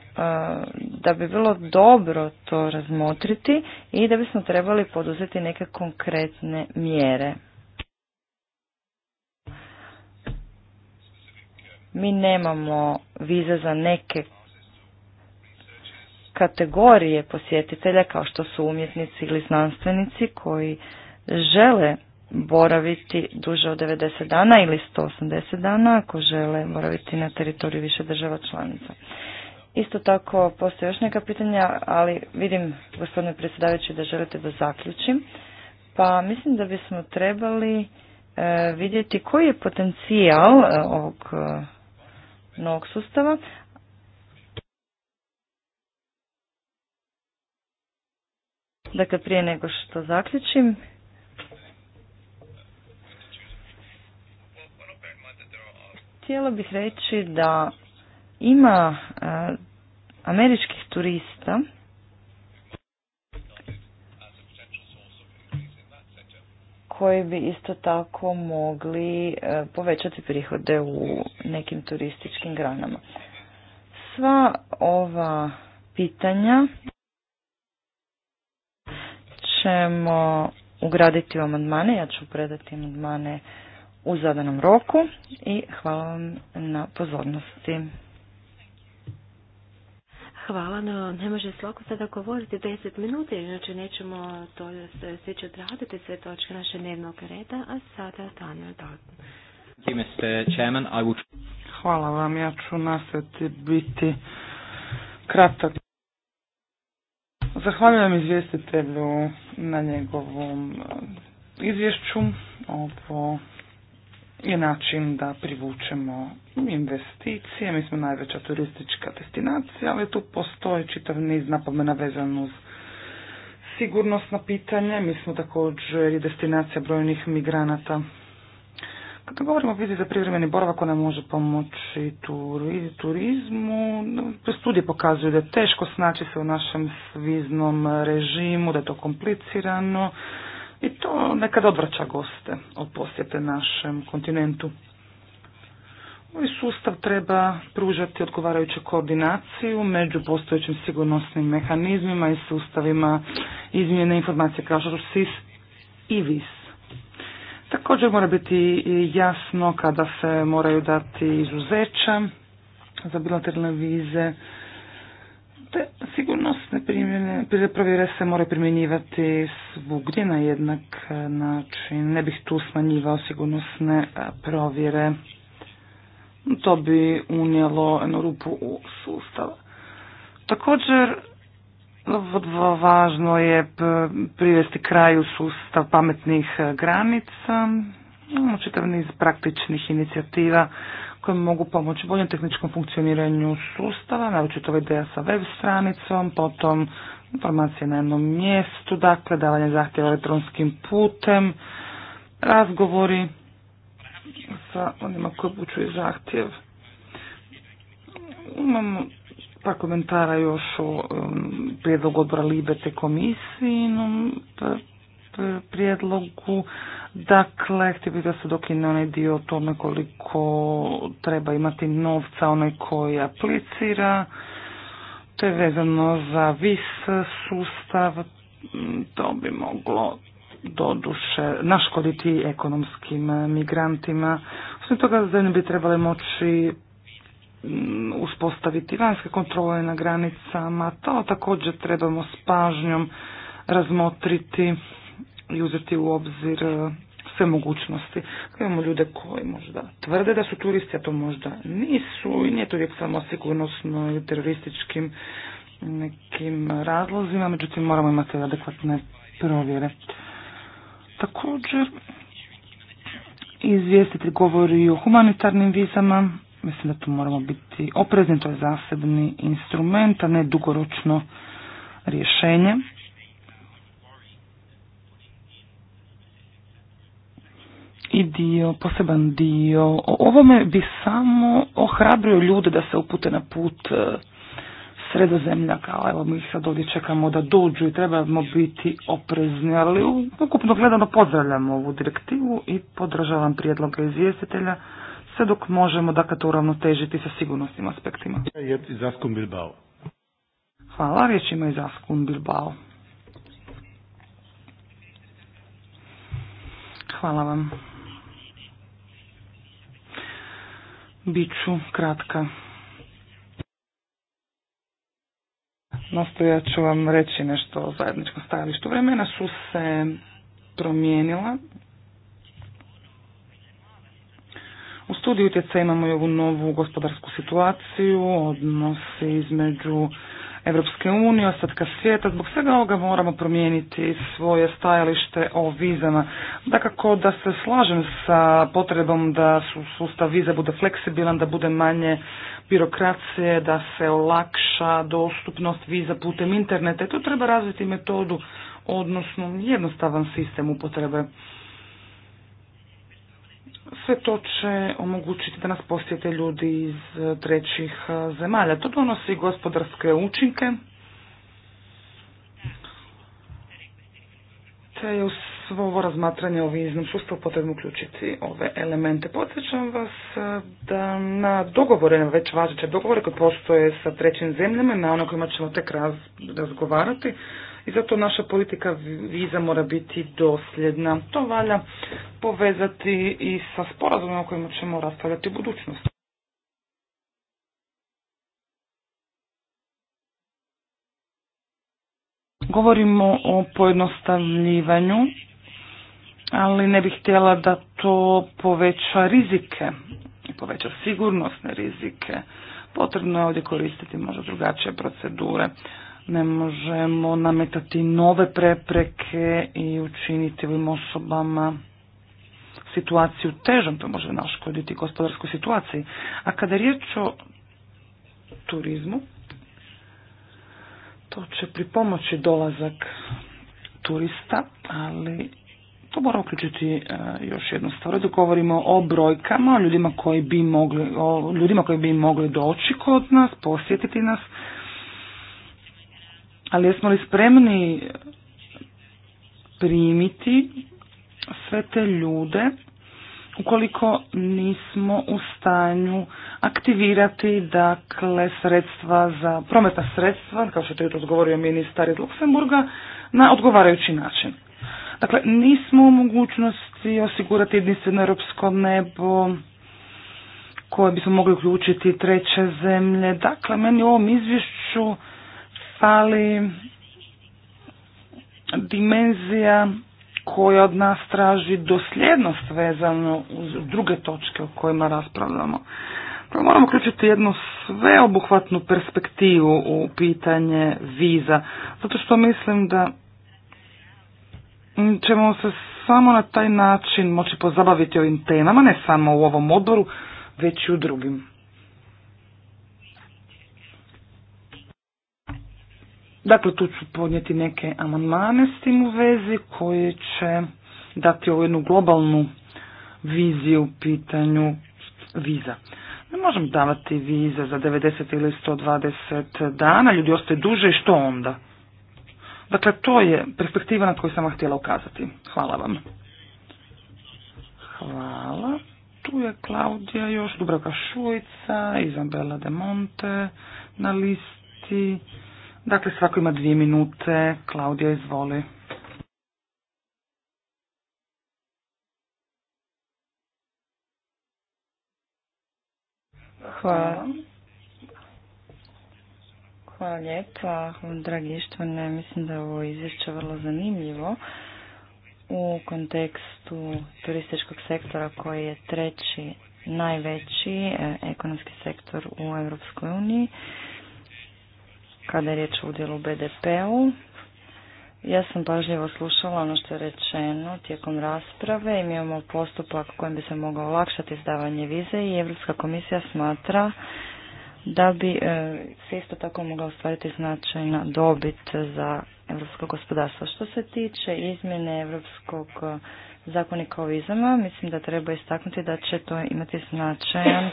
Speaker 4: da bi bilo dobro to razmotriti i da bismo trebali poduzeti neke konkretne mjere. Mi nemamo vize za neke kategorije posjetitelja kao što su umjetnici ili znanstvenici koji žele boraviti duže od 90 dana ili 180 dana ako žele boraviti na teritoriju više država članica. Isto tako postoje još neka pitanja, ali vidim gospodine predsjedavajući da želite da zaključim. Pa mislim da bismo trebali e, vidjeti koji je potencijal e, ovog e, novog sustava, Dakle, prije nego što zaključim, htjela bih reći da ima e, američkih turista koji bi isto tako mogli e, povećati prihode u nekim turističkim granama. Sva ova pitanja ćemo ugraditi u amandmane, ja ću predati amandmane u zadanom roku i hvala vam na pozornosti.
Speaker 2: Hvala, no ne može svako sada govoriti 10 minuta, inače nećemo to će odraditi sve točke naše dnevnog reda, a sada Daniel Dalton.
Speaker 3: Hvala vam, ja ću nastaviti biti kratak. Zahvaljujem izvjestitelju na njegovom e, izvješću. Ovo je način da privučemo investicije. Mi smo najveća turistička destinacija, ali tu postoji čitav niz napomena vezan uz sigurnosna pitanje. Mi smo također i destinacija brojnih migranata. Kada pa govorimo o vizi za privremeni boravak, ona može pomoći turizmu. Studije pokazuju da je teško snaći se u našem viznom režimu, da je to komplicirano i to nekad odvraća goste od posjete našem kontinentu. Ovaj sustav treba pružati odgovarajuću koordinaciju među postojećim sigurnosnim mehanizmima i sustavima izmjene informacije kao što su SIS i VIS. Također mora biti jasno kada se moraju dati izuzeća za bilateralne vize, te sigurnosne primjene, provjere se mora primjenjivati svugdje na jednak način. Ne bih tu smanjivao sigurnosne e, provjere. To bi unijelo rupu u sustav. Također Važno je e, privesti kraju sustav pametnih e, granica, čitav niz praktičnih inicijativa koje mogu pomoći boljem tehničkom funkcioniranju sustava, naročito ideja sa web stranicom, potom informacije na jednom mjestu, dakle davanje zahtjeva elektronskim putem, razgovori sa onima koji upućuju zahtjev. Imamo pa komentara još o um, prijedlog odbora Libete no, prijedlogu. Dakle, htio bih da se dokine onaj dio o tome koliko treba imati novca onaj koji aplicira, je vezano za vis sustav, to bi moglo doduše naškoditi ekonomskim migrantima. Osim toga, zemlje bi trebale moći Mm, uspostaviti vanjske kontrole na granicama, to također trebamo s pažnjom razmotriti i uzeti u obzir e, sve mogućnosti. Imamo ljude koji možda tvrde da su turisti, a to možda nisu i nije to uvijek samo sigurnosno i terorističkim nekim razlozima, međutim moramo imati adekvatne provjere. Također, izvjestitelj govori o humanitarnim vizama, Mislim da tu moramo biti oprezni, to je zasebni instrument, a ne dugoročno rješenje. i dio, poseban dio. O ovome bi samo ohrabrio ljude da se upute na put e, sredozemlja, kao evo mi sad ovdje čekamo da dođu i trebamo biti oprezni, ali ukupno gledano pozdravljam ovu direktivu i podržavam prijedloga izvjestitelja dok možemo dakle to uravnotežiti sa sigurnosnim aspektima. Hvala, riječ ima i Bilbao. Hvala vam. Biću kratka. Nastoja ću vam reći nešto o zajedničkom stajalištu. Vremena su se promijenila U studiju utjeca imamo i ovu novu gospodarsku situaciju, odnose između Evropske unije, ostatka svijeta. Zbog svega ovoga moramo promijeniti svoje stajalište o vizama. Dakako da se slažem sa potrebom da sustav viza bude fleksibilan, da bude manje birokracije, da se olakša dostupnost viza putem interneta i tu treba razviti metodu, odnosno jednostavan sistem upotrebe sve to će omogućiti da nas posjete ljudi iz e, trećih e, zemalja. To donosi gospodarske učinke. Te je u svo ovo razmatranje ovih iznom sustav potrebno uključiti ove elemente. Podsjećam vas e, da na dogovore, već važeće dogovore koje postoje sa trećim zemljama, na ono kojima ćemo tek raz, razgovarati, i zato naša politika viza mora biti dosljedna. To valja povezati i sa sporazumima o kojima ćemo raspravljati u budućnosti. Govorimo o pojednostavljivanju, ali ne bih htjela da to poveća rizike, poveća sigurnosne rizike. Potrebno je ovdje koristiti možda drugačije procedure. Ne možemo nametati nove prepreke i učiniti ovim osobama situaciju težom, to može naškoditi gospodarskoj situaciji. A kada je riječ o turizmu, to će pripomoći dolazak turista, ali to mora uključiti e, još jednu stvar. Da govorimo o brojkama, ljudima koji bi mogli, o ljudima koji bi mogli doći kod nas, posjetiti nas, ali jesmo li spremni primiti sve te ljude ukoliko nismo u stanju aktivirati dakle sredstva za prometna sredstva, kao što je to govorio ministar iz Luksemburga, na odgovarajući način. Dakle, nismo u mogućnosti osigurati jedinstveno europsko nebo koje bismo mogli uključiti treće zemlje. Dakle, meni u ovom izvješću ali dimenzija koja od nas traži dosljednost vezano uz druge točke o kojima raspravljamo. Pa moramo uključiti jednu sveobuhvatnu perspektivu u pitanje viza, zato što mislim da ćemo se samo na taj način moći pozabaviti ovim temama, ne samo u ovom odboru, već i u drugim. Dakle, tu ću podnijeti neke amandmane s tim u vezi koje će dati ovu jednu globalnu viziju u pitanju viza. Ne možemo davati vize za 90 ili 120 dana, ljudi ostaje duže i što onda? Dakle, to je perspektiva na koju sam vam htjela ukazati. Hvala vam. Hvala. Tu je Klaudija još, Dubravka Šujica, Izabela de Monte na listi. Dakle, svako ima dvije minute. Klaudija, izvoli. Hvala. Hvala
Speaker 4: lijepa, dragi Mislim da je ovo izvješće vrlo zanimljivo u kontekstu turističkog sektora koji je treći najveći e, ekonomski sektor u Europskoj uniji kada je riječ o udjelu BDP-u. Ja sam pažljivo slušala ono što je rečeno tijekom rasprave i mi imamo postupak kojim bi se mogao olakšati izdavanje vize i Evropska komisija smatra da bi e, se isto tako mogla ostvariti značajna dobit za evropsko gospodarstvo. Što se tiče izmjene evropskog zakonika o vizama, mislim da treba istaknuti da će to imati značajan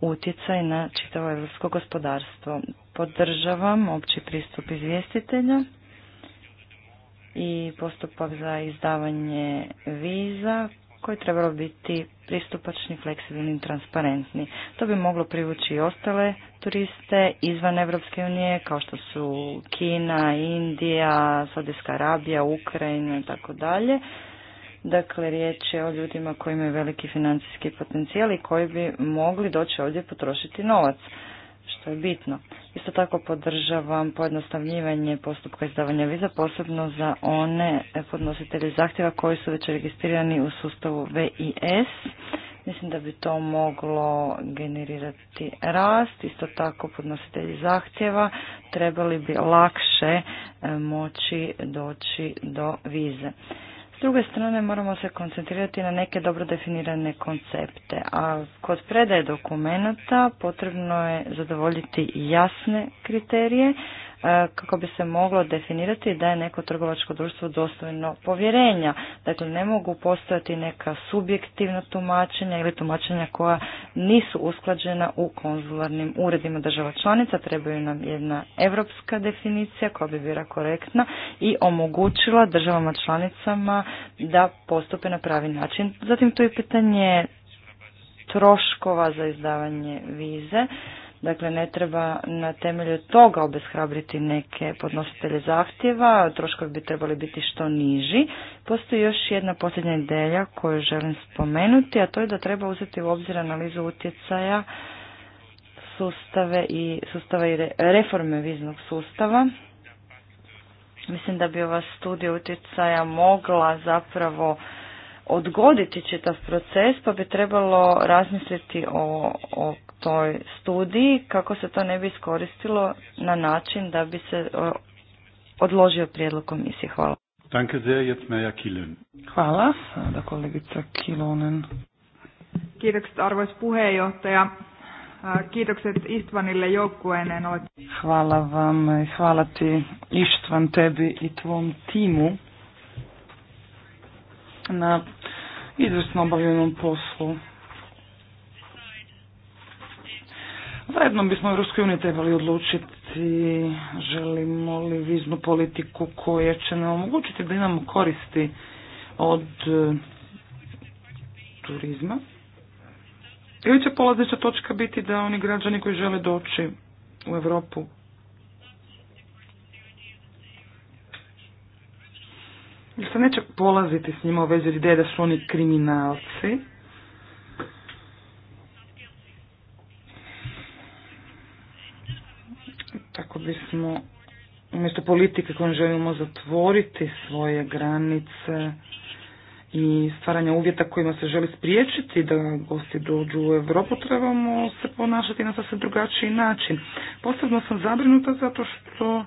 Speaker 4: utjecaj na čitavo evropsko gospodarstvo. Podržavam opći pristup izvjestitelja i postupak za izdavanje viza koji trebalo biti pristupačni, fleksibilni i transparentni. To bi moglo privući i ostale turiste izvan Evropske unije, kao što su Kina, Indija, Saudijska Arabija, Ukrajina i tako dalje. Dakle, riječ je o ljudima koji imaju veliki financijski potencijal i koji bi mogli doći ovdje potrošiti novac, što je bitno. Isto tako podržavam pojednostavljivanje postupka izdavanja viza, posebno za one podnositelje zahtjeva koji su već registrirani u sustavu VIS. Mislim da bi to moglo generirati rast, isto tako podnositelji zahtjeva trebali bi lakše eh, moći doći do vize. S druge strane moramo se koncentrirati na neke dobro definirane koncepte, a kod predaje dokumenata potrebno je zadovoljiti jasne kriterije, kako bi se moglo definirati da je neko trgovačko društvo dostojno povjerenja. Dakle, ne mogu postojati neka subjektivna tumačenja ili tumačenja koja nisu usklađena u konzularnim uredima država članica. Trebaju nam jedna evropska definicija koja bi bila korektna i omogućila državama članicama da postupe na pravi način. Zatim tu je pitanje troškova za izdavanje vize. Dakle, ne treba na temelju toga obeshrabriti neke podnositelje zahtjeva, troškovi bi trebali biti što niži. Postoji još jedna posljednja ideja koju želim spomenuti, a to je da treba uzeti u obzir analizu utjecaja sustave i sustava i reforme viznog sustava. Mislim da bi ova studija utjecaja mogla zapravo odgoditi čitav proces, pa bi trebalo razmisliti o, o toj studiji kako se to ne bi iskoristilo na način da bi se odložio prijedlog komisije. Hvala.
Speaker 1: Danke sehr, jetzt ja Kilonen.
Speaker 3: Hvala, sada kolegica Kilonen. Kiitokset arvoisa puheenjohtaja. Kiitokset Istvanille joukkueineen. Hvala vam i hvala ti Istvan tebi i tvom timu na izvrsno obavljenom poslu. Zajedno bismo u Ruskoj uniji trebali odlučiti želimo li viznu politiku koja će nam omogućiti da imamo koristi od e, turizma. Ili će polazeća točka biti da oni građani koji žele doći u Europu se neće polaziti s njima u vezi ideje da su oni kriminalci, kako bismo umjesto politike kojom želimo zatvoriti svoje granice i stvaranja uvjeta kojima se želi spriječiti da gosti dođu u Europu, trebamo se ponašati na sasvim drugačiji način. Posebno sam zabrinuta zato što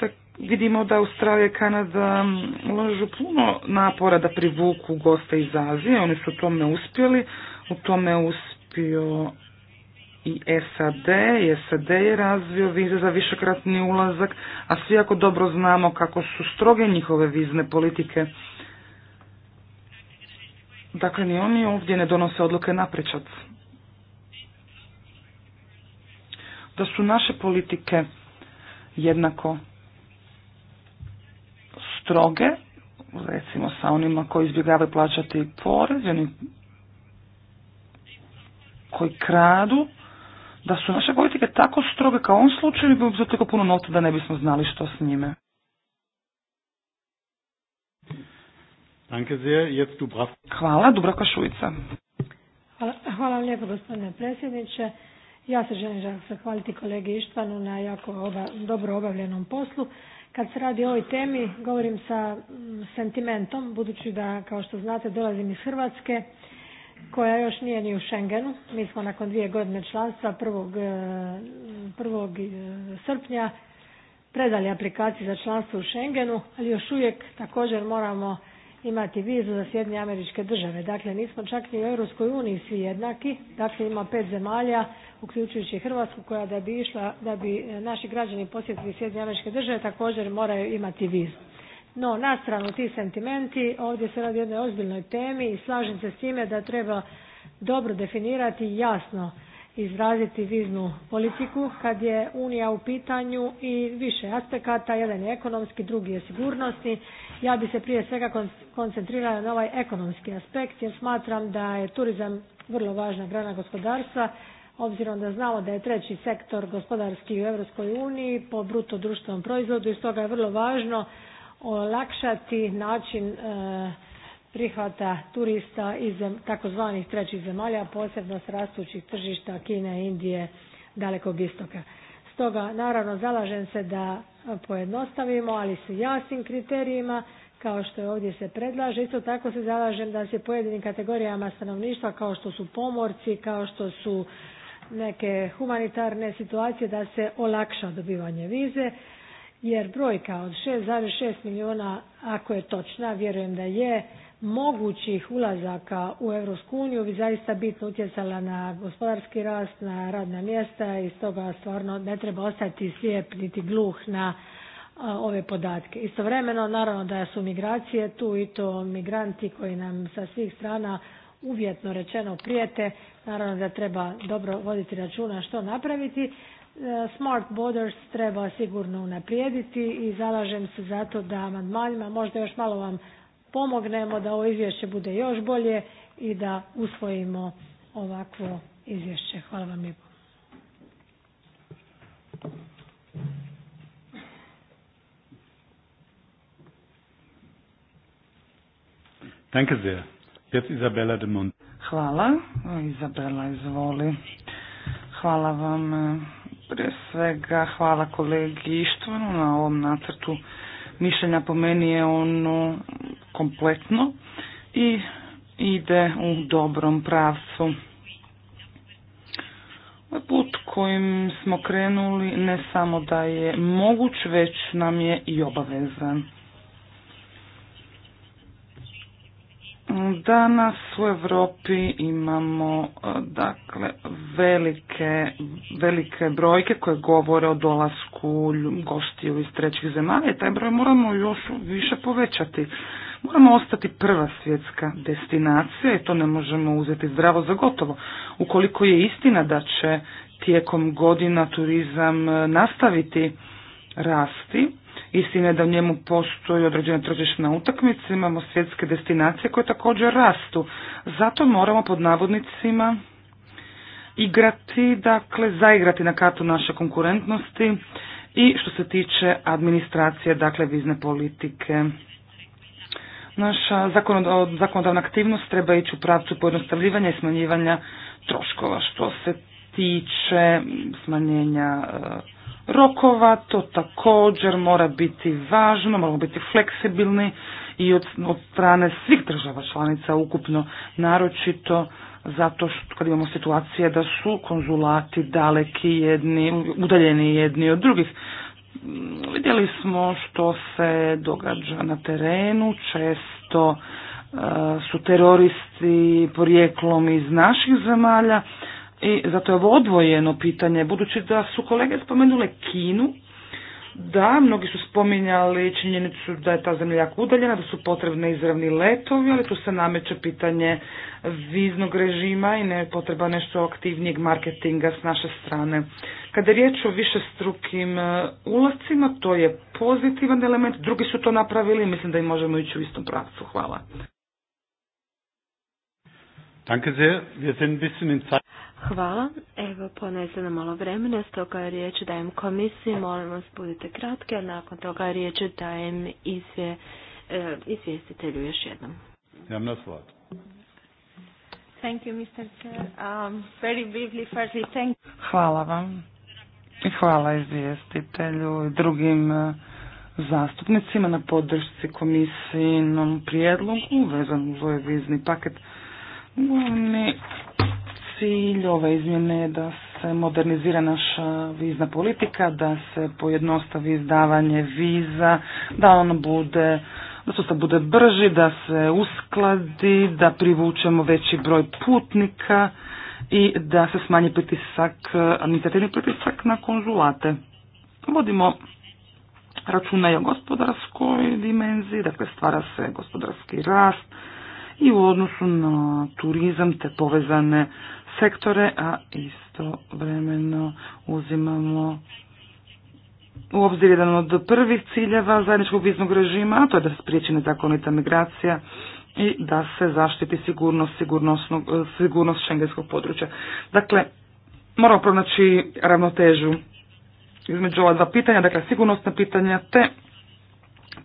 Speaker 3: se vidimo da Australija i Kanada ulažu puno napora da privuku goste iz Azije, oni su u tome uspjeli, u tome uspio i SAD. I SAD je razvio vize za višekratni ulazak, a svi jako dobro znamo kako su stroge njihove vizne politike. Dakle, ni oni ovdje ne donose odluke naprečac. Da su naše politike jednako stroge, recimo sa onima koji izbjegavaju plaćati porez, oni koji kradu, da su naše politike tako stroge kao on slučaju, bi uzeli tako puno novca da ne bismo znali što s njime.
Speaker 1: Danke sehr.
Speaker 3: Hvala, Dubravka Šujica.
Speaker 5: Hvala, hvala lijepo gospodine predsjedniče. Ja se želim zahvaliti kolegi Ištvanu na jako dobro obavljenom poslu. Kad se radi o ovoj temi, govorim sa mm, sentimentom, budući da, kao što znate, dolazim iz Hrvatske koja još nije ni u Schengenu. Mi smo nakon dvije godine članstva 1. E, e, srpnja predali aplikaciju za članstvo u Schengenu, ali još uvijek također moramo imati vizu za Sjedinje američke države. Dakle, nismo čak ni u Europskoj uniji svi jednaki. Dakle, ima pet zemalja, uključujući Hrvatsku, koja da bi išla, da bi e, naši građani posjetili Sjedinje američke države, također moraju imati vizu. No, na stranu ti sentimenti, ovdje se radi o jednoj ozbiljnoj temi i slažem se s time da treba dobro definirati i jasno izraziti viznu politiku kad je Unija u pitanju i više aspekata, jedan je ekonomski, drugi je sigurnosni. Ja bi se prije svega koncentrirala na ovaj ekonomski aspekt jer smatram da je turizam vrlo važna grana gospodarstva obzirom da znamo da je treći sektor gospodarski u Europskoj uniji po bruto proizvodu i stoga je vrlo važno olakšati način e, prihvata turista iz takozvanih trećih zemalja, posebno s rastućih tržišta Kine, Indije, Dalekog istoka. Stoga naravno zalažem se da pojednostavimo, ali s jasnim kriterijima kao što je ovdje se predlaže. Isto tako se zalažem da se pojedinim kategorijama stanovništva kao što su pomorci, kao što su neke humanitarne situacije da se olakša dobivanje vize jer brojka od 6,6 milijuna, ako je točna, vjerujem da je, mogućih ulazaka u Europsku uniju bi zaista bitno utjecala na gospodarski rast, na radna mjesta i stoga stvarno ne treba ostati slijep niti gluh na ove podatke. Istovremeno naravno da su migracije tu i to migranti koji nam sa svih strana uvjetno rečeno prijete, naravno da treba dobro voditi računa što napraviti, Smart Borders treba sigurno unaprijediti i zalažem se za to da amandmanima možda još malo vam pomognemo da ovo izvješće bude još bolje i da usvojimo ovakvo izvješće. Hvala vam lijepo.
Speaker 1: Danke
Speaker 3: Hvala. Izabela, izvoli. Hvala vam prije svega hvala kolegi Ištvanu na ovom nacrtu mišljenja po meni je ono kompletno i ide u dobrom pravcu. Ovaj put kojim smo krenuli ne samo da je moguć, već nam je i obavezan. Danas u Europi imamo e, dakle velike, velike brojke koje govore o dolasku gostiju iz trećih zemalja i taj broj moramo još više povećati. Moramo ostati prva svjetska destinacija i to ne možemo uzeti zdravo za gotovo. Ukoliko je istina da će tijekom godina turizam e, nastaviti rasti, Istina je da u njemu postoji određena tržišna utakmica, imamo svjetske destinacije koje također rastu. Zato moramo pod navodnicima igrati, dakle zaigrati na kartu naše konkurentnosti i što se tiče administracije, dakle vizne politike. Naša zakonodavna aktivnost treba ići u pravcu pojednostavljivanja i smanjivanja troškova. Što se tiče smanjenja e, rokova, to također mora biti važno, moramo biti fleksibilni i od, od strane svih država članica ukupno, naročito zato što kad imamo situacije da su konzulati daleki jedni, udaljeni jedni od drugih. Vidjeli smo što se događa na terenu, često e, su teroristi porijeklom iz naših zemalja, i zato je ovo odvojeno pitanje, budući da su kolege spomenule Kinu, da, mnogi su spominjali činjenicu da je ta zemlja udaljena, da su potrebne izravni letovi, ali tu se nameće pitanje viznog režima i ne potreba nešto aktivnijeg marketinga s naše strane. Kada je riječ o višestrukim e, ulazcima, to je pozitivan element, drugi su to napravili i mislim da i možemo ići u istom pravcu. Hvala.
Speaker 1: Danke sehr. Wir sind
Speaker 2: Hvala. Evo, ponese nam malo vremena, stoga riječ dajem komisiji, molim vas budite kratki, a nakon toga riječ dajem e, izvjestitelju još jednom.
Speaker 3: Ja na slad. Um, thank Hvala vam. Hvala izvjestitelju i drugim e, zastupnicima na podršci komisijnom prijedlogu vezanom u ovaj vizni paket. Cilj ove izmjene je da se modernizira naša vizna politika, da se pojednostavi izdavanje viza, da on bude, da sustav bude brži, da se uskladi, da privučemo veći broj putnika i da se smanji pritisak, administrativni pritisak na konzulate. Vodimo računa i o gospodarskoj dimenziji, dakle stvara se gospodarski rast i u odnosu na turizam te povezane sektore, a isto vremeno uzimamo u obzir jedan od prvih ciljeva zajedničkog viznog režima, a to je da se spriječi nezakonita migracija i da se zaštiti sigurnost, e, sigurnost šengenskog područja. Dakle, moramo pronaći ravnotežu između ova dva pitanja, dakle sigurnosna pitanja te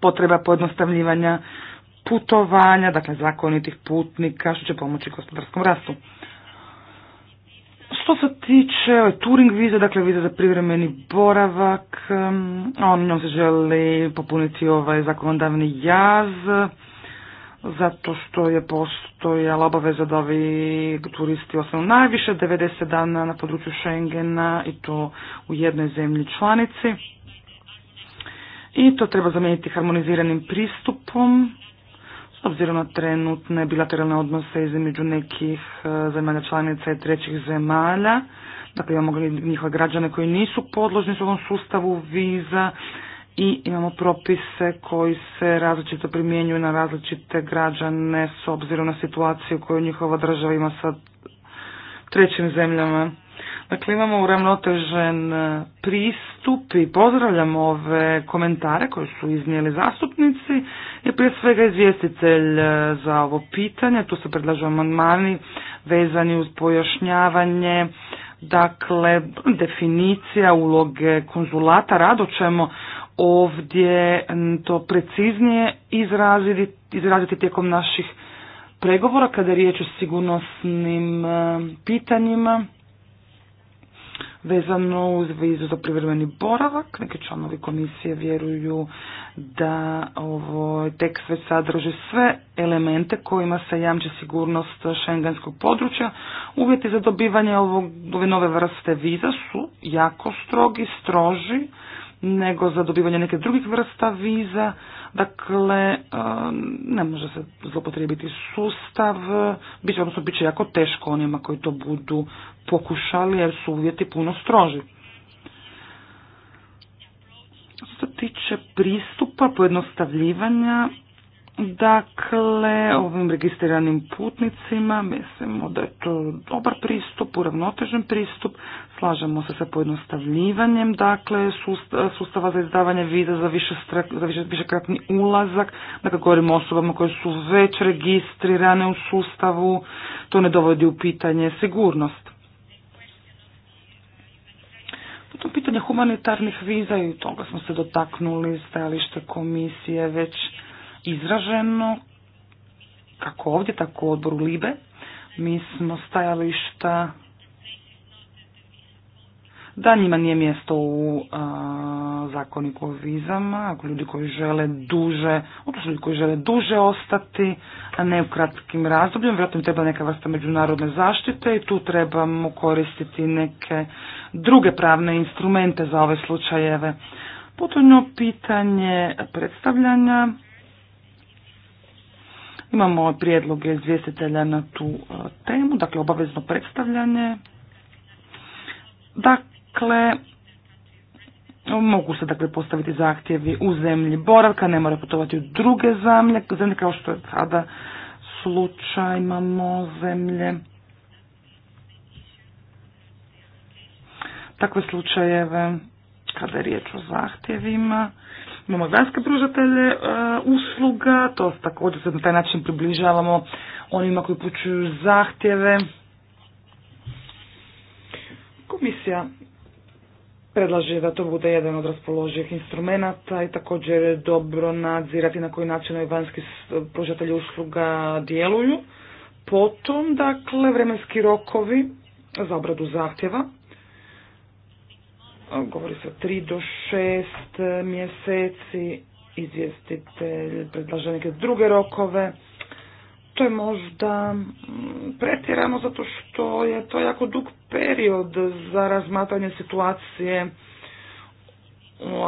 Speaker 3: potreba pojednostavljivanja putovanja, dakle zakonitih putnika, što će pomoći gospodarskom rastu. Što se tiče Turing vize, dakle vize za privremeni boravak, on njom se želi popuniti ovaj zakonodavni jaz, zato što je postojala obaveza da ovi turisti ostanu najviše 90 dana na području Schengena i to u jednoj zemlji članici. I to treba zamijeniti harmoniziranim pristupom obzirom na trenutne bilateralne odnose između nekih e, zemalja članica i trećih zemalja. Dakle, imamo njihove građane koji nisu podložni s ovom sustavu viza i imamo propise koji se različito primjenjuju na različite građane s obzirom na situaciju koju njihova država ima sa trećim zemljama. Dakle, imamo uravnotežen e, pristup i pozdravljam ove komentare koje su iznijeli zastupnici. i prije svega izvjestitelj e, za ovo pitanje, tu se predlažu amandmani vezani uz pojašnjavanje, dakle, definicija uloge konzulata. Rado ćemo ovdje to preciznije izraziti, izraziti tijekom naših pregovora kada je riječ o sigurnosnim e, pitanjima vezano uz vizu za privremeni boravak. Neki članovi komisije vjeruju da ovo tekst sve sadrži sve elemente kojima se jamči sigurnost šengenskog područja. Uvjeti za dobivanje ovog, ove nove vrste viza su jako strogi, stroži nego za dobivanje neke drugih vrsta viza Dakle, um, ne može se zlopotrijebiti sustav, bit će, odnosno bit će jako teško onima koji to budu pokušali jer su uvjeti puno stroži. Što se tiče pristupa, pojednostavljivanja, dakle, ovim registriranim putnicima, mislimo da je to dobar pristup, uravnotežen pristup, Slažemo se sa pojednostavljivanjem, dakle, sustava za izdavanje viza za, više, za višekratni ulazak. Dakle, govorimo o osobama koje su već registrirane u sustavu. To ne dovodi u pitanje sigurnost. Potom pitanje humanitarnih viza i toga smo se dotaknuli stajalište komisije već izraženo, kako ovdje, tako u odboru Libe. Mi smo stajališta da njima nije mjesto u a, zakoniku o vizama, ako ljudi koji žele duže, odnosno ljudi koji žele duže ostati, a ne u kratkim razdobljima. vjerojatno treba neka vrsta međunarodne zaštite i tu trebamo koristiti neke druge pravne instrumente za ove slučajeve. Potrebno pitanje predstavljanja. Imamo prijedloge izvjestitelja na tu temu, dakle obavezno predstavljanje. Dakle, Dakle, mogu se dakle postaviti zahtjevi u zemlji boravka, ne mora putovati u druge zemlje, zemlje kao što je sada slučaj, imamo zemlje. Takve slučajeve, kada je riječ o zahtjevima, imamo vanjske pružatelje e, usluga, to također se na taj način približavamo onima koji upućuju zahtjeve. Komisija predlaže da to bude jedan od raspoloživih instrumenata i također je dobro nadzirati na koji način vanjski pružatelji usluga djeluju. Potom, dakle, vremenski rokovi za obradu zahtjeva. Govori se o 3 do 6 mjeseci, izvjestitelj predlaže neke druge rokove. To je možda pretjerano zato što je to jako dug period za razmatranje situacije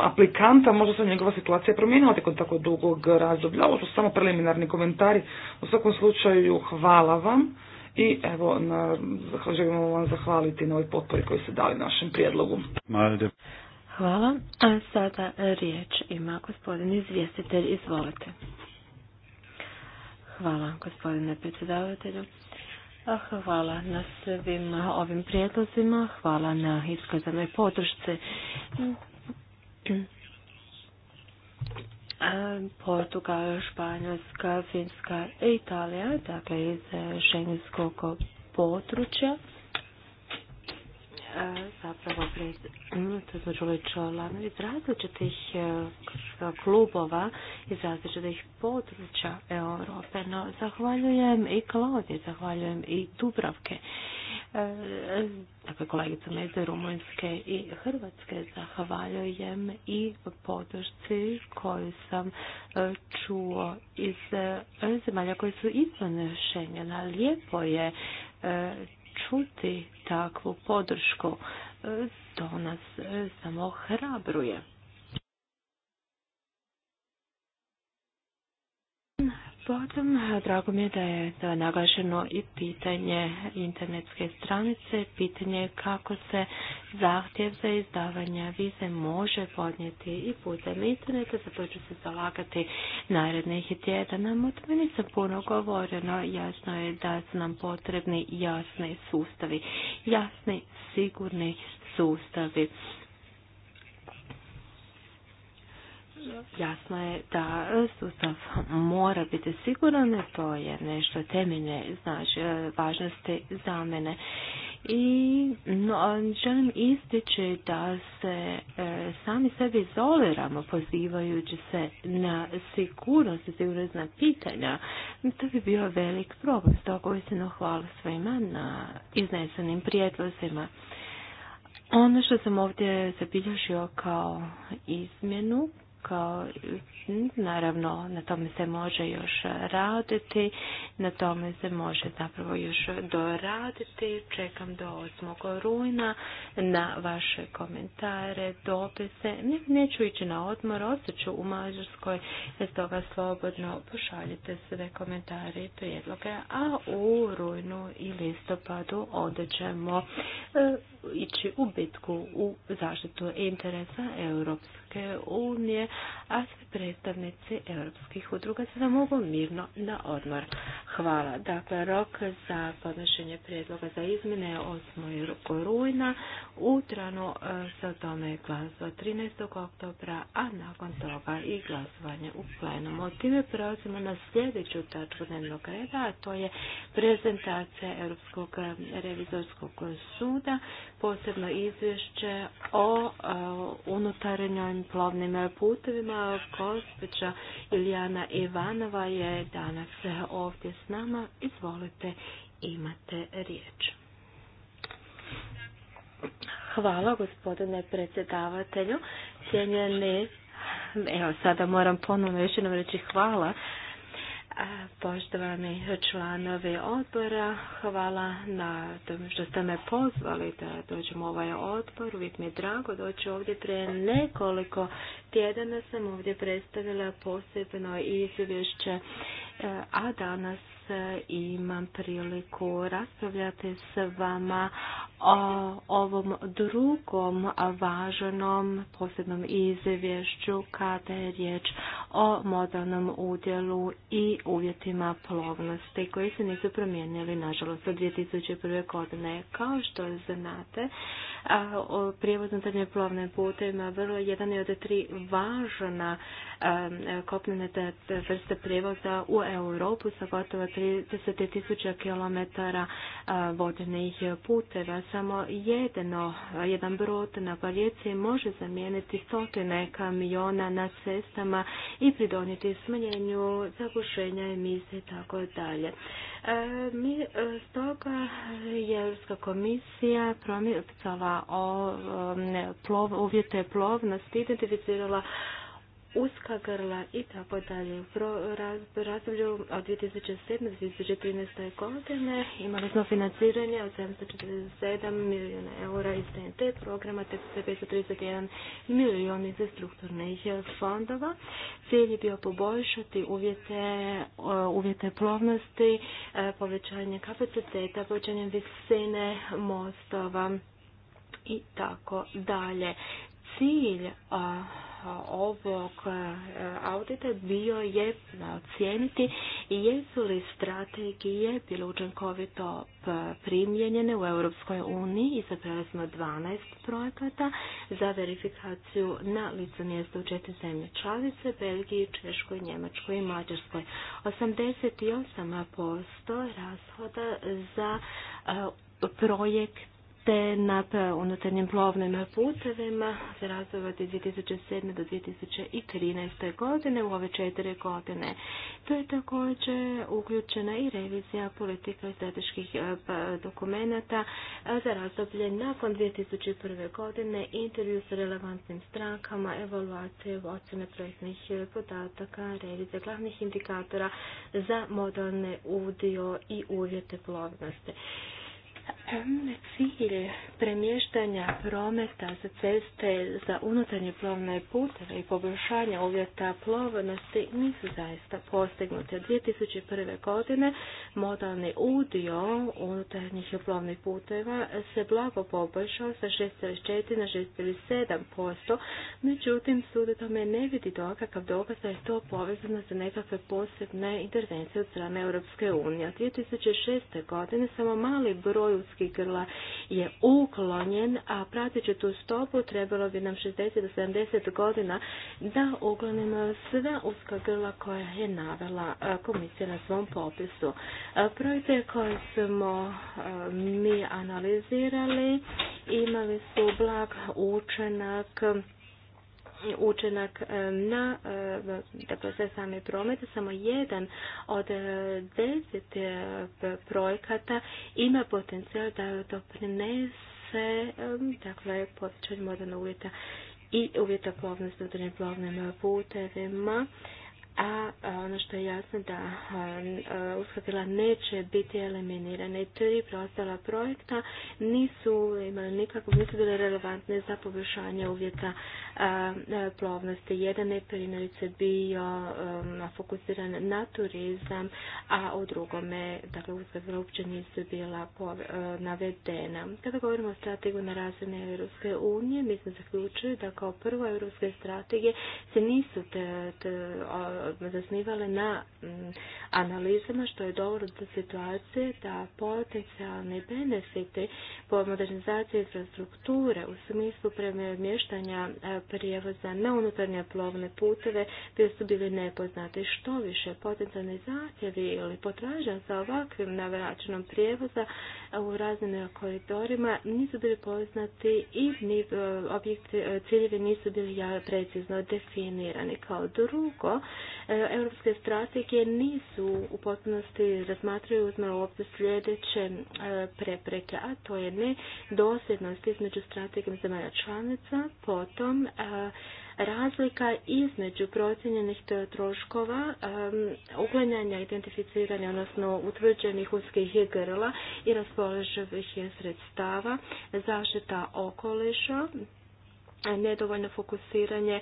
Speaker 3: aplikanta, možda se njegova situacija promijenila tijekom tako dugog razdoblja. Ovo su samo preliminarni komentari. U svakom slučaju hvala vam i evo, želimo vam zahvaliti na ovoj potpori koji ste dali našem prijedlogu.
Speaker 2: Hvala. A sada riječ ima gospodin izvjestitelj. Izvolite. Hvala gospodine predsjedavatelju. Hvala na svim ovim prijedlozima, hvala na iskazanoj podršci. Portugal, Španjolska, Finska i Italija, dakle iz šengenskog područja zapravo to smo čuli član iz različitih e, klubova, iz različitih područja Europe. No, zahvaljujem i Klaudije, zahvaljujem i Dubravke. E, dakle, kolegicama iz Rumunjske i Hrvatske zahvaljujem i podršci koju sam e, čuo iz zemalja koje su izvan Schengena. Lijepo je čuti takvu podršku. E, to nas e, samo hrabruje. Potom, drago mi je da je, da naglašeno i pitanje internetske stranice, pitanje kako se zahtjev za izdavanje vize može podnijeti i putem interneta, za to ću se zalagati narednih tjedana. O tome nisam puno govoreno, jasno je da su nam potrebni jasni sustavi, jasni, sigurni sustavi. jasno je da sustav mora biti siguran, to je nešto temeljne znači, važnosti za mene. I no, želim istići da se e, sami sebi izoliramo pozivajući se na sigurnost i na pitanja. To bi bio velik problem. Stoga uistinu hvala svima na iznesenim prijedlozima. Ono što sam ovdje zabilježio kao izmjenu kao naravno na tome se može još raditi, na tome se može zapravo još doraditi. Čekam do 8. rujna na vaše komentare, dopise. Ne, neću ići na odmor, ostaću u Mađarskoj, toga slobodno pošaljite sve komentare i prijedloge, a u rujnu i listopadu odećemo e, ići u bitku u zaštitu interesa Europske Europske unije, a svi predstavnici europskih udruga se da mogu mirno na odmor. Hvala. Dakle, rok za podnošenje prijedloga za izmjene je 8. rujna. U e, se tome je glasva 13. oktobra, a nakon toga i glasovanje u Od Time prelazimo na sljedeću tačku dnevnog reda, a to je prezentacija Europskog revizorskog suda posebno izvješće o e, unutarnjim plovnim putovima. Gospođa Ilijana Ivanova je danas ovdje s nama. Izvolite, imate riječ. Hvala gospodine predsjedavatelju. Cijenjeni, evo sada moram ponovno još jednom reći hvala Poštovani članovi odbora, hvala na tome što ste me pozvali da dođem u ovaj odbor. Uvijek mi je drago doći ovdje. Pre nekoliko tjedana sam ovdje predstavila posebno izvješće, a danas imam priliku raspravljati s vama o ovom drugom važnom posebnom izvješću kada je riječ o modalnom udjelu i uvjetima plovnosti koji se nisu promijenili nažalost od 2001. godine. Kao što znate, prijevoz unutarnje plovne ima vrlo jedan od tri važna kopnene vrste prijevoza u Europu sa gotovo 30 tisuća kilometara vodnih puteva. Samo jedno, jedan brod na Baljeci može zamijeniti stotine kamiona na cestama i pridoniti smanjenju zagušenja emisije i tako dalje. Mi stoga je Europska komisija promicala o uvjete plovnosti, identificirala uska grla i tako dalje. U razdoblju od 2007. do 2013. godine imali smo financiranje od 747 milijuna eura iz TNT programa te 531 milijun iz strukturnih e, fondova. Cilj je bio poboljšati uvjete, uvjete plovnosti, e, povećanje kapaciteta, povećanje visine mostova i tako dalje. Cilj ovog e, audita bio je ocijeniti jesu li strategije bilo učinkovito e, primjenjene u Europskoj uniji. zapravili smo 12 projekata za verifikaciju na licu mjesta u četiri zemlje članice, Belgiji, Češkoj, Njemačkoj i Mađarskoj. 88% rashoda za e, projekt te na unutarnjim plovnim putevima se razdoblje 2007. do 2013. godine u ove četiri godine. To je također uključena i revizija politika i strateških e, dokumenata e, za razdoblje nakon 2001. godine, intervju s relevantnim strankama, evaluacije ocjene projektnih e, podataka, revizija glavnih indikatora za modalne udio i uvjete plovnosti. Cilj premještanja prometa za ceste za unutarnje plovne puteve i poboljšanja uvjeta plovnosti nisu zaista postignute. 2001. godine modalni udio unutarnjih plovnih puteva se blago poboljšao sa 6,4 na 6,7%, međutim sud tome ne vidi dokakav dokaz da je to povezano za nekakve posebne intervencije od strane Europske unije. 2006. godine samo mali broj uskih grla je uklonjen, a prateći tu stopu trebalo bi nam 60 70 godina da uklonimo sve uska grla koja je navela komisija na svom popisu. Projekte koje smo mi analizirali imali su blag učenak učinak e, na e, dakle, sve same promete. Samo jedan od e, deset projekata ima potencijal da doprinese dakle, povećanje modernog uvjeta i uvjeta plovnosti drugim plovnim putevima a ono što je jasno da uskakila neće biti eliminirane tri preostala projekta nisu imali nikakvu, nisu bile relevantne za poboljšanje uvjeta plovnosti. Jedan je primjerice bio um, fokusiran na turizam, a u drugome, dakle uskakila uopće nisu bila navedena. Kada govorimo o strategiju na razine Europske unije, mi smo zaključili da kao prvo europske strategije se nisu te zasnivali na mm, analizama što je dovoljno do situacije da potencijalni benefiti po modernizaciji infrastrukture u smislu premještanja e, prijevoza na unutarnje plovne puteve bio su bili nepoznati. Što više potencijalni zahtjevi ili potražnja za ovakvim navračnom prijevoza e, u raznim koridorima nisu bili poznati i e, objekti, ciljevi nisu bili precizno definirani. Kao drugo, E, europske strategije nisu u potpunosti razmatraju uzme sljedeće e, prepreke, a to je ne dosljednost između strategijom zemalja članica, potom e, razlika između procjenjenih troškova uklanjanja identificiranja, odnosno utvrđenih uskih grla i raspoloživih sredstava, zaštita okoliša, nedovoljno fokusiranje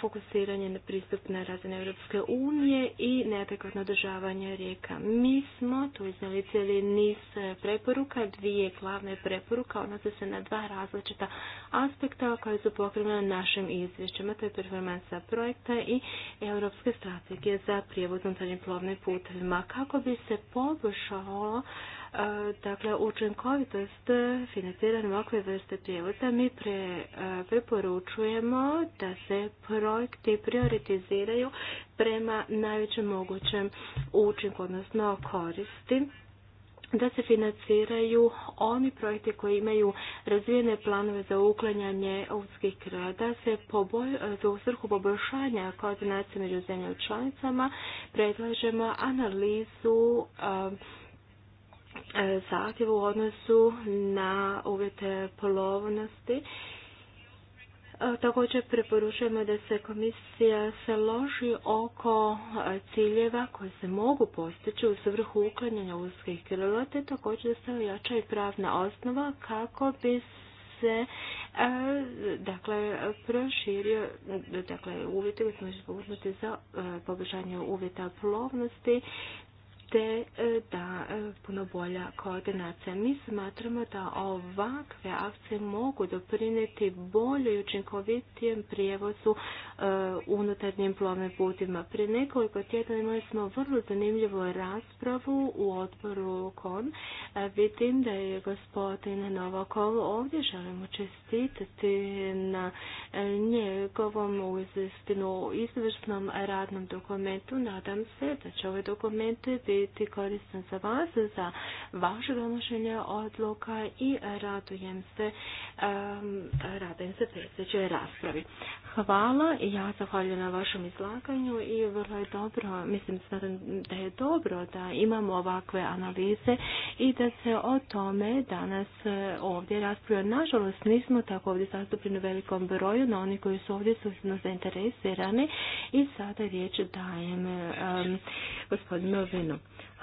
Speaker 2: fokusiranje na pristup na razine Europske unije i neadekvatno održavanje rijeka. Mi smo tu iznijeli cijeli niz e, preporuka, dvije glavne preporuka odnose se na dva različita aspekta koje su pokrivena našim izvješćima, to je performansa projekta i Europske strategije za prijevoz unutarnjim plovnim putevima. Kako bi se poboljšalo Dakle, učinkovitost financiranja ovakve vrste prijevoza mi e, preporučujemo da se projekti prioritiziraju prema najvećem mogućem učinku, odnosno koristi da se financiraju oni projekti koji imaju razvijene planove za uklanjanje uskih kraja, da se za u svrhu poboljšanja koordinacije među zemljama članicama predlažemo analizu e, E, zahtjev u odnosu na uvjete polovnosti. E, također preporučujemo da se komisija se loži oko e, ciljeva koje se mogu postići u svrhu uklanjanja uskih grla, također da se ojača i pravna osnova kako bi se dakle proširio dakle uvjeti koji smo za poboljšanje uvjeta plovnosti te e, da e, puno bolja koordinacija. Mi smatramo da ovakve akcije mogu doprinijeti bolje i učinkovitijem prijevozu e, unutarnjim plovnim putima. Prije nekoliko tjedana imali smo vrlo zanimljivu raspravu u odboru KON. Vidim da je gospodin Novakov ovdje. Želimo čestitati na njegovom uistinu izvrsnom radnom dokumentu. Nadam se da će ove dokumente biti biti koristan za vas, za vaše donošenje odluka i radujem se, um, radujem se raspravi. Hvala i ja zahvaljujem na vašem izlaganju i vrlo je dobro, mislim da je dobro da imamo ovakve analize i da se o tome danas e, ovdje raspravlja. Nažalost, nismo tako ovdje zastupljeni u velikom broju, no oni koji su ovdje su zainteresirani i sada riječ dajem gospodinu Vinu.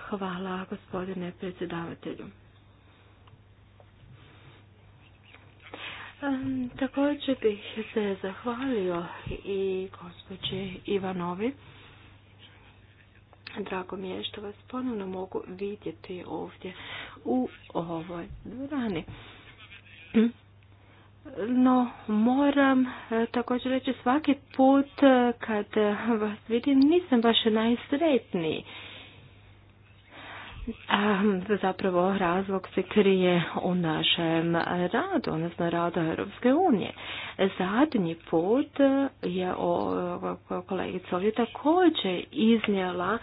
Speaker 2: Hvala gospodine predsjedavatelju. Također bih se zahvalio i gospođi Ivanovi. Drago mi je što vas ponovno mogu vidjeti ovdje u ovoj dvorani. No, moram e, također reći svaki put e, kad vas vidim nisam baš najsretniji. Zapravo razlog se krije u našem radu, odnosno radu Europske unije. Zadnji put je kolegica ovdje također iznijela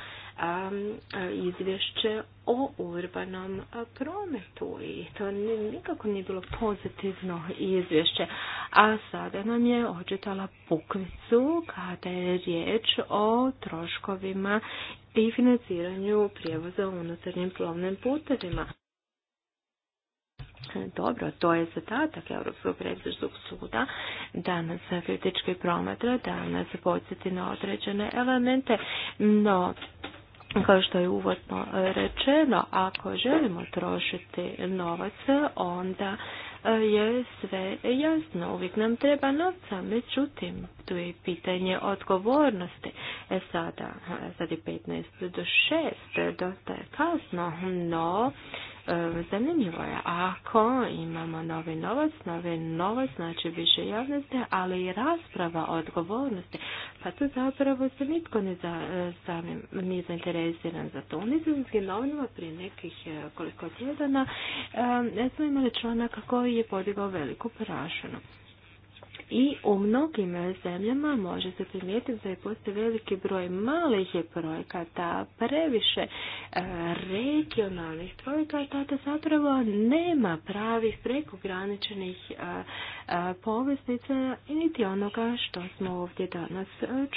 Speaker 2: izvješće o urbanom prometu i to nikako nije bilo pozitivno izvješće. A sada nam je očitala pukvicu kada je riječ o troškovima i financiranju prijevoza unutarnjim plovnim putevima. E, dobro, to je zadatak Europskog predsjednog suda da nas kritički promatra, da nas podsjeti na određene elemente, no kao što je uvodno rečeno, ako želimo trošiti novac, onda e, je sve jasno. Uvijek nam treba novca, međutim, tu je pitanje odgovornosti. E sada, e, sad je 15 do 6, dosta je kasno, no E, zanimljivo je, ako imamo novi novac, novi novac znači više javnosti, ali i rasprava o odgovornosti, pa tu zapravo se nitko ne za, e, samim, nije zainteresiran za to. U nizozemskim novinama prije nekih e, koliko tjedana ne smo imali članak koji je podigao veliku prašinu. I u mnogim zemljama može se primijetiti da je postoji veliki broj malih projekata, previše e, regionalnih projekata, da zapravo nema pravih prekograničenih e, e, poveznica niti onoga što smo ovdje danas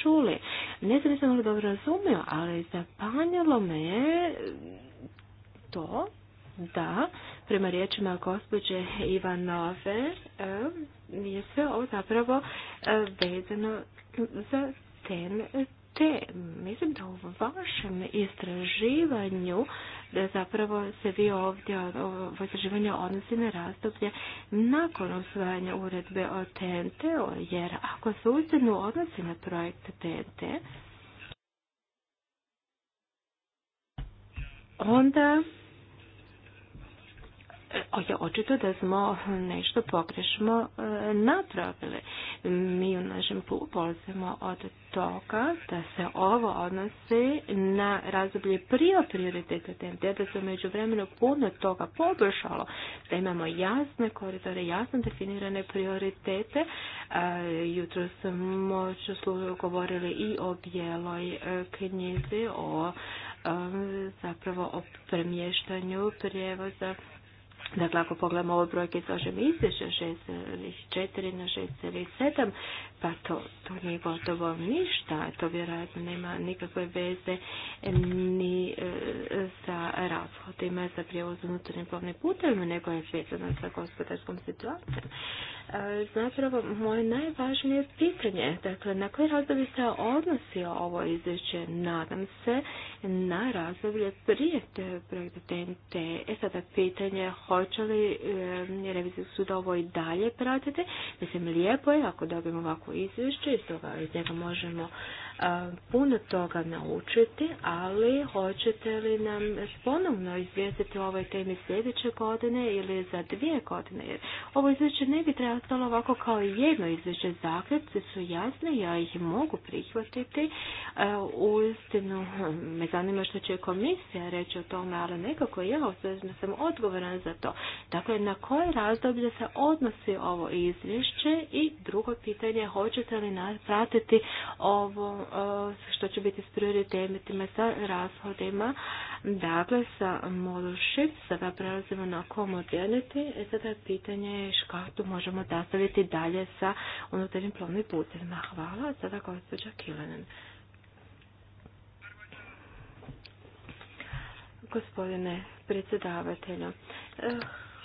Speaker 2: čuli. Ne znam li dobro razumio, ali zapanjalo me je to da prema riječima gospođe Ivanove je sve ovo zapravo e, vezano za ten te, mislim da u vašem istraživanju da zapravo se vi ovdje ovo istraživanje odnosi na razdoblje nakon usvajanja uredbe o TNT, jer ako se uzdenu odnosi na projekt TNT, onda je očito da smo nešto pogrešno e, napravili. Mi u našem klubu polazimo od toga da se ovo odnosi na razdoblje prije prioriteta TMT, da se među vremenu puno toga poboljšalo, da imamo jasne koridore, jasno definirane prioritete. E, jutro smo govorili i o bijeloj e, knjizi, o zapravo o premještanju prijevoza Dakle, ako pogledamo ove brojke kažem izdeša 6,4 na 6,7, pa to, nije gotovo ništa. To vjerojatno nema nikakve veze ni e, sa razhodima sa prijevozom unutarnjim plovnim putem nego je vezano sa gospodarskom situacijom zapravo moje najvažnije pitanje. Dakle, na koje razdoblje se odnosi ovo izvješće? Nadam se na razdoblje prije te projekta TNT. E, sada pitanje, hoće li e, revizijski ovo i dalje pratiti? Mislim, lijepo je ako dobijemo ovako izvješće i toga iz njega možemo puno toga naučiti, ali hoćete li nam ponovno izvijestiti o ovoj temi sljedeće godine ili za dvije godine? Jer ovo izvješće ne bi trebalo ovako kao jedno izvješće. Zaključci su jasne, ja ih mogu prihvatiti. E, uistinu me zanima što će komisija reći o tome, ali nekako ja osobno sam odgovoran za to. Dakle, na koje razdoblje se odnosi ovo izvješće i drugo pitanje, hoćete li pratiti ovo E, što će biti s prioritetima, sa rashodima. Dakle, sa shift sada prelazimo na Commodernity. E sada pitanje je tu možemo nastaviti dalje sa unutarnjim plovnim putevima. Hvala. Sada gospođa Kilanen. Gospodine predsjedavatelju, eh,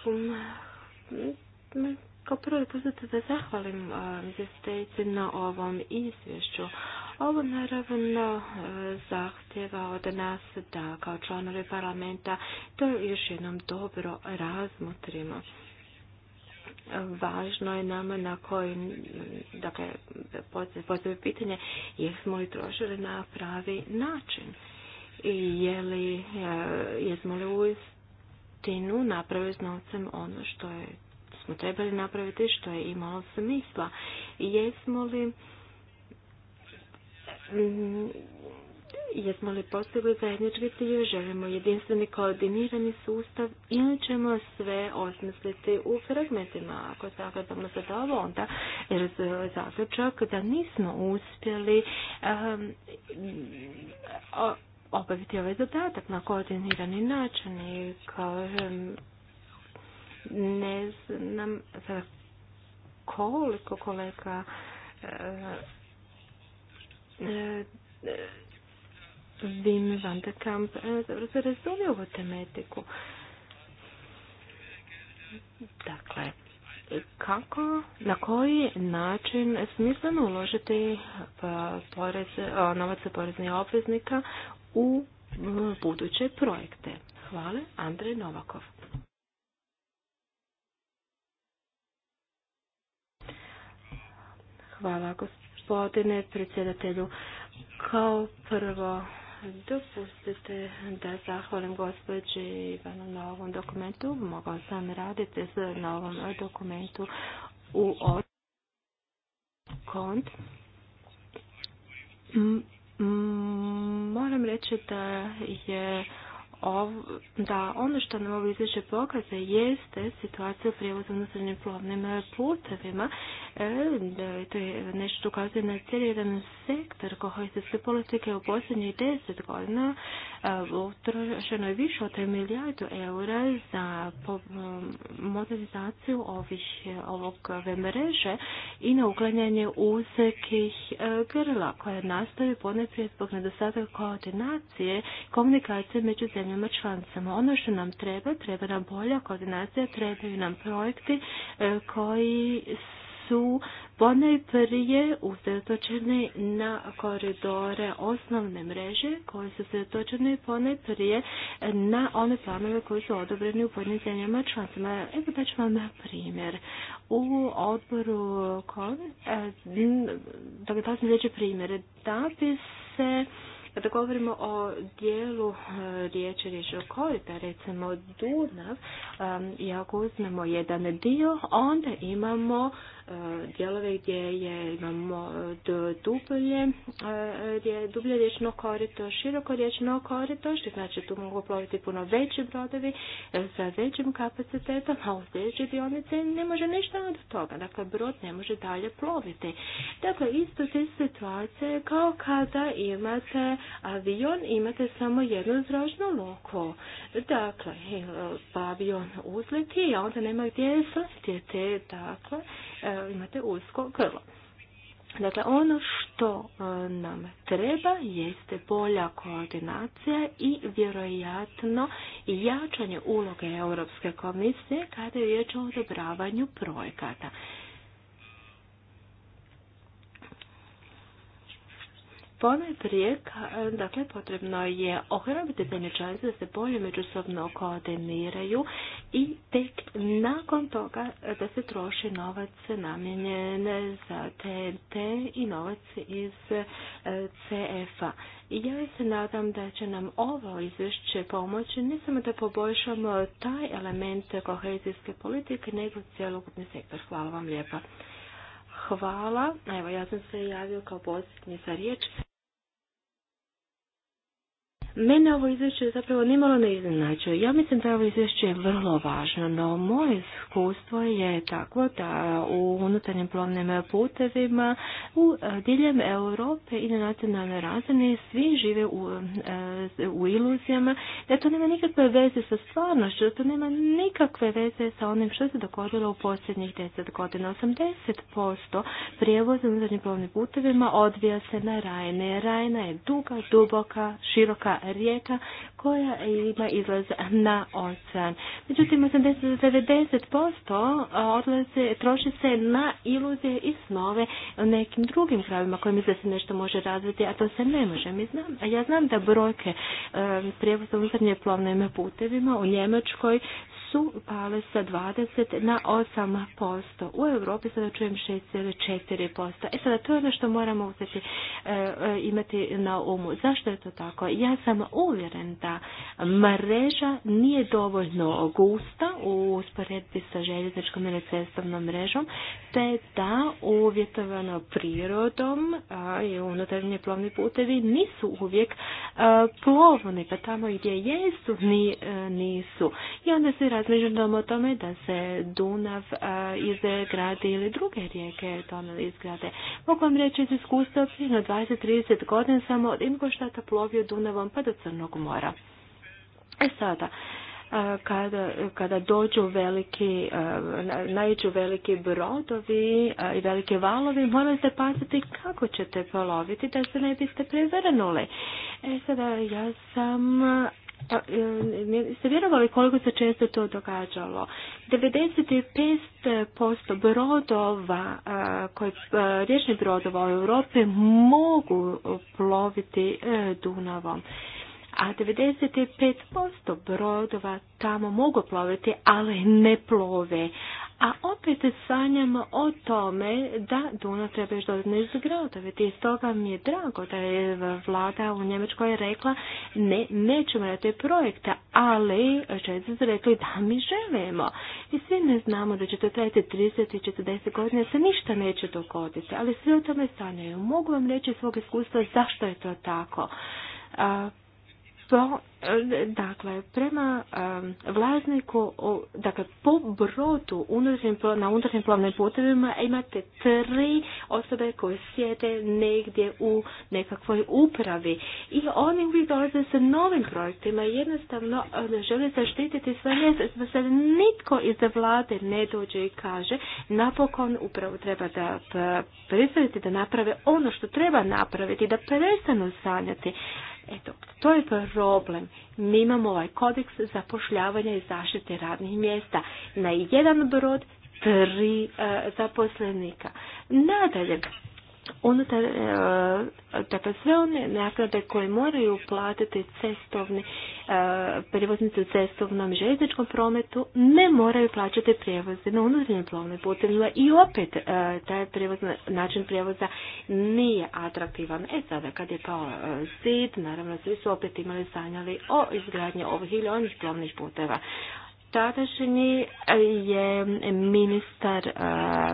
Speaker 2: hm, kao prvo dopustite da zahvalim eh, izvjestiteljici na ovom izvješću. Ovo naravno e, zahtjeva od nas da kao članovi parlamenta to još jednom dobro razmotrimo važno je nama na koji, dakle, postoje pitanje, jesmo li trošili na pravi način i je li, e, jesmo li u istinu napravili s novcem ono što je, smo trebali napraviti, što je imalo smisla jesmo li Mm, jesmo li postigli zajednički cilj, želimo jedinstveni koordinirani sustav ili ćemo sve osmisliti u fragmentima? Ako zagledamo za ovo, onda je zaključak da nismo uspjeli obaviti ovaj zadatak na koordinirani način i kao ne znam koliko kolega Wim van de Kamp eh, se razumije ovu tematiku. Dakle, kako, na koji način smisleno uložiti eh, porez, eh, novace poreznih obveznika u mm, buduće projekte? Hvala, Andrej Novakov. Hvala, gospodin gospodine predsjedatelju. Kao prvo, dopustite da zahvalim gospođi Ivanu na ovom dokumentu. Mogao sam raditi na ovom dokumentu u kont. Moram reći da je da ono što nam ovo izvješće pokaze jeste situacija u prijevozu unutarnjim plovnim e, putevima. E, to je nešto što ukazuje na cijeli jedan sektor kohezijske politike u posljednjih deset godina e, utrošeno je više od milijardu eura za modernizaciju ovih, ovog mreže i na uklanjanje uzekih grla koja nastaju ponajprije zbog nedostatka koordinacije komunikacije među zemljama zemljama članicama. Ono što nam treba, treba nam bolja koordinacija, trebaju nam projekti e, koji su ponajprije usredotočene na koridore osnovne mreže koji su usredotočene ponajprije na one planove koji su odobreni u pojedinim zemljama članicama. Evo da ću vam na primjer. U odboru, dakle, da sam primjere. primjer, da bi se kada dakle, govorimo o dijelu e, riječi riječi korita, pa recimo Dunav, e, i ako uzmemo jedan dio, onda imamo dijelove gdje je, imamo dublje, gdje e, dublje riječno korito, široko riječno korito, što znači tu mogu ploviti puno veći brodovi e, sa većim kapacitetom, a u sljedećoj dionice ne može ništa od toga. Dakle, brod ne može dalje ploviti. Dakle, isto te situacije kao kada imate avion, imate samo jednu zračnu luku. Dakle, e, pa avion uzleti, a onda nema gdje sletjeti. Dakle, E, imate usko krlo. Dakle, ono što e, nam treba jeste bolja koordinacija i vjerojatno jačanje uloge Europske komisije kada je riječ o odobravanju projekata. Pone dakle, potrebno je ohrabiti zemlje da se bolje međusobno koordiniraju i tek nakon toga da se troši novac namijenjen za TNT i novac iz e, CF-a. Ja se nadam da će nam ovo izvješće pomoći ne samo da poboljšamo taj element kohezijske politike, nego cjelokupni sektor. Hvala vam lijepa. Hvala. Evo, ja sam se javio kao posljednje za riječ. Mene ovo izvješće zapravo nimalo ne iznenađuje. Ja mislim da je ovo izvješće je vrlo važno, no moje iskustvo je tako da u unutarnjim plovnim putevima u e, diljem Europe i na nacionalnoj razini svi žive u, e, iluzijama da to nema nikakve veze sa stvarnošću, da to nema nikakve veze sa onim što se dogodilo u posljednjih deset godina. 80% prijevoza unutarnjim plovnim putevima odvija se na Rajne. Rajna je duga, duboka, široka rijeka koja ima izlaz na ocean. Međutim, 80-90% odlaze, troši se na iluzije i snove o nekim drugim krajevima kojima se nešto može razviti, a to se ne može. Mi ja znam da brojke e, prijevoza unutarnje plovnim putevima u Njemačkoj su pale sa 20 na 8%. U Europi sada čujem 6,4%. E sada to je ono što moramo uzeti, e, e, imati na umu. Zašto je to tako? Ja sam uvjeren da mreža nije dovoljno gusta u usporedbi sa željezničkom ili cestovnom mrežom, te da uvjetovano prirodom a, i unutarnji plovni putevi nisu uvijek a, plovni, pa tamo gdje jesu ni, e, nisu. I onda se razmišljamo o tome da se Dunav izgradi ili druge rijeke tonel izgrade. Mogu vam reći iz iskustva, na 20-30 godina samo od plovio Dunavom pa do Crnog mora. E sada, kada, dođu veliki, najđu veliki brodovi i velike valovi, morate paziti kako ćete poloviti da se ne biste prevrnuli. E sada, ja sam pa, e, ste vjerovali koliko se često to događalo? 95% brodova, e, koji, e, riječnih brodova u Europi mogu ploviti Dunavom. A 95% brodova tamo mogu ploviti, ali ne plove. A opet sanjam o tome da Duno treba još dodatno izgradovati. I stoga mi je drago da je vlada u Njemačkoj rekla ne, nećemo na te projekte, ali ste su rekli da mi želimo. I svi ne znamo da će to trajati 30 i 40 godina, se ništa neće dogoditi, ali svi o tome sanjaju. Mogu vam reći svog iskustva zašto je to tako. A, Dakle, prema vlasniku, dakle, po brotu na unutrašnjim plovnim putevima imate tri osobe koje sjede negdje u nekakvoj upravi i oni uvijek dolaze sa novim projektima i jednostavno žele zaštititi sve mjese. Da se nitko iz vlade ne dođe i kaže napokon upravo treba da pristaviti da naprave ono što treba napraviti, da prestanu sanjati. Eto, to je problem. Mi imamo ovaj kodeks zapošljavanja i zaštite radnih mjesta. Na jedan brod tri e, zaposlenika. Nadalje, unutar, e, dakle sve one naknade koje moraju platiti cestovni, e, prijevoznici u cestovnom i željezničkom prometu ne moraju plaćati prijevoze na unutarnjim plovnim putevima i opet e, taj prijevoz, način prijevoza nije atraktivan. E sada kad je pao zid, naravno svi su opet imali sanjali o izgradnji ovih ili onih plovnih puteva tadašnji e, je ministar e,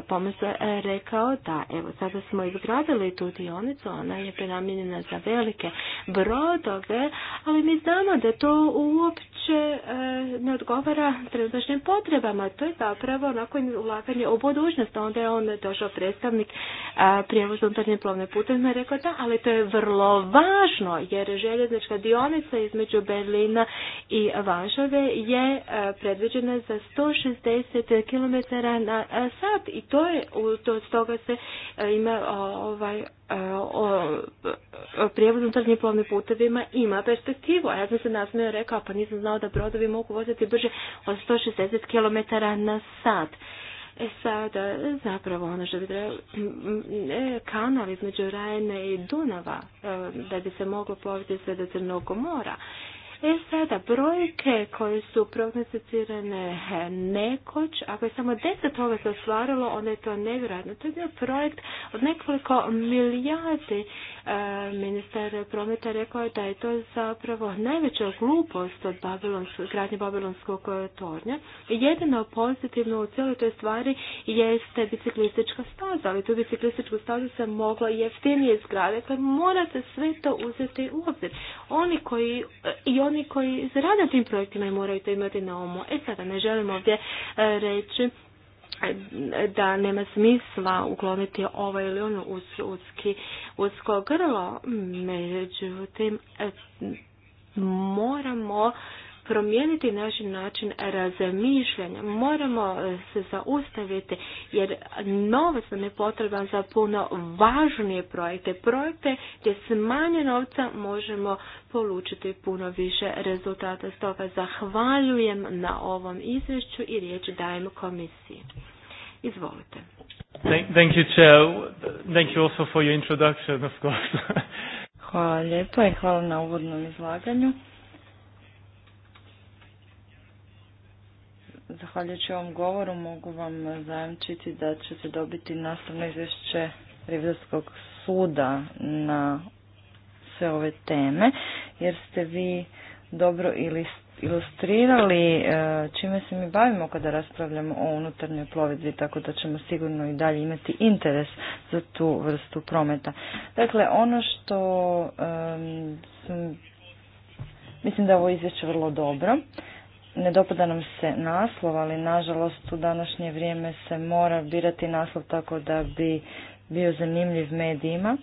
Speaker 2: pomesa rekao da evo sada smo izgradili tu dionicu, ona je prenamijenjena za velike brodove, ali mi znamo da to uopće e, ne odgovara trenutačnim potrebama. To je zapravo onako ulaganje u budućnost. Onda je on došao predstavnik prijevoza unutarnje plovne putevima i rekao da, ali to je vrlo važno jer željeznička dionica između Berlina i Vanšave je predviđena za 160 km na sat i to je, to, stoga se e, ima ovaj e, e, prijevoz unutarnjim plovnim putevima ima perspektivu. A ja sam se nasmeo rekao, pa nisam znao da brodovi mogu voziti brže od 160 km na sat. E sada, zapravo ono što bi trebalo, mm, kanal između Rajne i Dunava, da bi se moglo ploviti sve do Crnog mora. E sada, brojke koje su prognosticirane e, nekoć, ako je samo deset toga se ostvarilo, onda je to nevjerojatno. To je bio projekt od nekoliko milijardi. E, ministar prometa rekao je da je to zapravo najveća glupost od gradnje Babilonskog e, tornja. Jedino pozitivno u cijeloj toj stvari jeste biciklistička staza, ali tu biciklističku stazu se mogla jeftinije izgraditi. Dakle, morate sve to uzeti u obzir. Oni koji i oni koji rade tim projektima i moraju to imati na umu. E sada ne želim ovdje e, reći e, da nema smisla ukloniti ovo ovaj ili ono uz, usko grlo, međutim e, moramo promijeniti naš način razmišljanja. Moramo e, se zaustaviti jer novac nam je potreban za puno važnije projekte. Projekte gdje s manje novca možemo polučiti puno više rezultata. Stoga zahvaljujem na ovom izvješću i riječ dajem komisiji. Izvolite.
Speaker 1: Thank you, Thank you for your introduction, of course.
Speaker 4: hvala lijepo i hvala na uvodnom izlaganju. Zahvaljujući ovom govoru mogu vam zajamčiti da ćete dobiti nastavno izvješće Revizorskog suda na sve ove teme, jer ste vi dobro ilustrirali e, čime se mi bavimo kada raspravljamo o unutarnjoj plovidbi, tako da ćemo sigurno i dalje imati interes za tu vrstu prometa. Dakle, ono što mislim da je ovo izvješće vrlo dobro ne dopada nam se naslov, ali nažalost u današnje vrijeme se mora birati naslov tako da bi bio zanimljiv medijima.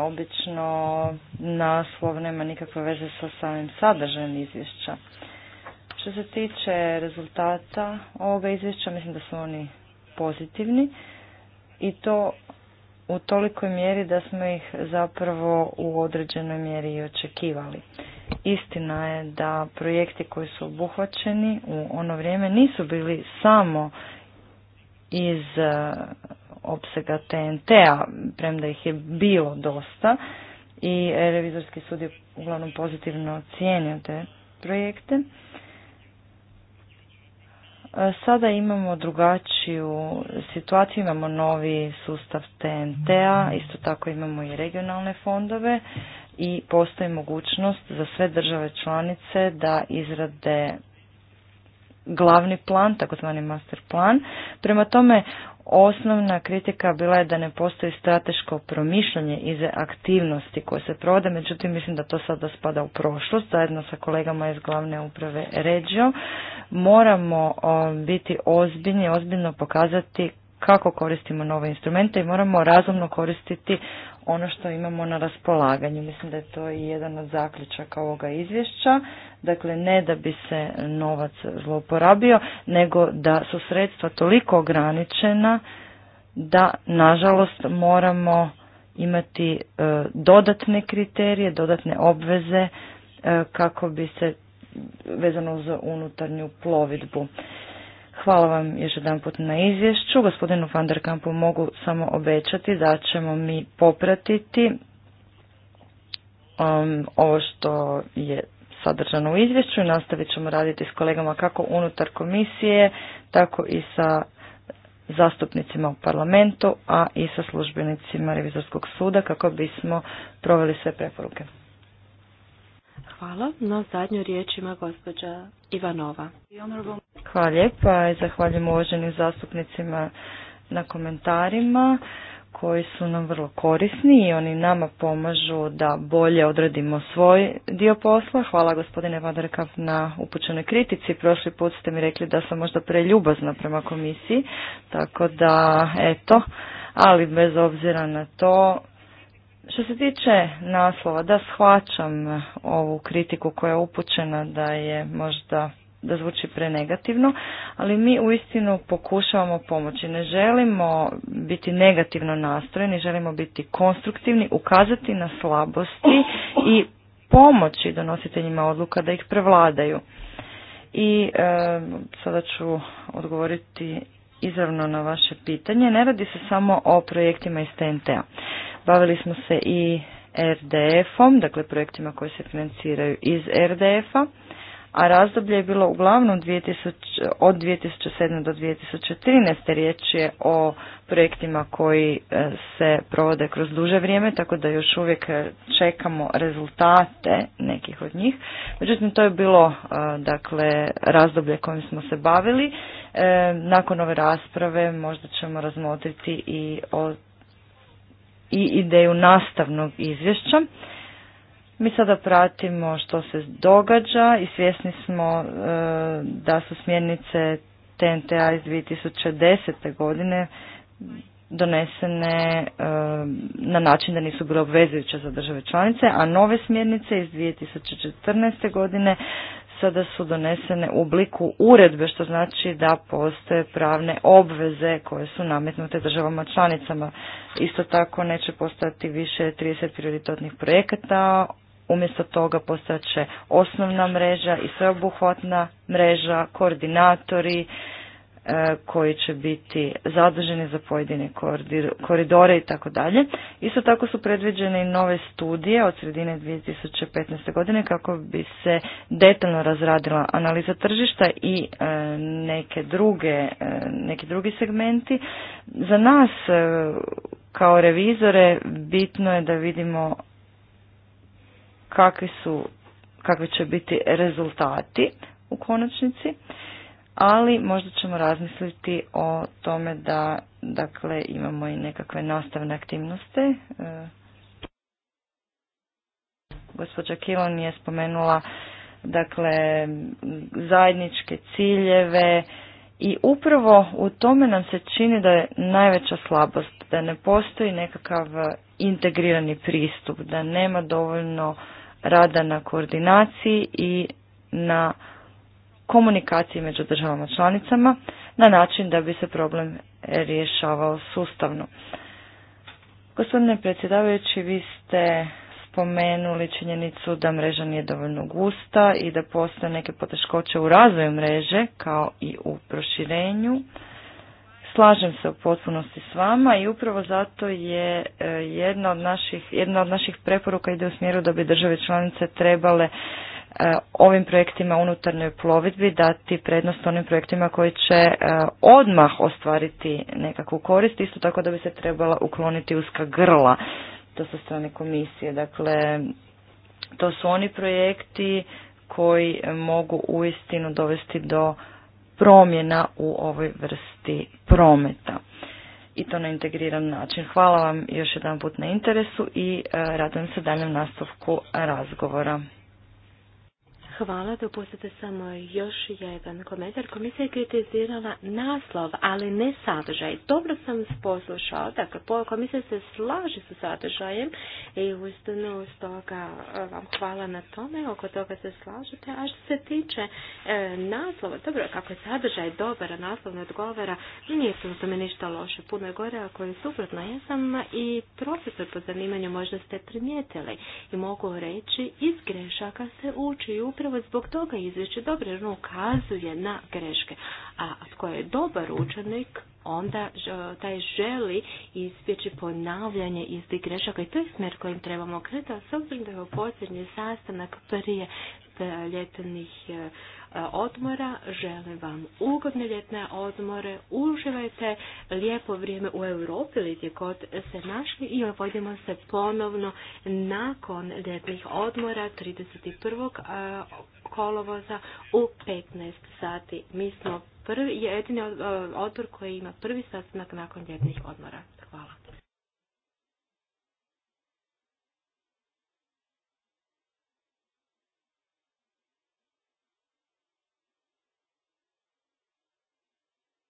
Speaker 4: Obično naslov nema nikakve veze sa samim sadržajem izvješća. Što se tiče rezultata ovoga izvješća, mislim da su oni pozitivni i to u tolikoj mjeri da smo ih zapravo u određenoj mjeri i očekivali. Istina je da projekti koji su obuhvaćeni u ono vrijeme nisu bili samo iz e, opsega TNT-a, premda ih je bilo dosta i revizorski sud je uglavnom pozitivno ocijenio te projekte. E, sada imamo drugačiju situaciju, imamo novi sustav TNT-a, isto tako imamo i regionalne fondove i postoji mogućnost za sve države članice da izrade glavni plan, takozvani master plan. Prema tome, osnovna kritika bila je da ne postoji strateško promišljanje iz aktivnosti koje se provode, međutim mislim da to sada spada u prošlost, zajedno sa kolegama iz glavne uprave Regio. Moramo biti ozbiljni, ozbiljno pokazati kako koristimo nove instrumente i moramo razumno koristiti ono što imamo na raspolaganju. Mislim da je to i jedan od zaključaka ovoga izvješća. Dakle, ne da bi se novac zlouporabio, nego da su sredstva toliko ograničena da, nažalost, moramo imati e, dodatne kriterije, dodatne obveze e, kako bi se vezano za unutarnju plovidbu. Hvala vam još jedan put na izvješću. Gospodinu van der Kampu mogu samo obećati da ćemo mi popratiti um, ovo što je sadržano u izvješću i nastavit ćemo raditi s kolegama kako unutar komisije, tako i sa zastupnicima u parlamentu, a i sa službenicima revizorskog suda kako bismo proveli sve preporuke.
Speaker 2: Hvala. Na zadnju riječ ima gospođa Ivanova.
Speaker 4: Hvala lijepa i zahvaljujem uvaženim zastupnicima na komentarima koji su nam vrlo korisni i oni nama pomažu da bolje odradimo svoj dio posla. Hvala gospodine Vadarkav na upućenoj kritici. Prošli put ste mi rekli da sam možda preljubazna prema komisiji, tako da eto, ali bez obzira na to, što se tiče naslova, da shvaćam ovu kritiku koja je upućena da je možda da zvuči prenegativno, ali mi uistinu pokušavamo pomoći. Ne želimo biti negativno nastrojeni, želimo biti konstruktivni, ukazati na slabosti i pomoći donositeljima odluka da ih prevladaju. I e, sada ću odgovoriti izravno na vaše pitanje. Ne radi se samo o projektima iz TNT-a. Bavili smo se i RDF-om, dakle projektima koji se financiraju iz RDF-a a razdoblje je bilo uglavnom 2000, od 2007. do 2013. Riječ je o projektima koji e, se provode kroz duže vrijeme, tako da još uvijek e, čekamo rezultate nekih od njih. Međutim, to je bilo e, dakle, razdoblje kojim smo se bavili. Nakon ove rasprave možda ćemo razmotriti i, o, i ideju nastavnog izvješća. Mi sada pratimo što se događa i svjesni smo e, da su smjernice TNTA iz 2010. godine donesene e, na način da nisu bile obvezujuće za države članice, a nove smjernice iz 2014. godine sada su donesene u obliku uredbe, što znači da postoje pravne obveze koje su nametnute državama članicama. Isto tako neće postati više 30 prioritetnih projekata, Umjesto toga postaće će osnovna mreža i sveobuhvatna mreža, koordinatori e, koji će biti zaduženi za pojedine koridore i tako dalje. Isto tako su predviđene i nove studije od sredine 2015. godine kako bi se detaljno razradila analiza tržišta i e, neke druge, e, neki drugi segmenti. Za nas kao revizore bitno je da vidimo kakvi su, kakvi će biti rezultati u konačnici, ali možda ćemo razmisliti o tome da dakle imamo i nekakve nastavne aktivnosti. E, gospođa Kilon je spomenula dakle zajedničke ciljeve i upravo u tome nam se čini da je najveća slabost da ne postoji nekakav integrirani pristup, da nema dovoljno rada na koordinaciji i na komunikaciji među državama članicama na način da bi se problem rješavao sustavno. Gospodine predsjedavajući, vi ste spomenuli činjenicu da mreža nije dovoljno gusta i da postoje neke poteškoće u razvoju mreže kao i u proširenju Slažem se u potpunosti s vama i upravo zato je e, jedna od naših, jedna od naših preporuka ide u smjeru da bi države članice trebale e, ovim projektima unutarnjoj plovidbi dati prednost onim projektima koji će e, odmah ostvariti nekakvu korist, isto tako da bi se trebala ukloniti uska grla to sa strane komisije. Dakle, to su oni projekti koji mogu uistinu dovesti do promjena u ovoj vrsti prometa i to na integriran način. Hvala vam još jedan put na interesu i e, radujem se daljem nastavku razgovora.
Speaker 2: Hvala, dopustite samo još jedan komentar. Komisija je kritizirala naslov, ali ne sadržaj. Dobro sam poslušao, dakle, komisija se slaže sa sadržajem i uistinu stoga e, vam hvala na tome, oko toga se slažete. A što se tiče e, naslova, dobro, kako je sadržaj dobar, naslov ne odgovara, nije to tome ništa loše, puno je gore, ako je suprotno. Ja sam i profesor po zanimanju, možda ste primijetili i mogu reći, iz grešaka se uči upravo upravo zbog toga izvješće dobro jer ukazuje na greške. A tko je dobar učenik, onda taj želi izbjeći ponavljanje istih grešaka i to je smjer kojim trebamo kretati. S obzirom da je posljednji sastanak prije e, ljetnih e, E, odmora. Želim vam ugodne ljetne odmore. Uživajte lijepo vrijeme u Europi ili gdje god se našli i vodimo se ponovno nakon ljetnih odmora 31. E, kolovoza u 15 sati. Mi smo prvi, jedini e, odbor koji ima prvi sastanak nakon ljetnih odmora. Hvala.